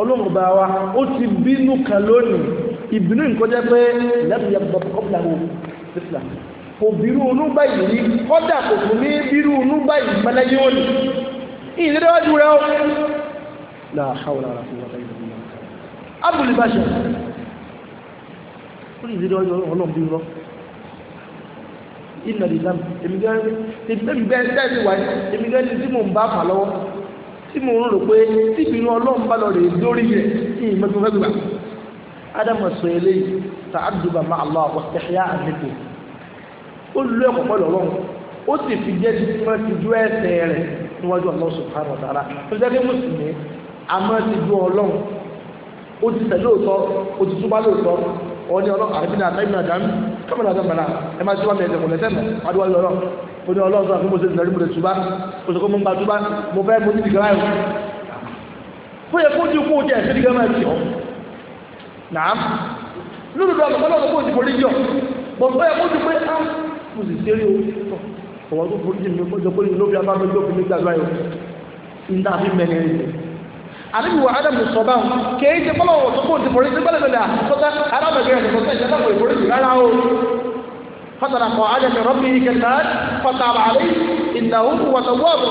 ọlọ́run bá wa ó ti bínú kan lónìí ìbínú nǹkan jẹ́ pé lẹ́bùn yàtọ̀ kọ́pìlà wò sísìlà kò bírú inú báyìí rí kọ́dà kò fún ní bírú inú báyìí mẹ́lẹ́ yóò ní ìlérí wájú rẹ̀ ó là áhàwọ̀ lára fún wọn abdul bashir ó lè rí ọjọ́ ọlọ́run bí rọ ìnà ìlànà èmi gẹ́gẹ́ èmi gẹ́gẹ́ tẹ́sí wáyé èmi gẹ́gẹ́ tí mò ń bá fà lọ́wọ́ tí mò ń rò pé tí ìbínú ọlọ́run bá lọ rè lórí rẹ̀ kí n mẹ́tò fẹ́ gbà ádámù sọ eléyìí tààdùbà máa lọ àwọn ẹ̀yà àmìkò ó lé ọ̀pọ̀ pẹ̀lú ọlọ́run ó sì fi jẹ́ ti fún ẹtì ju ẹsẹ̀ rẹ̀ níwájú ọlọ́run subhanahu wa ta'ala tó jẹ́ pé mùsùlùmí àmọ́ ti ju ọlọ́run ó ti tẹ̀lé òótọ́ ó ti túbá lóòótọ́ òun ní ọlọ́run àrẹ́bí náà àtàkùn àdám kọ́mọ̀ náà sọ̀bàlá ẹ máa ṣíwájú ẹ̀jẹ̀ kùnlẹ̀ sẹ́nu adúlá lọ́rọ̀ ó ní ọlọ́run sọ̀rọ̀ fún mo ṣe ìdílé mo lè túbá mo sọ pé mo ń gba túbá mo fẹ́ mo ní ìdílé ráyò fún yẹ kó ju kó jẹ ẹsẹ nígbà máa ti ọ nàám lórí ìlú àgbàgbọ́ náà kó ju forí yọ bọ̀dọ̀ yẹ kó ju pé á mo sì ṣeré o ọ̀wọ́ tó àlejò adamu sọba o kèé ṣe kọ́lọ̀ wọ̀ tó kó ti forí sí gbọ́dọ̀ lọ́dà sọ́tà arábẹ̀gẹ́ rẹ̀ sọ́tà ìjọba kò ìforí sí rárá o fatara kọ ajẹsẹ rọbì kẹta fata àbàlẹ ìnáwó wọtọ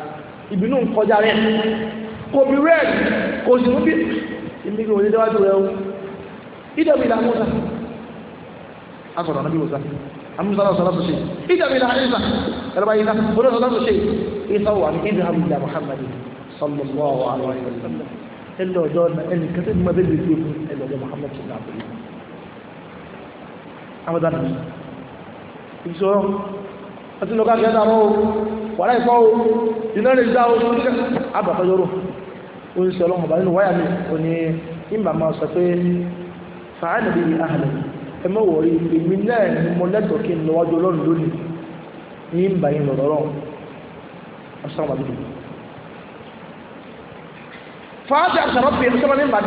ìbínú nkọjá rẹ̀ kò bí rẹ̀ kò sì ń bí ìmí kò ní déwájú rẹ̀ o ìdàbí ìlà mọ́ta akọ̀dọ̀ nàbí wòsàn amúsàlá sọ̀rọ̀ sọ̀ṣe ìdàbí ìlà ìsà ẹ̀rọ̀bá ìsà bọ́dọ̀ sọ̀rọ̀ sọ̀ṣe ìsà wà ní ìdàbí ìlà Muhammad sallallahu alaihi wa sallam ẹlẹ́ ọjọ́ ẹnì kẹsẹ̀ ní mọ́tẹ́lẹ̀ tó àti lọ́gá kẹta àwọn o wàrà ìpá o iná lè dá o àbàtà yọrọ ó ń sọ ọlọ́mọ bá nínú wáyà mi ò ní ìmà máa sọ pé fàánà bíi àhàlẹ̀ ẹ mọ̀ wọ̀ rí èmi náà ni mo lẹ́tọ̀ọ́ kí n lọ́wọ́jọ́ lọ́rùn lónìí ní ìmà yìí lọ́rọ̀ rọ̀ ọ̀sán wà fàájà sọ̀rọ̀ pé ẹni sọ́mọ́ ní ìmà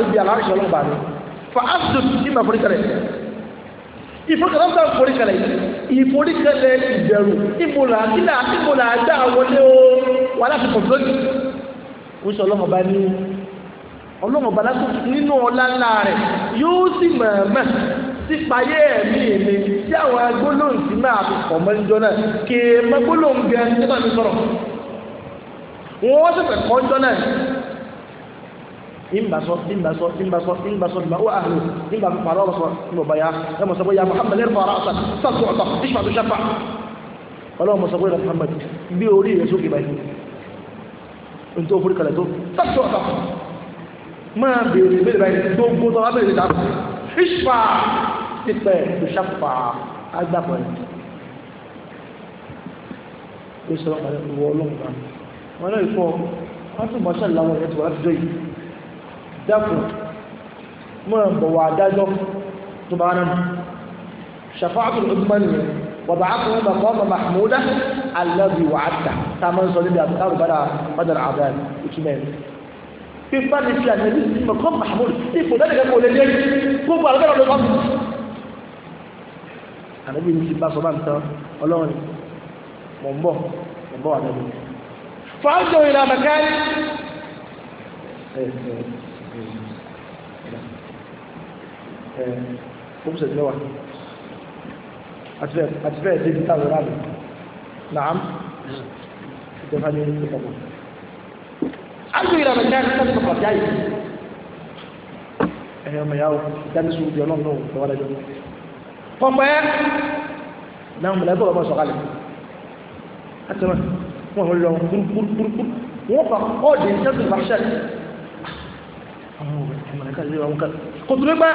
ìforíkalẹ̀ náà foríkalẹ̀ yìí ìforíkalẹ̀ ìbẹ̀rù ìmúlà kílà ìmúlà àgbà wọlé wà láti kọ̀ọ̀tọ́jù ó sọ ní ọlọ́mọba lásán nínú ọlá rẹ̀ yóò sì mọ̀ọ́mọ̀ sí payé ẹ̀mí èmi tí àwọn agbólóhùn ìmbàsọ ìmbàsọ ìmbàsọ ìmbàsọ ìmọ̀ àhùn ìmbàsọ pàrọ̀ ọ̀sọ̀ ìmọ̀ bàyá ẹ mọ̀ sọ bóyá Muhammad ẹ̀rọ ọ̀rọ̀ ọ̀sà sàtọ̀ ọ̀tọ̀ ìṣmà tó ṣàpà ọlọ́run mọ̀ sọ bóyá Muhammad bí orí rẹ̀ sókè báyìí ní tó forí kalẹ̀ tó sàtọ̀ ọ̀tọ̀ máa bèèrè bèèrè báyìí tó gbó tó wá bèèrè dáàbò ìṣmà pípẹ́ tó ṣàpà agbápọ̀ ẹ̀ wọ́n náà ìfọ́ wọ́n tún mọ̀ ṣàlàwọ̀ ẹ̀ tó wá ti dọ́ yìí dákùn mọ́ràn bọ̀ wà dájọ́ tó bá náà ṣàfáàkùn ọdúnmọ́ nìyẹn wàbà ákùnrin bàbá ọmọ mahmuda alábi wà áta tá a máa ń sọ níbi àbúkà rúbára mọ́dàrà àbúrà ìtumẹ̀ pípa ní fi àtẹ̀lé sí mọ̀kọ́ mahmud ipò dáadé kẹ́kọ̀ọ́ lé lé gbogbo àlọ́ bẹ́ẹ̀ lọ́dọ̀ ànábì fún ìṣẹ̀jú mẹ́wàá àti bẹ́ẹ̀ débi táwọn ọ̀rá mi nàám ìjọba ní orí ìpapọ̀. àjò ìlànà ìjà ní sọ́dún pàpà jáì ẹ̀yìn ọmọ ìyá o ìdáni sùn di ọlọ́run náà lọ́wọ́ lẹ́jọ́ pọ̀pẹ́ náà mọ̀lẹ́bọ̀ ọmọ sọ̀kalẹ̀ àtẹ̀wọ̀n wọn ò lọ kúrúkúrúkúrú wọn fà ọ́ọ̀dì ìjọba ìbáṣẹ́ kò tún nípa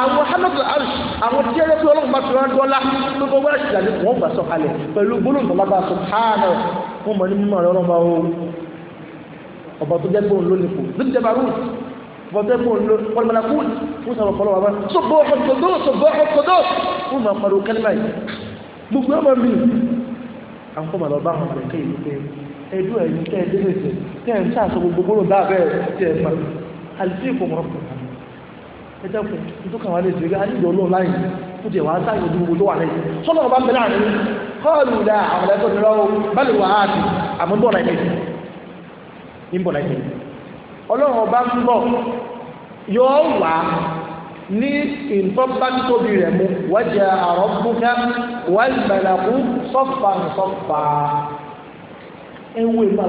àwọn hamadu arish àwọn tí ẹni tí ọlọ́run bá ti rán dọ́là tó kọ́ wẹ́rẹ́ ṣìṣàlẹ̀ wọ́n gbà sọ kalẹ̀ pẹ̀lú gbólóhùn bàbá bá sọ hánà wọn mọ̀ ní mímọ̀ rẹ̀ ọlọ́run bá wọ́n ọba tó jẹ́ gbóhùn lónìí kù lójú jẹba rúù ọba tó jẹ́ gbóhùn lónìí wọn mọ̀lá kúù fún sọ̀rọ̀ fọlọ́ wà bá sọ bọ́ ọkọ̀dọ́ sọ bọ́ ọkọ̀dọ́ fún mọ̀ pariwo kẹ́lẹ́mà yìí gbogbo ọmọ mi àwọn kọ́ màlọ́ bá wọn pẹ̀lú kẹ́yìn pé ẹdú ẹ̀yìn tẹ́ ẹ dé lè tẹ̀ tẹ́ ẹ̀ ń sàṣọ gbogbo gbólóhùn dáa bẹ́ẹ̀ tẹ́ ẹ pa àìsí ìkòmọ̀rọ̀kọ̀ ẹjẹ́kùn tó kàwà lè ṣe àìjọ olóò láì tó jẹ wà á sáyẹ̀ ojú olówà lẹ́yìn sọ́nà ọba mẹ́lá rẹ̀ ní kọ́ọ̀lù dá àwọn ẹ̀kọ́ ti rọ́wọ́ bẹ́lú wà á ti àmúbọ̀ láìpẹ́ ìbọ̀ láìpẹ́ ọlọ́run ọba ń bọ̀ yóò wà ní ìtọ́bátóbi rẹ̀ mú wájà àrọ́bùkà wàlbàlàkú sọ́fà sọ́fà ẹwù ìgbà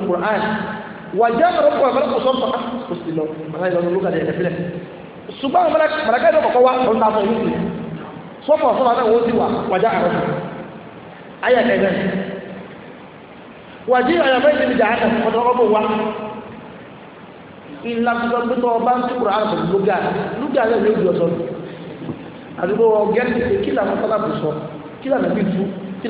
wàjá mọ̀rọ̀ kọ́ ẹ̀fọ́ kò sọ́tọ̀ á kò sì lọ màá yẹ lọ́nà olùkàdé ẹ̀dẹ̀ sílẹ̀ ṣùgbọ́n àwọn mọ̀lẹ́kẹ́ ẹ̀dọ̀ kọ̀kọ́ wá lọ́nà àfọ̀ yìí sì sọ́fọ̀ sọ́fọ̀ náà wọ́n ti wà wàjá àrọ̀ ayà ẹ̀dẹ̀ wàjí àyàfẹ́ ìdíbi jà ánà ọ̀dọ̀ ọ̀bọ̀ wa ìlà tuntun pé tó ọba ń túkùrọ̀ àrùn lóga lóga rẹ̀ ló gbìyànjọ àdúgbò ọ̀gẹ́rì pé kí làwọn sábà bù sọ kí làwọn bí tú kí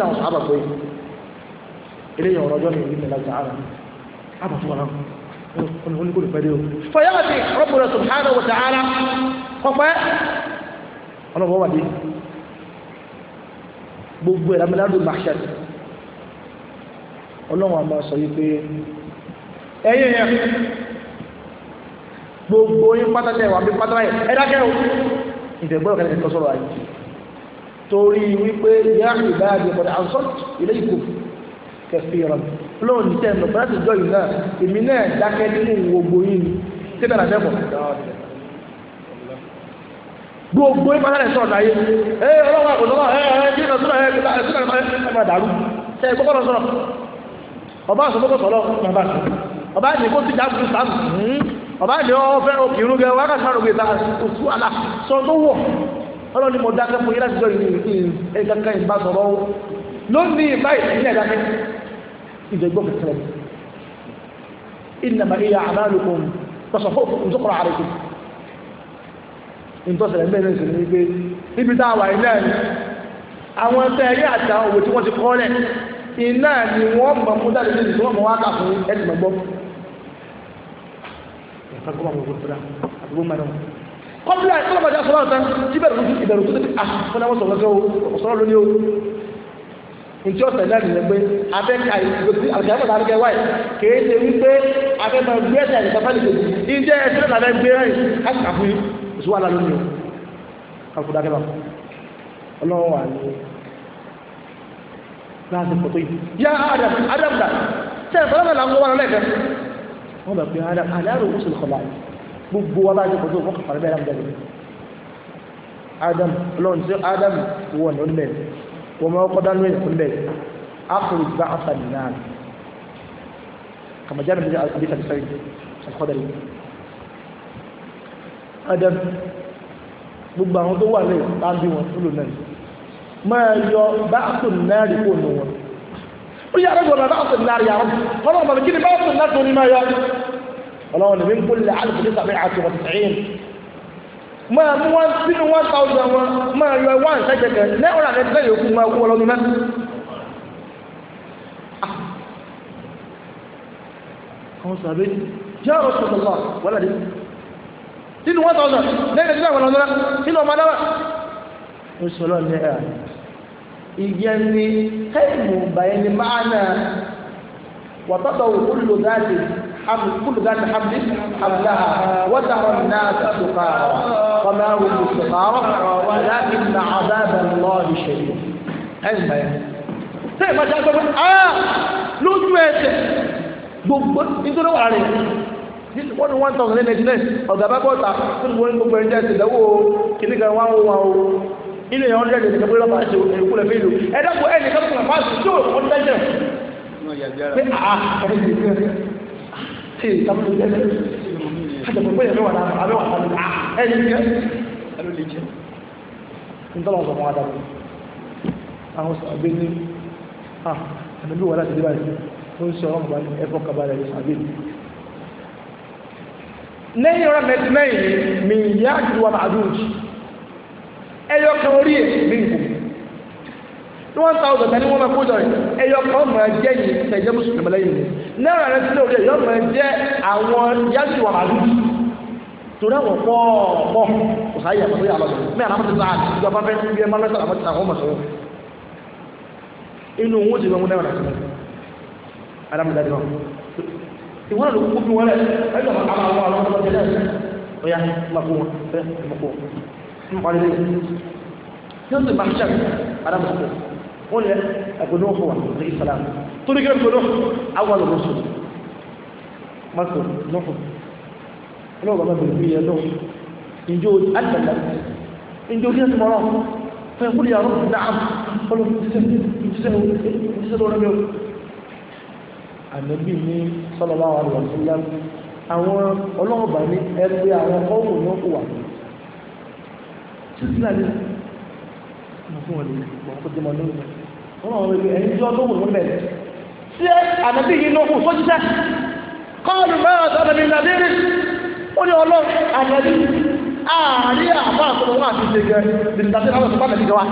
àbàtú wọn ọ̀nà wọn kò lè pẹ́lẹ́ o. fọyọ́ọ̀tì Rabbuna subhanahu wa ta'ala kọ́pẹ́ ọlọ́wọ́ wà dé gbogbo ẹ̀rọ amíládùn mahshar ọlọ́wọ́ àmọ́ sọ yìí pé ẹ̀yìn yẹn gbogbo yín pátátẹ̀ wà bí pátátẹ̀ yẹn ẹ̀dá kẹ́rù ìtẹ̀gbọ́n kẹ́lẹ́ sọ́rọ̀ ayé torí wípé yá ìbáàdì lóun ní sẹ́yìn lọ fúnrẹ́sì jọ yìí náà èmi náà dákẹ́ nínú gbogbo yìí ni ṣé bẹ́ẹ̀ làṣẹ pọ̀ gbogbo yìí pátá rẹ̀ sọ̀rọ̀ láyé ẹ ọlọ́wọ́ àkùnrin náà ẹ ẹ kí ẹ̀sùn náà ẹ ẹ̀sùn náà ẹ máa dàrú ṣe gbọ́kọ̀ lọ sọ̀rọ̀ ọba àsọ̀kọ̀ sọ̀rọ̀ bàbá àti ọba àti kó ti dà kú sàmù ọba àti ọfẹ́ òkìrún gẹ wákàtí márùn gbé ta oṣù àlà sọ tó wọ̀ ọlọ́ni mo dákẹ́ fún yín láti jọ ìrìn ìrìn ẹ̀ẹ́dẹ́gbẹ́ ìbá sọ̀rọ̀ lónìí báyìí ìdẹ̀gbọ́ kẹkẹrẹ ìnàmà ìyá àmàlùkùn pàṣọfọ́ òkùnkùn àríkùn ìtọ́sẹ̀lẹ̀ mẹ́rin sí ní pé níbi táwà iná ni àwọn ẹgbẹ́ ẹyẹ àti àwọn òwe tí wọ́n ti kọ́lẹ̀ iná ni wọ́n mọ̀ fún dáadé ní ìdíwọ́n mọ̀ wákà fún ẹ̀dùnmọ̀ gbọ́ kọ́pílà ìtọ́lọ́mọdé asọ́lọ́ọ̀tán ìjọ ọ̀sẹ̀lẹ̀ nìyẹn pé abẹ́ka ìgbésí àgbàdo àbíkẹ́ wáyé kèé ṣe wípé abẹ́mọ gbé ẹ̀sẹ̀ àti sábà nìkejì ìjẹ́ ẹ̀sẹ̀ làbẹ́ gbé rẹ̀ káṣí kàfún oṣù wà lálónìí o kàfún dákẹ́ bá ọlọ́wọ́ wà ní láti pọ̀tó yìí yá adam adam dà ṣe ẹ̀fọ́ lọ́nà làwọn wà lọ́lẹ́kẹ́ wọ́n bẹ̀ pé adam aláàrò oṣù kọlá gbogbo wa láti pọ̀tó wọ́n kàfàrẹ́ bẹ́ẹ̀ adam adam ọlọ́run tí adam wọ̀ ní ọdún mẹ́rin wọ́n máa kọ́ dánú ẹ̀kún lẹ̀ ákùrù bá àfààní náà kàmájá nàbí àbí sàbísàbí àkọ́dàrí adam gbogbo àwọn tó wà lẹ́yìn bá ń bí wọn tó lò náà máa yọ bá àkùrù náà rí kò nù wọn ó yára gbọ́dọ̀ bá àkùrù náà rí àwọn ọlọ́run bàbá kí ni bá àkùrù náà tó ní máa yọ ọlọ́run ní kó lè àlùkò ní sàbẹ̀ àti wọ́n ti máa mú wọn sínú one thousand wọn máa yọ one sẹ́jẹ̀kẹ̀ náírà rẹ̀ bẹ́ẹ̀ yòókù máa kú ọlọ́nu náà. Ah. àwọn sàbẹ̀ jẹ́ ọ̀rọ̀ sọ̀tọ̀ lọ wọ́lá dé sínú one thousand lẹ́yìn ẹ̀jẹ̀ wọn lọ́nà sínú ọmọ adáwà. ó sọ lọ́ọ̀ ní ẹ̀ ìyẹn ni kẹ́hìn mú bàyẹ̀ ni máa náà wàtọ́tọ̀ òkú lò dáadé حمد كل ذات حمد حمدها وترى الناس سكارى وما هم بسكارى ولكن عذاب الله شديد ẹ̀sìn báyìí tẹ́ ìpàdé agbẹ́gbẹ́ ah lójú ẹsẹ̀ gbogbo nítorí wà rẹ̀ wọ́n ní one thousand eight ninety nine bọ́ta tó ní wọ́n ní gbogbo ẹ̀jẹ̀ ìdánwò kìnnìkan wà wọ́n wà ó ilé yẹn hundred and lọ́pàá ṣe èkú lẹ̀ mélòó ẹ̀dá kò ẹ̀ nìkan fún àpá ah, ṣe tó ọ̀dẹ́jẹ̀ ṣe ìtàbùlù lẹ́lẹ́ àjẹ̀bọ̀gbọ́ yẹn mẹ́wàá náà àmẹ́wàá náà ẹ̀yìn jẹ́ ẹ̀lú lè jẹ́ ń tọ́lọ̀ sọ wọn adágún àwọn sàbẹ̀ ní àmì bí wọ́n láti dé báyìí ó ń sọ ọmọ báyìí ẹ̀fọ́ kabalẹ̀ ní sàbẹ̀ lẹ́yìn mi kan tí wọ́n ta ọ̀dọ̀ tẹ́ni wọ́n máa kó jọ yìí ẹ̀yọ kan máa jẹ́ yìí tẹ̀jẹ́ mùsùlùmí lẹ́yìn mi náírà rẹ sílẹ̀ òde yọ máa jẹ́ àwọn yájú wà màlúù torí àwọn pọ̀ pọ̀ kò sáyé àpapọ̀ yà lọ́sọ̀ mí àná mọ̀tò sáà àti ìjọba fẹ́ bí ẹ máa lọ́sọ̀ àmọ́ àwọn ọmọ sọ̀rọ̀ inú òun ti lọ́wọ́ náírà sílẹ̀ adámọ̀dájú náà ìwọ́n ló kú bí wọ́n lẹ̀ ẹ̀jọ̀ àwọn àwọn àwọn ọmọ tẹ̀lé ọ̀yà mọ̀kú wọn fẹ́ mọ̀kú wọn. yóò sì máa ń ṣàkóso adámọ̀dájú wọ́n lẹ ẹ̀gbọ́n náà fún wa ní ìsàlámù tó ní gẹ́gẹ́ gbọ́dọ̀ àwọn olùsùn mọ́tò lọ́fọ̀ ọlọ́wọ́ bàbá bẹ̀rẹ̀ fún yẹn lọ́wọ́ ìjọ àdàlà ìjọ kí ẹ ti mọ̀rọ̀ fún ẹkú ní àwọn dáa ọlọ́wọ́ ìjíṣẹ́ lọ́rọ̀ mẹ́wọ́ ànábì ní sallallahu alaihi wasallam àwọn ọlọ́wọ́ bà ní ẹgbẹ́ àwọn ọmọ náà kò wà títí láti mọ̀ fún wọn lè wọ́n kó dé mọ́ lórí wọ́n mọ̀ wọ́n ẹni tí ọdún wòlò mẹ́rin tí ẹ ànábì yìí ló kù sójúṣẹ́ kọ́ọ̀lù mẹ́rin tó ànábì nàdírí ó ní ọlọ́run ànábì àárín àbá àtọ́nà wọn àti ìṣe gẹ bìrì tàbí àwọn ọ̀sán pàtàkì wa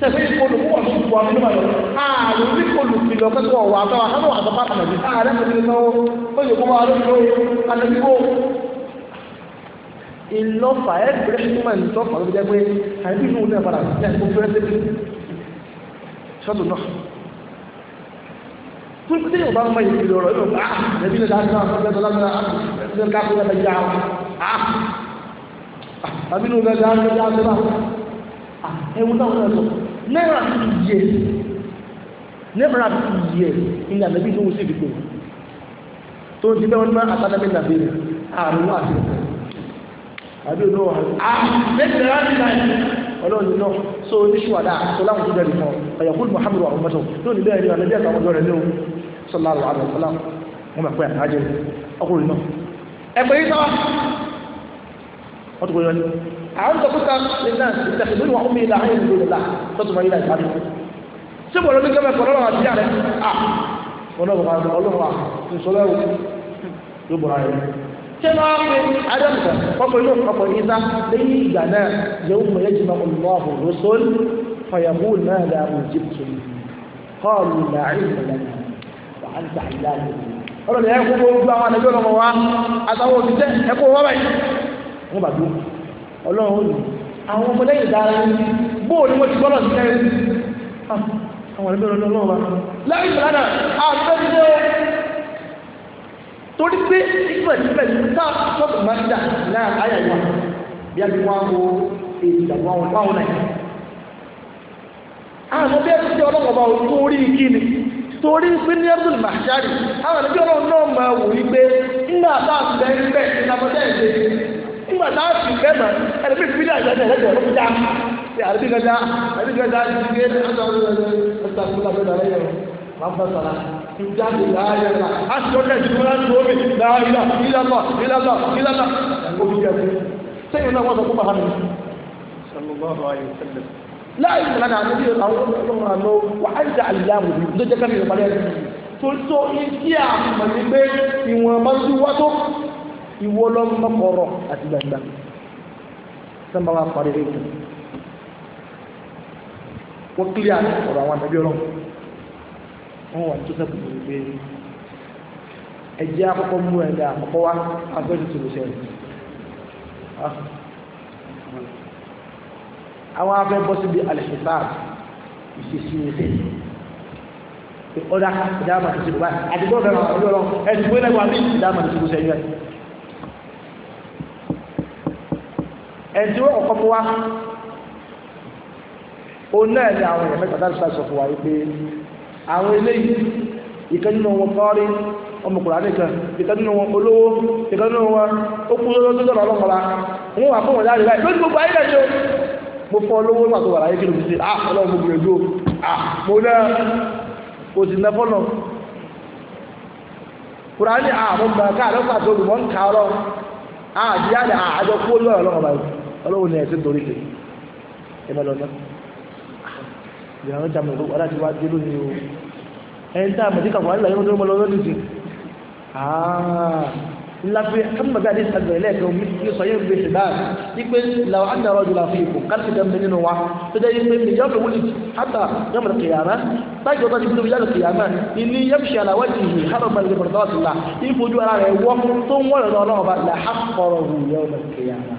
sẹ́fẹ́ olùkúwà tó kù àmì nígbà lọ ààrùn ní olùkìlọ̀ kẹ́kọ̀ọ́ wà àtàwọn àtàwọn àtàwọn àtàwọn ààrẹ tó ti náwó ó yẹ kó máa lóko àtàkìkó ìlọ́fà ẹ̀ bẹ̀rẹ̀ sí máa ń tọ́fà ló jẹ́ pé àìbí inú náà padà sí àìkú fẹ́rẹ́ sí sọ́tò náà tún tí yóò bá ń báyìí ìlú ọ̀rọ̀ yóò bá ẹbí lè dáadáa sọ́tò ẹ̀tọ́ lábẹ́rẹ́ ẹ̀tọ́ káfíńdà bẹ̀ yá wa àbí ló bẹ̀rẹ̀ dáadáa bẹ̀rẹ̀ àbẹ́rẹ́ ẹ̀wù táwọn ẹ̀sọ́ náírà ti yẹ náírà ti yẹ ilẹ̀ àbẹ́bí ló ń sì dìgbò tó ti bẹ́ẹ̀ wọ́n máa àtàdámẹ́ nàbẹ́rẹ́ àrùn àti ẹ̀sẹ̀ àbí olówó àrùn àbẹ́tẹ̀rẹ́ àti ọlọ́run náà so oníṣùwàdà tó láwọn tó jẹ́ fayakul muhammadu wa ummatu yóò ní bẹ́ẹ̀ ni ọ̀nà bẹ́ẹ̀ kàwọn jọrẹ̀ léwu sallallahu alaihi wa sallam wọn bẹ pé àjẹ ọkùnrin náà ẹgbẹ́ yìí sáwà wọ́n ti kọ́ yọrí àwọn tọkọta náà ìtàkùn lórí wọn kún mi ilà ayé ìlú ìlà tọ́tù máa yíra ìbáraẹ̀ ṣé bọ̀dọ̀ ní kẹ́mẹ́ kọ́ lọ́wọ́ àti yàrá à ọlọ́wọ́ ọlọ́wọ́ ìṣọ́lá ẹ̀wọ̀ فيقول ماذا أجبتم قالوا لا علم لنا وأنت علام ọlọ́run ni ẹ̀kọ́ gbogbo àwọn àlejò ọlọ́mọ wa àtàwọn òṣìṣẹ́ ẹ̀kọ́ wọ́n báyìí wọ́n bàbá ọlọ́run ó lù àwọn ọmọ lẹ́yìn dára ní bóò ni wọ́n ti gbọ́dọ̀ sí ẹ̀rí àwọn àlejò ọlọ́run wa lẹ́yìn ìlànà àtẹ́jọ́ torí pé ìgbẹ̀sígbẹ̀ sáà sọ́ọ̀tù máa ń dà náà ayà ìwà bí a ti wá wo èyí ìjàmbá wọn náà àwọn bí ẹni tí ọlọ́run ọba òun tó rí kí ni torí pé ní abdul mahjari àwọn ẹni bí ọlọ́run náà máa wò yí pé nígbà tá a bẹ ń bẹ ìlànà ẹ̀ṣẹ̀ nígbà tá a sì bẹ mà ẹni bí ìpínlẹ̀ àjọ ẹ̀ṣẹ̀ ẹ̀ṣẹ̀ ló kúta ṣe àbí gàdá àbí gàdá ṣe ṣe ṣe ìjáde láàyè la aṣọ lẹ́sìn tó láti omi láàyè ìlànà ìlànà ìlànà òbí jẹ́ sẹ́yìn náà wọ́n sọ fún bàbá mi. sallallahu alayhi wa sallam láì sọ̀rọ̀ náà àti àwọn ọlọ́run àná wà á jà àlìyáwó ní tó jẹ́ kẹ́mi ìpàdé ẹ̀sìn tó tó iṣẹ́ àmọ̀ ní pé ìwọ̀n bá ti wá tó ìwọ lọ́mọ kọ̀rọ̀ àti gbàgbà sábà wà parí ètò wọ́n kílíà ọ̀rọ̀ àwọn àtàbí ọlọ́run wọ́n wà tó sẹ́kù ní pé ẹ̀jẹ̀ àkọ́kọ́ mú ẹ̀dá àkọ́kọ́ wá agbẹ́ni tòlóṣẹ́ rẹ̀ àwọn afẹ́ bọ́ síbi alẹ́sìfáà ìṣesí ẹsẹ̀ ọ̀dà ìdáàmà tó ti bọ̀ báyìí àti bọ́ọ̀dà náà ọ̀dọ́ ọ̀rọ̀ ẹ̀sìn pé lẹ́gbàá mi ìdáàmà tó ti bọ̀ sẹ́yìn ẹ̀sìn tí wọ́n kọ́kọ́ fún wa òun náà ni àwọn èèyàn mẹ́ta dáàbò sọ fún wa wípé àwọn eléyìí ìkan nínú wọn kọ́rí ọmọkùnrin àdékan ìkan nínú wọn olówó ìkan nínú wọn ó kú lọ́dọ́ tó dọ̀rọ̀ ọlọ́mọla wọn wà fún wọn láàrin báyìí lórí gbogbo ayé lẹ́yìn mo fọ́ lówó nígbà tó wà láyé kí ló fi ṣe ah ọlọ́run mo gbìyànjú o ah mo náà o sì nẹ́ fọ́nà kùránì ah mo gbà ká àlọ́ pàtó olùmọ̀ ń ka ọlọ́run ah àdìyá ni ah àjọ kú olú ọlọ́run ọba yìí ọlọ́run ni ẹ̀sìn torí ṣe ẹ bá lọ ná ìyàwó jàmbá ìlú aláàtí wá dé lónìí o ẹ̀ ń tá àmọ̀ sí kàwé àlàyé wọn tó ń bọ̀ lọ́wọ́ lónìí ah lafi kama gadi sagbele kan mi so yin bi ba ipe law anna rajula fiikum kan ti dan beninu wa to dai ipe mi yabu wuli hatta yawm al-qiyama ta jo ta dibu yawm al-qiyama inni yamshi ala wajhihi harama li mardatillah ifu ju ara re wo to won lo lo ba la haqqahu yawm al-qiyama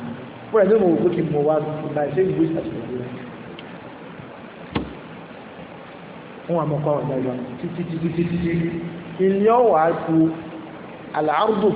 wo re mo ko ti mo wa ba se bi sa ti wọn àmọ́ kọ́ ọ̀dà ìjọba títí títí títí ilé ọ̀wà ku àlàárùbù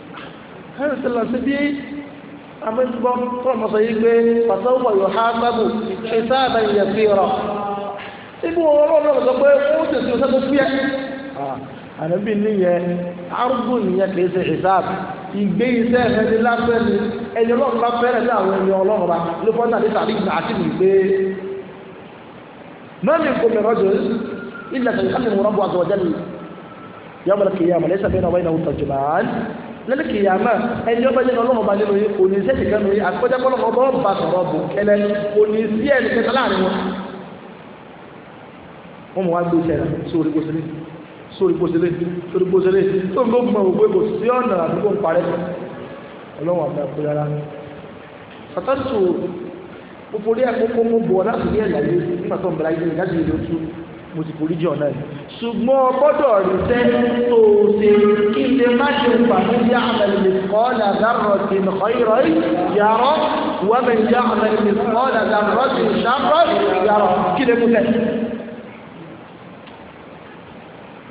àrẹ́sẹ̀lá sí bí amẹ́sìgbọ́n tọ́rọ mọ́ sọ yí pé pàtàkùn yóò há sábù ṣèṣá àbẹ̀yẹ sí rọ ibi wọn wọn lọ sọ pé ó tẹ̀sí ọ̀sẹ̀ tó fúyẹ́ àrẹ́bí nìyẹn arúgbó nìyẹn kì í ṣe ìsáàbù ìgbé iṣẹ́ ẹni láfẹ́ ni ẹni ọlọ́run bá fẹ́rẹ̀ ní àwọn ẹni ọlọ́run bá ló fọ́n náà nípa àdìgbà àti ìgbé mọ́mí kò mẹ́rọ jù ilẹ̀ tẹ̀lé káfíńmù rọ́bù àti ọ̀jẹ́ ni yọmọlẹ́kì yẹn àmọ̀lẹ́sẹ̀ bẹ́ẹ̀ náà wáyé náà ó tọ̀jú máa lẹ́nu kìyàmá ẹni ọba yẹn lọ́wọ́ ọba nínú yìí kò ní sẹ́ẹ̀tì kan nínú yìí àkọ́jà kọ́ lọ́wọ́ ọba ọba sọ̀rọ̀ bò kẹlẹ́ kò ní sí ẹni kẹta láàrin wọn. wọ́n mọ̀ wá gbé iṣẹ́ rẹ̀ sórí gbósílẹ̀ sórí gbósílẹ̀ sórí gbósílẹ̀ tó ń bó mọ̀ òwe kò sí ọ̀nà àdúgbò ń parẹ́ ọlọ́wọ́ àbẹ̀ kó yára. sàtọ́sù òfòrí ẹ̀kọ́ kó mú bọ̀ láti ní ẹ̀yà yìí nígbà tó ń bẹ̀rẹ̀ ayé mo ti forí jẹ ọ̀nà yìí ṣùgbọ́n ọgbọ́dọ̀ rí sẹ́ni tó o ṣe kí lè má ṣe ń fàmí bí àmàlẹ̀ kọ́ọ̀lá dárọ̀tì nìkọ́ ìrọ̀ yàrá wọ́mẹ̀ bí àmàlẹ̀ kọ́ọ̀lá dárọ̀tì ṣàrọ̀ yàrá kí lè mú lẹ̀.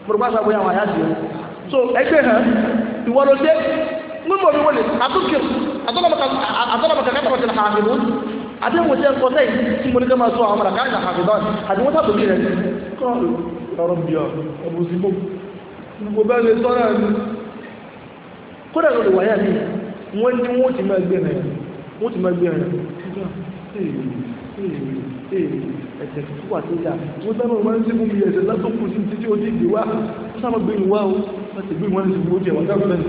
Mùrùgbà sọ pé àwọn àyájọ́ so ẹgbẹ́ hàn ìwọ ló dé mímọ̀ mi wọlé àtúnkìrì àtọ́lọ́mọ̀kà kẹ́kọ̀ọ́ àdéhùn tí ẹ kọ sẹ́yìn tí mo ní ká máa sọ àwọn ọmọdé káàkiri àkàtúntàn àti wọ́n tàbí rẹ̀ kọ́ọ̀lù ọ̀rọ̀ bíọ̀ ọ̀bùn sí gbogbo bẹ́ẹ̀ lè sọ́nà ní kódà lórí wáyà ní wọ́n ní wọ́n ti máa gbé rẹ̀ wọ́n ti máa gbé rẹ̀ ẹ̀sẹ̀ tó wà tó yà wọ́n sábà máa ń sígun bí ẹ̀sẹ̀ látó kù sí títí ó ti dì wá sábà gbé ìwá o láti gbé ìwọ́n ti gbó jẹ̀ wọ́n dábẹ́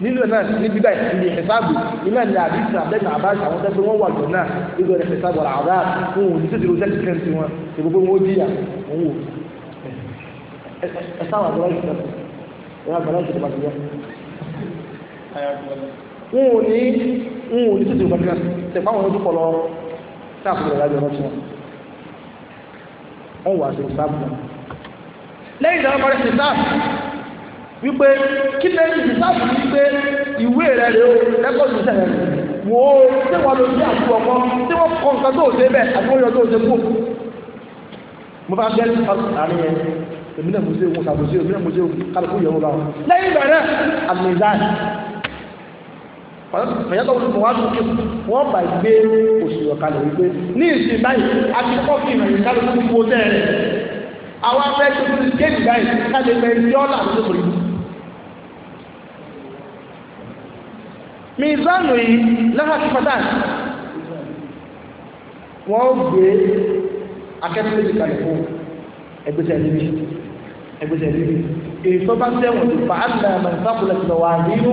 nínú ẹ̀ náà níbi báyìí níbi ìfẹ̀sáàbù iná ni àdìsí àbẹ́nà àbáṣe àwọn tẹ́gbẹ́ wọn wà lọ náà níbi ọ̀rẹ́ ìfẹ̀sáàbù ọ̀rọ̀ àbá òun ò ní tètè lóṣẹ́ ti kẹ́ǹtì wọn ìgbogbo wọn ó jìyà òun wò ẹ sáwọn àgbọ̀rọ̀ ìṣẹ́ ẹ àgbọ̀rọ̀ ìṣẹ́ bàtí yá. n ò ní tètè lóṣẹ́ ti kẹ́ǹtì tẹ̀pá wọn lójú pọ̀lọ́ sáàpù lẹ́yìn ìdáná wípé kí lẹ́yìn ìsáàbù wípé ìwé rẹ̀ rẹ̀ o rẹ́kọ̀dù sẹ̀rẹ̀ rẹ̀ wò ó tí wọ́n lọ sí àbúrò ọkọ tí wọ́n kọ nǹkan tó ṣe bẹ́ẹ̀ àti wọ́n yọ tó ṣe kú. mo bá gẹ́ àárín yẹn èmi náà mo ṣe òun ṣàbòsí èmi náà mo ṣe òun kálukú yẹ̀wò bá wọn. lẹ́yìn bẹ̀rẹ̀ àmì ìdáyìí fẹ̀yẹ́tọ̀ fún wa dùn kí wọ́n bá gbé oṣù ọ̀kalẹ̀ wípé ní ìsìn báyìí a ti kọ́ fi ìrìn kálukú kó tẹ́ rẹ̀ àwọn afẹ́ tó ti géèjì mizanu yìí lẹ́hàtí fọ́tàn wọ́n gbé akẹ́kọ̀ọ́ méjì kalẹ̀ fún ẹgbẹ́sẹ̀ níbi ẹgbẹ́sẹ̀ níbi èyí tó bá tẹ̀wọ̀n tó fà á nà mà nípa kúlẹ̀ tó wà nínú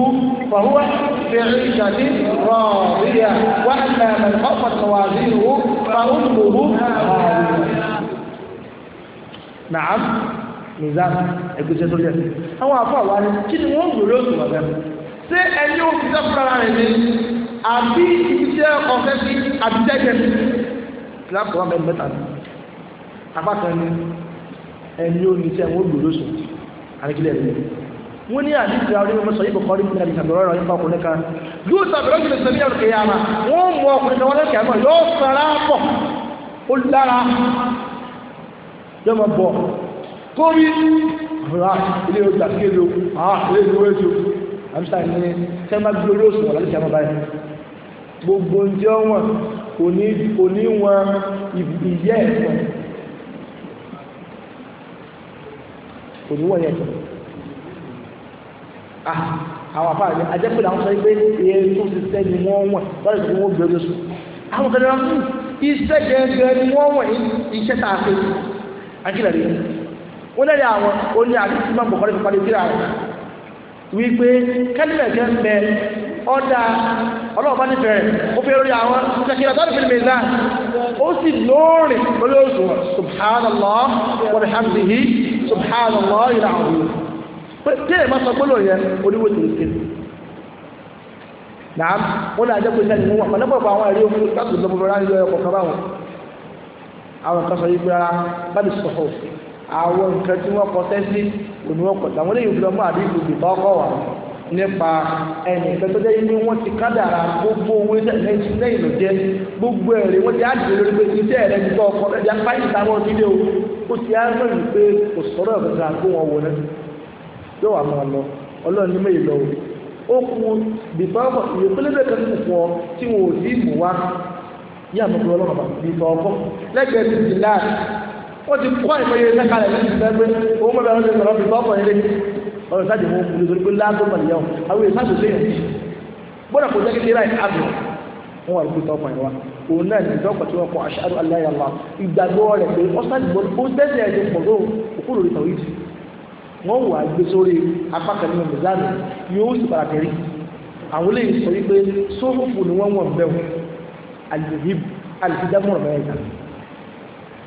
fàhùwà fẹ̀rẹ̀ ìṣàdí rọ̀ọ̀rìyà wà nà mà nípa kúlẹ̀ tó wà nínú fàhùn gbòòrò nàám mizanu ẹgbẹ́sẹ̀ tó yẹ àwọn àfọ àwọn kí ni wọ́n gbòòrò òṣùwọ̀n bẹ́ẹ̀ ṣé ẹni ò fi sẹ́fúnra rẹ̀ ni àbí ìṣiṣẹ́ ọ̀fẹ́ sí àbíjẹ́jẹ́ sí ìlàpọ̀ ọmọ ẹgbẹ́ mẹ́ta ni apákan ni ẹni ò ní iṣẹ́ wọn gbòòrò sùn àríkílẹ̀ rẹ̀ wọ́n ní àdìsí àwọn onímọ̀ sọ yìí kọ̀kọ́ rí nígbà ìtàgbọ̀ ọ̀rọ̀ yìí pàkó lẹ́ka yóò sàbẹ̀rẹ̀ jùlọ sẹ́mi ẹ̀rọ kẹyà mà wọ́n mú ọkùnrin kan wọlé kẹyà mà yóò sara pọ̀ ó lára yóò máa bọ̀ kórí ah, ilé ojú àti kéde o ilé ìlú wẹ́ẹ́sì o àmísà ní sẹ́mbà bí orí òsùn wà láti àmọ́ báyìí gbogbo ǹjẹ́ wọn kò ní wọn ìyẹ́ ẹ̀sán kò ní wọ́n yẹ ẹ̀sán ah, àwọn afá àjẹ́ ajẹ́pẹ̀lẹ̀ àwọn sọ pé iye tó ti sẹ́ ni wọ́n wọ̀n lọ́dọ̀ tí wọ́n gbé orí òsùn àwọn kan náà fún iṣẹ́ gẹ́gẹ́ ni wọ́n wọ̀n iṣẹ́ tá a ṣe akílẹ̀ rí wọ́n lẹ́yìn àwọn ó ní àti tí máa bọ̀ kọ́lé wípé kẹ́lìmẹ̀jẹ́ ń bẹ ọ́dá ọlọ́ọ̀bá ní bẹ̀rẹ̀ ó fẹ́ orí àwọn ṣẹkìlá tó fìlì mẹ́ta ó sì lóòrìn lórí oṣù subhanallah wa bihamdihi subhanallah ìlà àwọn tí èèmọ́ sọ pé lóòyẹ oníwò tó ń ké náà wọ́n lè ajẹ́kùn iṣẹ́ ìmúwà pẹ̀lẹ́pọ̀lọpọ̀ àwọn ẹ̀rí ogun láti lọ bọ̀rọ̀ láti lọ́yọ̀ kọ̀ọ̀kan báwọn àwọn kan sọ yí pé rárá bá mi sọ̀rọ̀ àwọn nǹkan tí wọ́n kọ sẹ́sí òní wọn kọjá àwọn eléyìí lọ mú àdìgbò gbèbá ọkọ wa nípa ẹnìkan tó dẹ́yìn ní wọ́n ti kádàrà gbogbo owó lẹ́yìn ló jẹ́ gbogbo ẹ̀rẹ̀ wọ́n ti àdìgbò lórí pé iṣẹ́ rẹ̀ ti tọ́ ọkọ rẹ̀ yá fáyì táwọn dídé o ó ti á rẹ̀ yìí pé kò sọ̀rọ̀ ìgbà kó wọn wọ̀ náà yóò wà máa lọ ọlọ́run ní mẹ́yìn lọ ó kú bìtọ́kọ̀ ìwé pélébé kan kù fún ọ tí wọn ò sí ìmù wá yí àmọ́ pé ó ti kọ́ ìmọ̀ye sẹ́kàlẹ̀ ní ìfẹ́gbé owó mẹ́bẹ̀ ọ̀rọ̀ ìṣẹ̀lẹ̀ ọ̀fẹ́ tọ́pọ̀ ilé ọ̀rọ̀ ìsájì mú un nítorí pé láàbò pàdéyàwó àwọn ìsájì sí yẹn gbọ́dọ̀ kò jẹ́ kí lera ìhábì wọn wà lókè tọ́pọ̀ ìwà òun náà ní ìjọpọ̀ tí wọ́n kọ aṣáájú aláyàlá ìgbàgbọ́ rẹ̀ pé ọ́sájì bọ́ ó tẹ́sí ẹ̀jẹ̀ pọ̀ tó òkúrò ìtàn yìí wọ́n wà gbé sórí apá kan nínú mizani yóò sì padà tẹ̀rí àwọn eléyìí sọ wípé sófòfò ni wọ́n wọ̀n bẹ́ẹ̀ alìhìb alìhìdámọ̀ràn mẹ́rin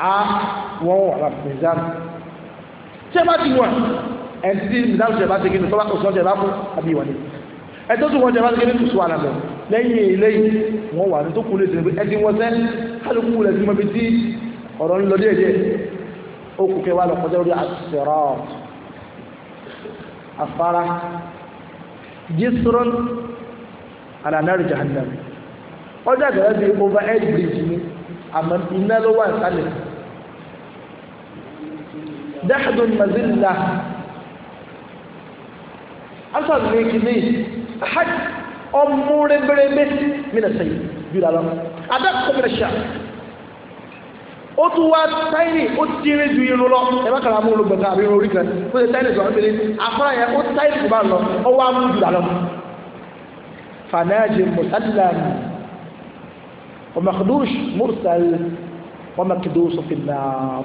a wọ́n wà láti mizan tí bá ti wọ̀n ẹ̀ ti mizan ṣe bá ti gínú tọ́lá òṣùwọ̀n ṣe bá fún àbí ìwọ̀n ni ẹ̀ tó tún wọ́n ṣe bá ti gínú lẹ́yìn wọ́n wà ní tó kú lẹ́sìn ti wọ́n sẹ́ kálukú tí ọ̀rọ̀ ń lọ ó kẹwàá lọ kọjá lórí àṣẹrọ afárá jahannam dahdun mazilla asan ní kìíní hajj ọmú rẹ́bẹ̀rẹ́bẹ́ mina sẹ́yìn jùlọ lọ adákọ̀ mina ṣá ó tún wá táìlì ó tiire ju irun lọ ẹ má kàrà mú olùgbọ̀n kan àbí irun orí kan ó ti táìlì sọ̀rọ̀ níbi afárá yẹn ó táìlì kò bá lọ ó wá mú jùlọ lọ فناجم مسلم ومخدوش مرسل ومكدوس في النار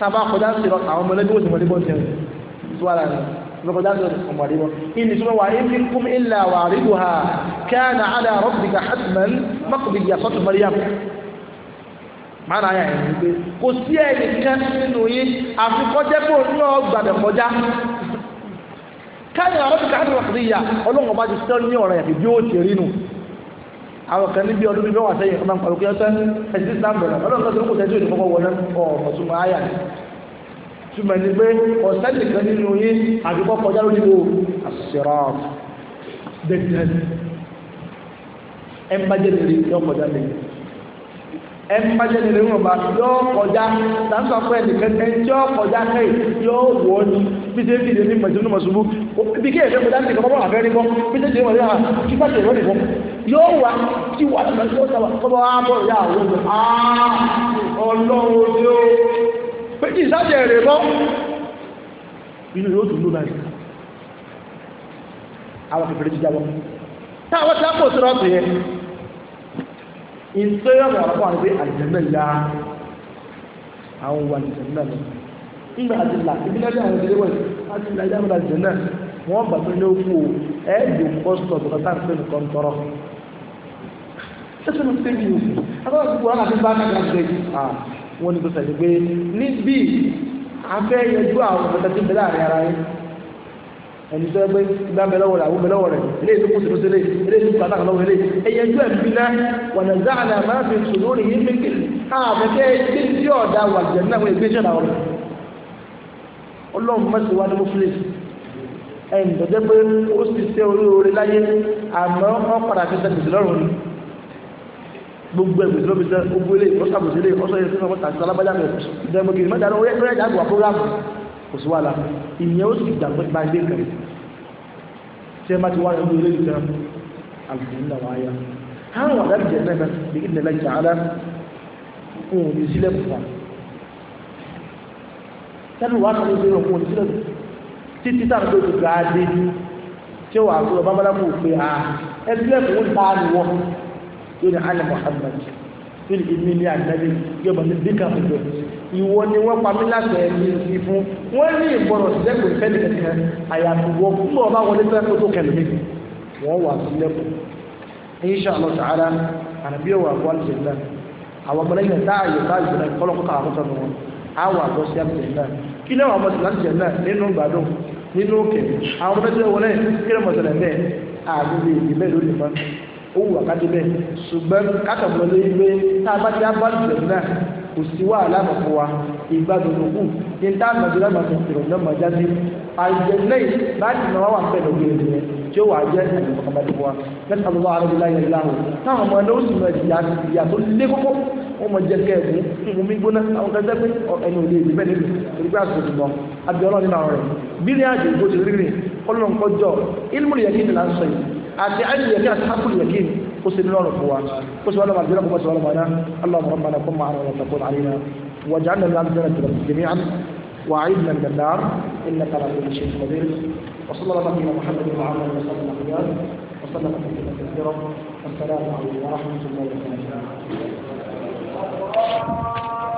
tàbá kọjá sí lọ àwọn ọmọlẹ́bí ó sì mọ̀lẹ́bí ọ̀sẹ̀ rẹ̀ síwára rẹ̀ lọ́kọjá sí ọ̀sẹ̀ mọ̀lẹ́bí ìní tí wọ́n wà ní fíkún ilẹ̀ wà rí wà kana ala rabbika hatman mọ́kùnrin yà sọ́tù Maryam mara ya ẹ̀yìn pé kò sí ẹnì kan nínú yín àfikọ́jẹ́ pé òun náà gbàdẹ̀ kọjá kana rabbika hatman mọ́kùnrin yà ọlọ́run ọba ti sẹ́ni ọ̀rọ̀ yàtì bí ó ti rí nù àwọn kan níbi ọdún bíi mẹ́wàá sẹ́yìn ọmọ nǹkan òkè ọ̀sẹ̀ ẹ̀sìn islam bẹ̀rẹ̀ ọlọ́run kan tó kù tẹ́jú ìdìbò wọlé ọ̀túnmọ̀ àyà túmọ̀ ní pé ọ̀sẹ̀ nìkan nínú yín àdúgbò kọjá lórí o àṣìṣirọ́ dẹ́tẹ́ ẹ̀ ń bàjẹ́ lórí yọ kọjá lé ẹ̀ ń bàjẹ́ lórí wọn bá yọ kọjá láti sọ pé ẹnìkan ẹ̀ ń tí yọ kọjá kẹ́yìn yọ wọ ni bíjẹ́ bíjẹ́ ní mọ̀jẹ́ ní mọ̀ṣubú bí kéèyàn fẹ́ kọjá nìkan bọ́ yóò wá tí wà tí wọ́n sọ wà kọ́ bọ́ wá bọ̀ ìyá àwọn ọmọ ọlọ́run ló pé kí ìsájẹ̀ rẹ̀ bọ́ inú yóò dùn ló bá yìí àwọn kékeré ti jábọ́ táwọn tí a kò sọ̀rọ̀ sí yẹn ìṣẹ́yọ̀ rẹ̀ wà fún àwọn pé àjẹmẹ́ ya àwọn wà ní ìṣẹ̀lẹ̀ náà nígbà àti ìlà ìbílẹ̀ bí àwọn ìdílé wọ̀nyí láti ìlà ìdáhùn àjẹmẹ́ wọ́n gbàgbé ní ó kú ẹ̀ẹ́dùn kọ́sítọ̀ tó kọ́sítọ̀ tó ṣẹ́ṣẹ́ ló ṣe yìí àwọn òṣìṣẹ́ wọn àti bá kàkà ṣe yìí à wọ́n ní tó ṣẹlẹ̀ pé níbí afẹ́ yẹjú àwọn ọ̀tọ̀ tí bẹ̀rẹ̀ àrẹ ara yìí ẹni tó ẹgbẹ́ ìgbà mẹ́lọ́wọ́ rẹ̀ àwọn mẹ́lọ́wọ́ rẹ̀ ilé ìdókòwò tó ṣẹlẹ̀ ilé ìdókòwò àtàkùn lọ́wọ́ ilé ẹ̀yẹjú ẹ̀mí náà wọ̀nà záàlà máa fi sùnú rìn yín mékè àbẹ̀kẹ́ ilé tí ọ̀dà wà jẹ̀ náà wọ́n ẹgbẹ́ ṣẹ̀dá ọ̀rọ̀ ọlọ́run mẹ́sì wá ní mọ́fílẹ̀sì ẹ̀yìn tó jẹ́ pé ó sì ṣe orí orí láyé àmọ́ wọ́n padà fi sẹ́kìtì lọ́rùn ni gbogbo ẹgbẹ tí wọn fi sẹ gbogbo ilé ọsàbòsí ilé ọsọ yẹn tí wọn tàbí alábàjá rẹ dẹgbẹ kìnnìmọ dáná ó yẹ kí wọn yẹ àgbà fúlàmù kò sí wàhálà ìyẹn ó sì dàgbẹ bá ilé kan tí ẹ bá ti wá ẹgbẹ ilé yìí kan alhamdulilá wa ya hàn wà láti jẹ náà bí kí nílẹ jàdá fún yóò ní alẹ́ Muhammad fíl ìmí ní ànábì yóò bá ní bíkà fúnjọ ìwọ ni wọ́n pa mí láti ẹni sí fún wọ́n ní ìgbọràn sílẹ̀kùn fẹ́lẹ̀ kẹ̀kẹ́ àyàfi wọ́n fún bọ̀ bá wọlé fẹ́ tó kẹlẹ̀ mi wọ́n wà sílẹ̀kùn insha Allah ta'ala ànàbí ọwọ́ àgbọ̀ àlùjẹ̀ náà àwọn ọmọlẹ́yìn ẹ̀dá àyè bá ìjọba ìkọlọ́kọ́kọ́ àwọn sọ̀rọ̀ wọn àwọn àgbọ̀ sí àlùjẹ̀ náà kí lẹ́wọ̀n ọmọ sí àlùjẹ̀ náà nínú gbàdùn nínú òkè àwọn ọmọdé wọlé kí lẹ́wọ̀n sọ̀rọ̀ bẹ́ẹ̀ àgbègbè ìbẹ́ lónìí mọ́ ó wù àkájọ bẹ́ẹ̀ ṣùgbọ́n kákàbọ̀ lórí pé tá a bá ti bá lùdẹ̀ náà kò sí wàhálà àkọ́kọ́ wa ìgbàdùn òkú ní tá a mọ̀jọ́ lágbà jáde àìjẹ lẹ́yìn láti mọ̀ wá wà pẹ́ lórí ẹ̀jẹ̀ yẹn tí ó wà jẹ́ àjẹmọ̀kànbádìbọ̀ wa mẹ́ta lọ́wọ́ arábìlá yẹn láhùn táwọn ọmọ ẹni ó sì mọ̀ ìyá tó lé kókó wọ́n mọ̀ jẹ́ kẹ́ẹ̀kún fún mi gbóná àwọn kẹsẹ́ pé ẹni ò lè rí bẹ́ẹ̀ nílùú torí pé àsìkò ìgbọ̀n ni là àti àìyẹ̀kí àti hákùn yẹ̀kí ó sì lọ́rùn fún wa ó sì wà lọ́mọ kó bá sì wà lọ́mọ àná اللهم ربنا كن معنا ولا تكن علينا واجعلنا من أهل الجنة جميعا وأعذنا من النار إنك على كل شيء قدير وصلى الله على محمد وعلى آله وصحبه أجمعين وسلم تسليما كثيرا والسلام عليكم ورحمة الله وبركاته